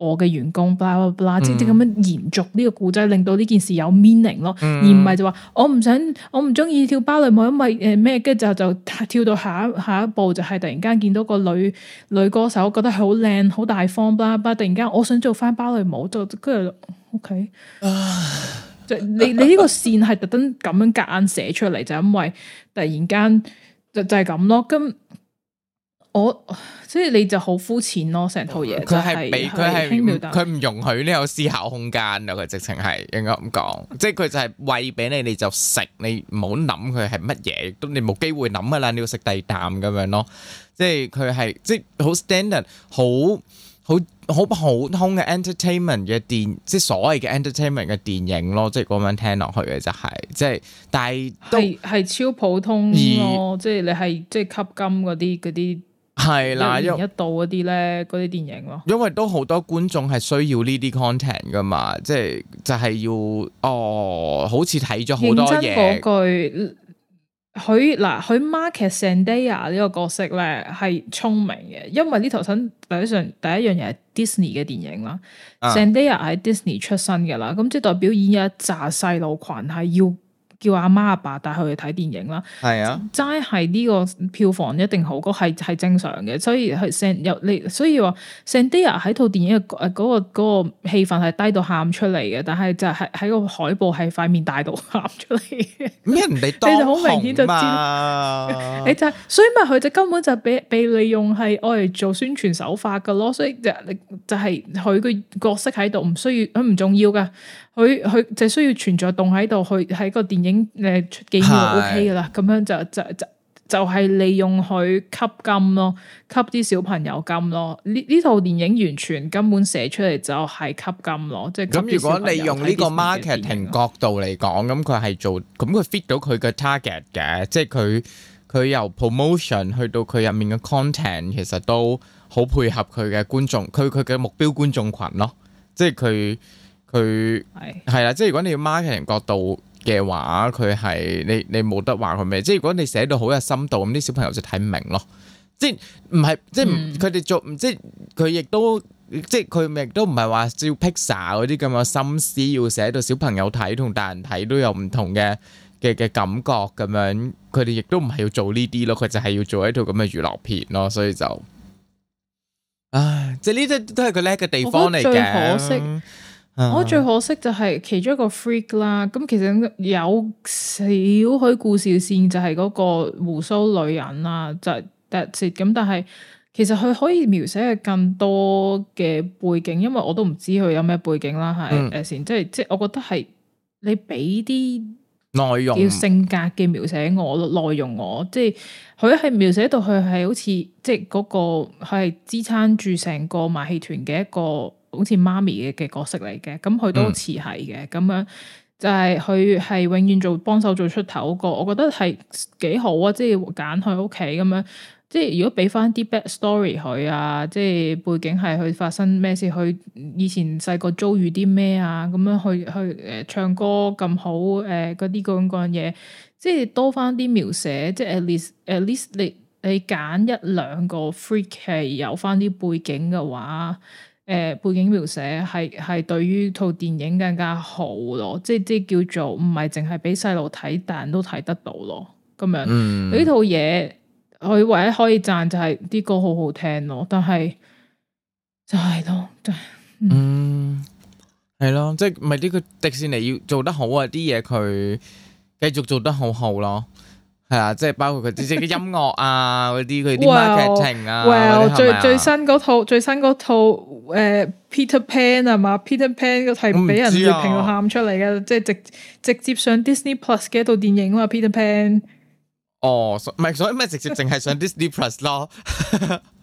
我嘅員工 blah, blah,，blah 即即咁、嗯、樣延續呢個故仔，令到呢件事有 meaning 咯，嗯、而唔係就話我唔想，我唔中意跳芭蕾舞，因為誒咩，跟、呃、住就就跳到下一下一步就係、是、突然間見到個女女歌手，覺得好靚，好大方 blah blah 突然間我想做翻芭蕾舞，就跟住 o k 就，就，okay. 啊、就你你呢個線係特登咁樣夾硬寫出嚟， 就因為突然間就就係、是、咁咯，咁。我、oh, 即係你就好膚淺咯，成套嘢佢係俾佢係佢唔容許你有思考空間咯，佢直情係應該咁講，即係佢就係喂俾你，你就食，你唔好諗佢係乜嘢，都你冇機會諗噶啦，你要食第啖咁樣咯，即係佢係即係好 standard，好好好普通嘅 entertainment 嘅電，即係所謂嘅 entertainment 嘅電影咯，即係咁樣聽落去嘅就係、是、即係，但係都係超普通咯，而即係你係即係吸金啲嗰啲。係啦，一年一度嗰啲咧，嗰啲電影咯。因為都好多觀眾係需要呢啲 content 噶嘛，即係就係要哦，好似睇咗好多嘢。認真嗰句，佢嗱佢 Market Zendaya 呢個角色咧係聰明嘅，因為呢頭先第一上第一樣嘢係 Disney 嘅電影啦 S、啊、Zendaya 係 Disney 出身噶啦，咁即係代表演一紮細路群，係要。叫阿媽阿爸帶佢去睇電影啦，係啊，齋係呢個票房一定好，個係係正常嘅，所以係 send 有你，所以話 Zendaya 喺套電影嘅嗰、嗰個嗰、嗰個戲份係低到喊出嚟嘅，但係就係喺個海報係塊面大到喊出嚟嘅，咩唔理，你就好明顯就知，啊、 你就所以咪佢就根本就被被利用係愛嚟做宣傳手法嘅咯，所以就就係佢個角色喺度唔需要，佢唔重要噶。佢佢就需要存在動喺度，去喺個電影誒、呃，幾秒 O K 噶啦，咁是的 樣就就就就係、就是、利用佢吸金咯，吸啲小朋友金咯。呢呢套電影完全根本寫出嚟就係吸金咯。即係咁，如果利用呢個 marketing 角度嚟講，咁佢係做咁佢 fit 到佢嘅 target 嘅，即係佢佢由 promotion 去到佢入面嘅 content，其實都好配合佢嘅觀眾，佢佢嘅目標觀眾群咯，即係佢。佢係係啦，即係他的如果你要 marketing 角度嘅話，佢係你你冇得話佢咩，即係如果你寫到好有深度，咁啲小朋友就睇唔明咯。即係唔係即係佢哋做，即係佢亦都即係佢亦都唔係話照 Pixar 嗰啲咁嘅心思要寫到小朋友睇同大人睇都有唔同嘅嘅嘅感覺咁樣。佢哋亦都唔係要做呢啲咯，佢就係要做一套咁嘅娛樂片咯，所以就唉，即係呢啲都係佢叻嘅地方嚟嘅。可惜。Uh, 我最可惜就係其中一個 freak 啦，咁其實有少許故事線就係嗰個鬍鬚女人啦，就係、是、dead set 咁，但係其實佢可以描寫嘅更多嘅背景，因為我都唔知佢有咩背景啦。係、嗯，即係即係我覺得係你俾啲內容叫性格嘅描寫我內容，內容我，即係佢係描寫到佢係好似即係嗰個佢係支撐住成個馬戲團嘅一個。好似媽咪嘅嘅角色嚟嘅，咁佢都似係嘅，咁、嗯、樣就係佢係永遠做幫手做出頭個，我覺得係幾好、就是、啊！即係揀佢屋企咁樣，即係如果俾翻啲 bad story 佢啊，即係背景係佢發生咩事，佢以前細個遭遇啲咩啊，咁樣去去誒唱歌咁好誒嗰啲咁樣嘢，即係多翻啲描寫，即係 at least at least 你你揀一兩個 freak 係有翻啲背景嘅話。誒、呃，背景描寫係係對於套電影更加好咯，即係即係叫做唔係淨係俾細路睇，但都睇得到咯，咁樣。呢、嗯、套嘢佢唯一可以讚就係、是、啲歌好好聽咯，但係就係、是、咯，就嗯係咯、嗯，即係唔係呢個迪士尼要做得好啊，啲嘢佢繼續做得好好、啊、咯。係 啊，即係包括佢自己嘅音樂啊，嗰啲佢啲劇情啊，哇 Wow,！最最新嗰套最新嗰套誒 Peter Pan 啊嘛，Peter Pan 個係俾人哋評到喊出嚟嘅，啊、即係直直接上 Disney Plus 嘅一套電影啊嘛，Peter Pan。哦，唔係所以唔係直接淨係上 Disney Plus 咯。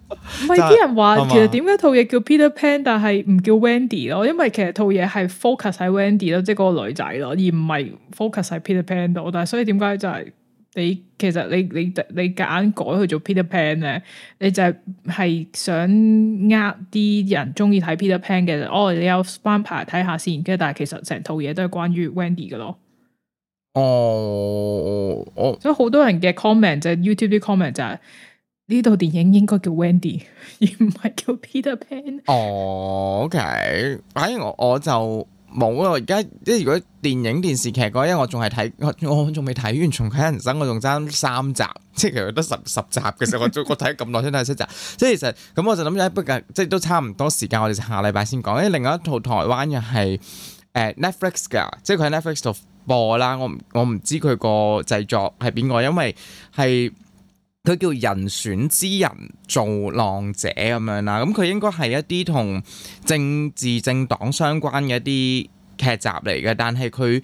唔係啲人話 其實點解套嘢叫 Peter Pan，但係唔叫 Wendy 咯？因為其實套嘢係 focus 喺 Wendy 咯，即係嗰個女仔咯，而唔係 focus 喺 Peter Pan 度、就是。但係所以點解就係。你其實你你你夾硬改去做 Peter Pan 咧，你就係係想呃啲人中意睇 Peter Pan 嘅，就哦你有翻牌睇下先，跟住但係其實成套嘢都係關於 Wendy 嘅咯。哦，我、oh, oh. 所以好多人嘅 comment 就係 YouTube 啲 comment 就係呢套電影應該叫 Wendy 而唔係叫 Peter Pan。哦、oh，OK，反正我我就。冇啊！而家即係如果電影電視劇嘅話，因為我仲係睇我仲未睇完《重啟人生》，我仲爭三集，即係其實得十十集嘅時候，我我睇咁耐先睇七集。 即係其實咁，我就諗住不過即係都差唔多時間，我哋下禮拜先講。因為另外一套台灣嘅係誒 Netflix 㗎，即係佢喺 Netflix 度播啦。我唔我唔知佢個製作係邊個，因為係。佢叫人選之人造浪者咁樣啦，咁佢應該係一啲同政治政黨相關嘅一啲劇集嚟嘅，但係佢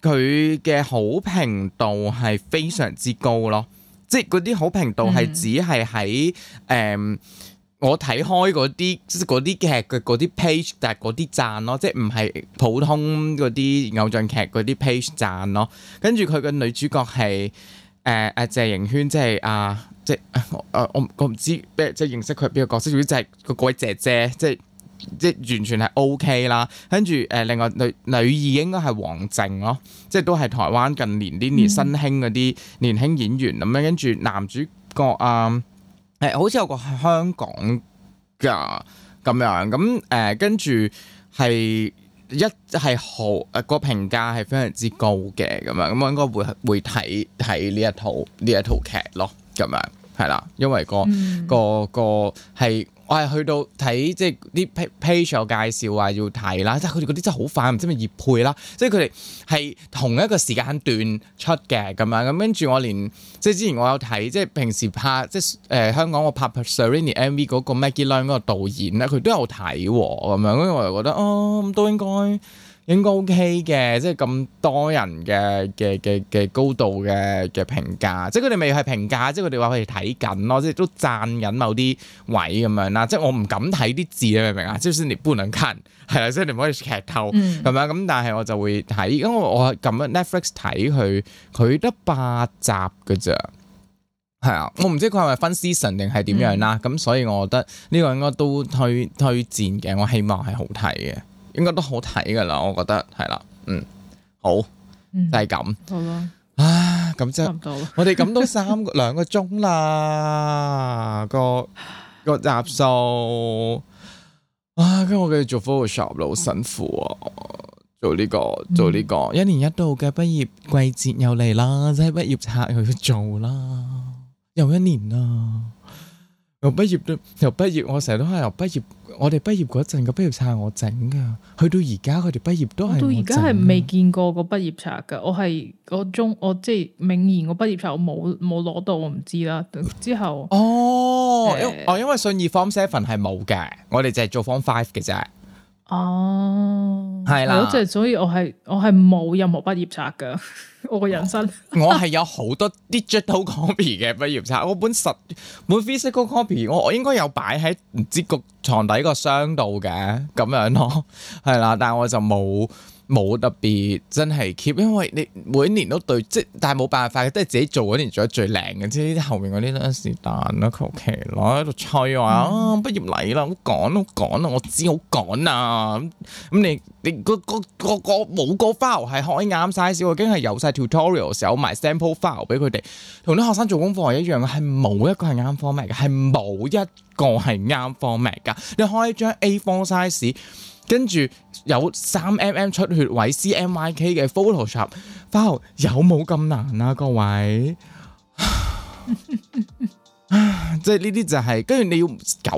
佢嘅好評度係非常之高咯，即係嗰啲好評度係只係喺誒我睇開嗰啲嗰啲劇嘅嗰啲 page，但係嗰啲讚咯，即係唔係普通嗰啲偶像劇嗰啲 page 讚咯，跟住佢嘅女主角係。誒誒、呃、謝盈萱即係啊，即係、呃、我、呃、我我唔知咩即係認識佢係邊個角色，總之就係個嗰位姐姐，即係即係完全係 O K 啦。跟住誒，另外女女二應該係王靜咯，即係都係台灣近年呢年新興嗰啲年輕演員咁樣。跟住男主角啊，誒、呃、好似有個香港㗎咁樣咁誒，跟住係。一係好誒、個評價係非常之高嘅咁樣，咁我應該會會睇睇呢一套呢一套劇咯，咁樣係啦，因為個、嗯、個個係。我係去到睇即係啲 page 有介紹話要睇啦，即係佢哋嗰啲真係好快，唔知咪熱配啦，即係佢哋係同一個時間段出嘅咁樣，咁跟住我連即係之前我有睇，即係平時拍即係誒、呃、香港我拍 Serini MV 嗰個 Maggie Lung 嗰個導演咧，佢都有睇喎咁樣，跟住我又覺得哦，咁都應該。應該 OK 嘅，即係咁多人嘅嘅嘅嘅高度嘅嘅評價，即係佢哋未係評價，即係佢哋話佢哋睇緊咯，即係都讚緊某啲位咁樣啦。即係我唔敢睇啲字，你明唔明啊？即係你不能近，係啊，即係你唔可以劇透，係咪？咁但係我就會睇，因為我咁 Netflix 睇佢，佢得八集㗎咋。係啊，我唔知佢係咪分 season 定係點樣啦。咁、嗯、所以我覺得呢個應該都推推薦嘅，我希望係好睇嘅。應該都好睇噶啦，我覺得係啦，嗯，好，嗯、就係咁，好吧啊，唉，咁即係，我哋咁都三兩個鐘啦， 個個集數，啊，跟住我繼續做 Photoshop 好辛苦啊，嗯、做呢個做呢個，這個嗯、一年一度嘅畢業季節又嚟啦，即係畢業冊又要做啦，又一年啦。由畢業都又畢業，我成日都係又畢業。我哋畢業嗰陣個畢業冊我整噶去到而家佢哋畢業都係我。我到而家係未見過個畢業冊噶我係我中我即係明年個畢業冊我冇冇攞到，我唔知啦。之後哦、呃、哦，因哦因為信義 form seven 係冇嘅，我哋就係做 form five 嘅啫。哦，係啦的，即所以我係我係冇任何畢業冊嘅， 我個人生。啊、我係有好多 digital copy 嘅畢業冊， 我本實本 physical copy，我我應該有擺喺唔知個床底個箱度嘅，咁樣咯，係 啦，但係我就冇。冇特別真係 keep，因為你每年都對，即但係冇辦法嘅，都係自己做嗰年做得最靚嘅。即係呢啲後面嗰啲呢是但啦，求其攞喺度吹話啊，畢業禮啦，好趕都趕，趕啊，我知好趕啊。咁你你個個個個冇個 file 係可以啱 size，我已經係有晒 tutorial，有埋 sample file 俾佢哋，同啲學生做功課係一樣嘅，係冇一個係啱 format 嘅，係冇一個係啱 format 嘅。你可以將 A4 size。跟住有三 mm 出血位 CMYK 嘅 Photoshop，哇！有冇咁難啊，各位？ 即係呢啲就係、是、跟住你要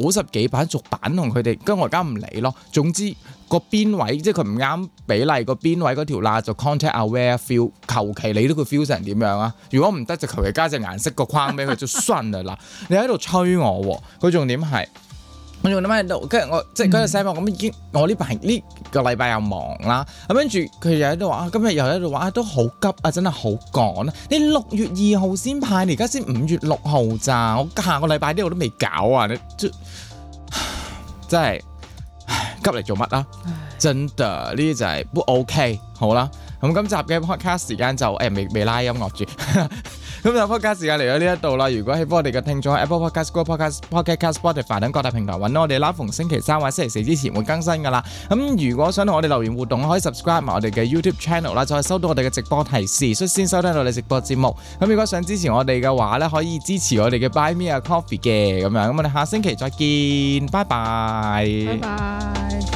九十幾版逐版同佢哋，跟我而家唔理咯。總之個邊位即係佢唔啱比例個邊位嗰條罅就 content aware fill？求其你都個 feel 成點樣啊？如果唔得就求其加隻顏色個框俾佢 就算啦。嗱，你喺度吹我，佢重點係。我諗喺度，今日我即係嗰日寫麥，咁已經我呢排呢個禮拜又忙啦。咁跟住佢又喺度話，今日又喺度話，都好急啊！真係好趕啊！你六月二號先派，你而家先五月六號咋？我下個禮拜呢，我都未搞啊！你即真係急嚟做乜啦？真嘅呢啲就係不 OK 好。好啦，咁今集嘅 Podcast 時間就誒未未拉音樂住。 咁就 Podcast 時間嚟到呢一度啦！如果喜歡我哋嘅聽眾喺 Apple Podcast、Google Podcast、Podcast Spotify 等各大平台揾我哋啦，逢星期三或星期四之前會更新噶啦。咁如果想同我哋留言互動，可以 subscribe 埋我哋嘅 YouTube Channel 啦，就可以收到我哋嘅直播提示，率先收聽到我哋直播節目。咁如果想支持我哋嘅話咧，可以支持我哋嘅 Buy Me a Coffee 嘅咁樣。咁我哋下星期再見，拜拜。拜拜。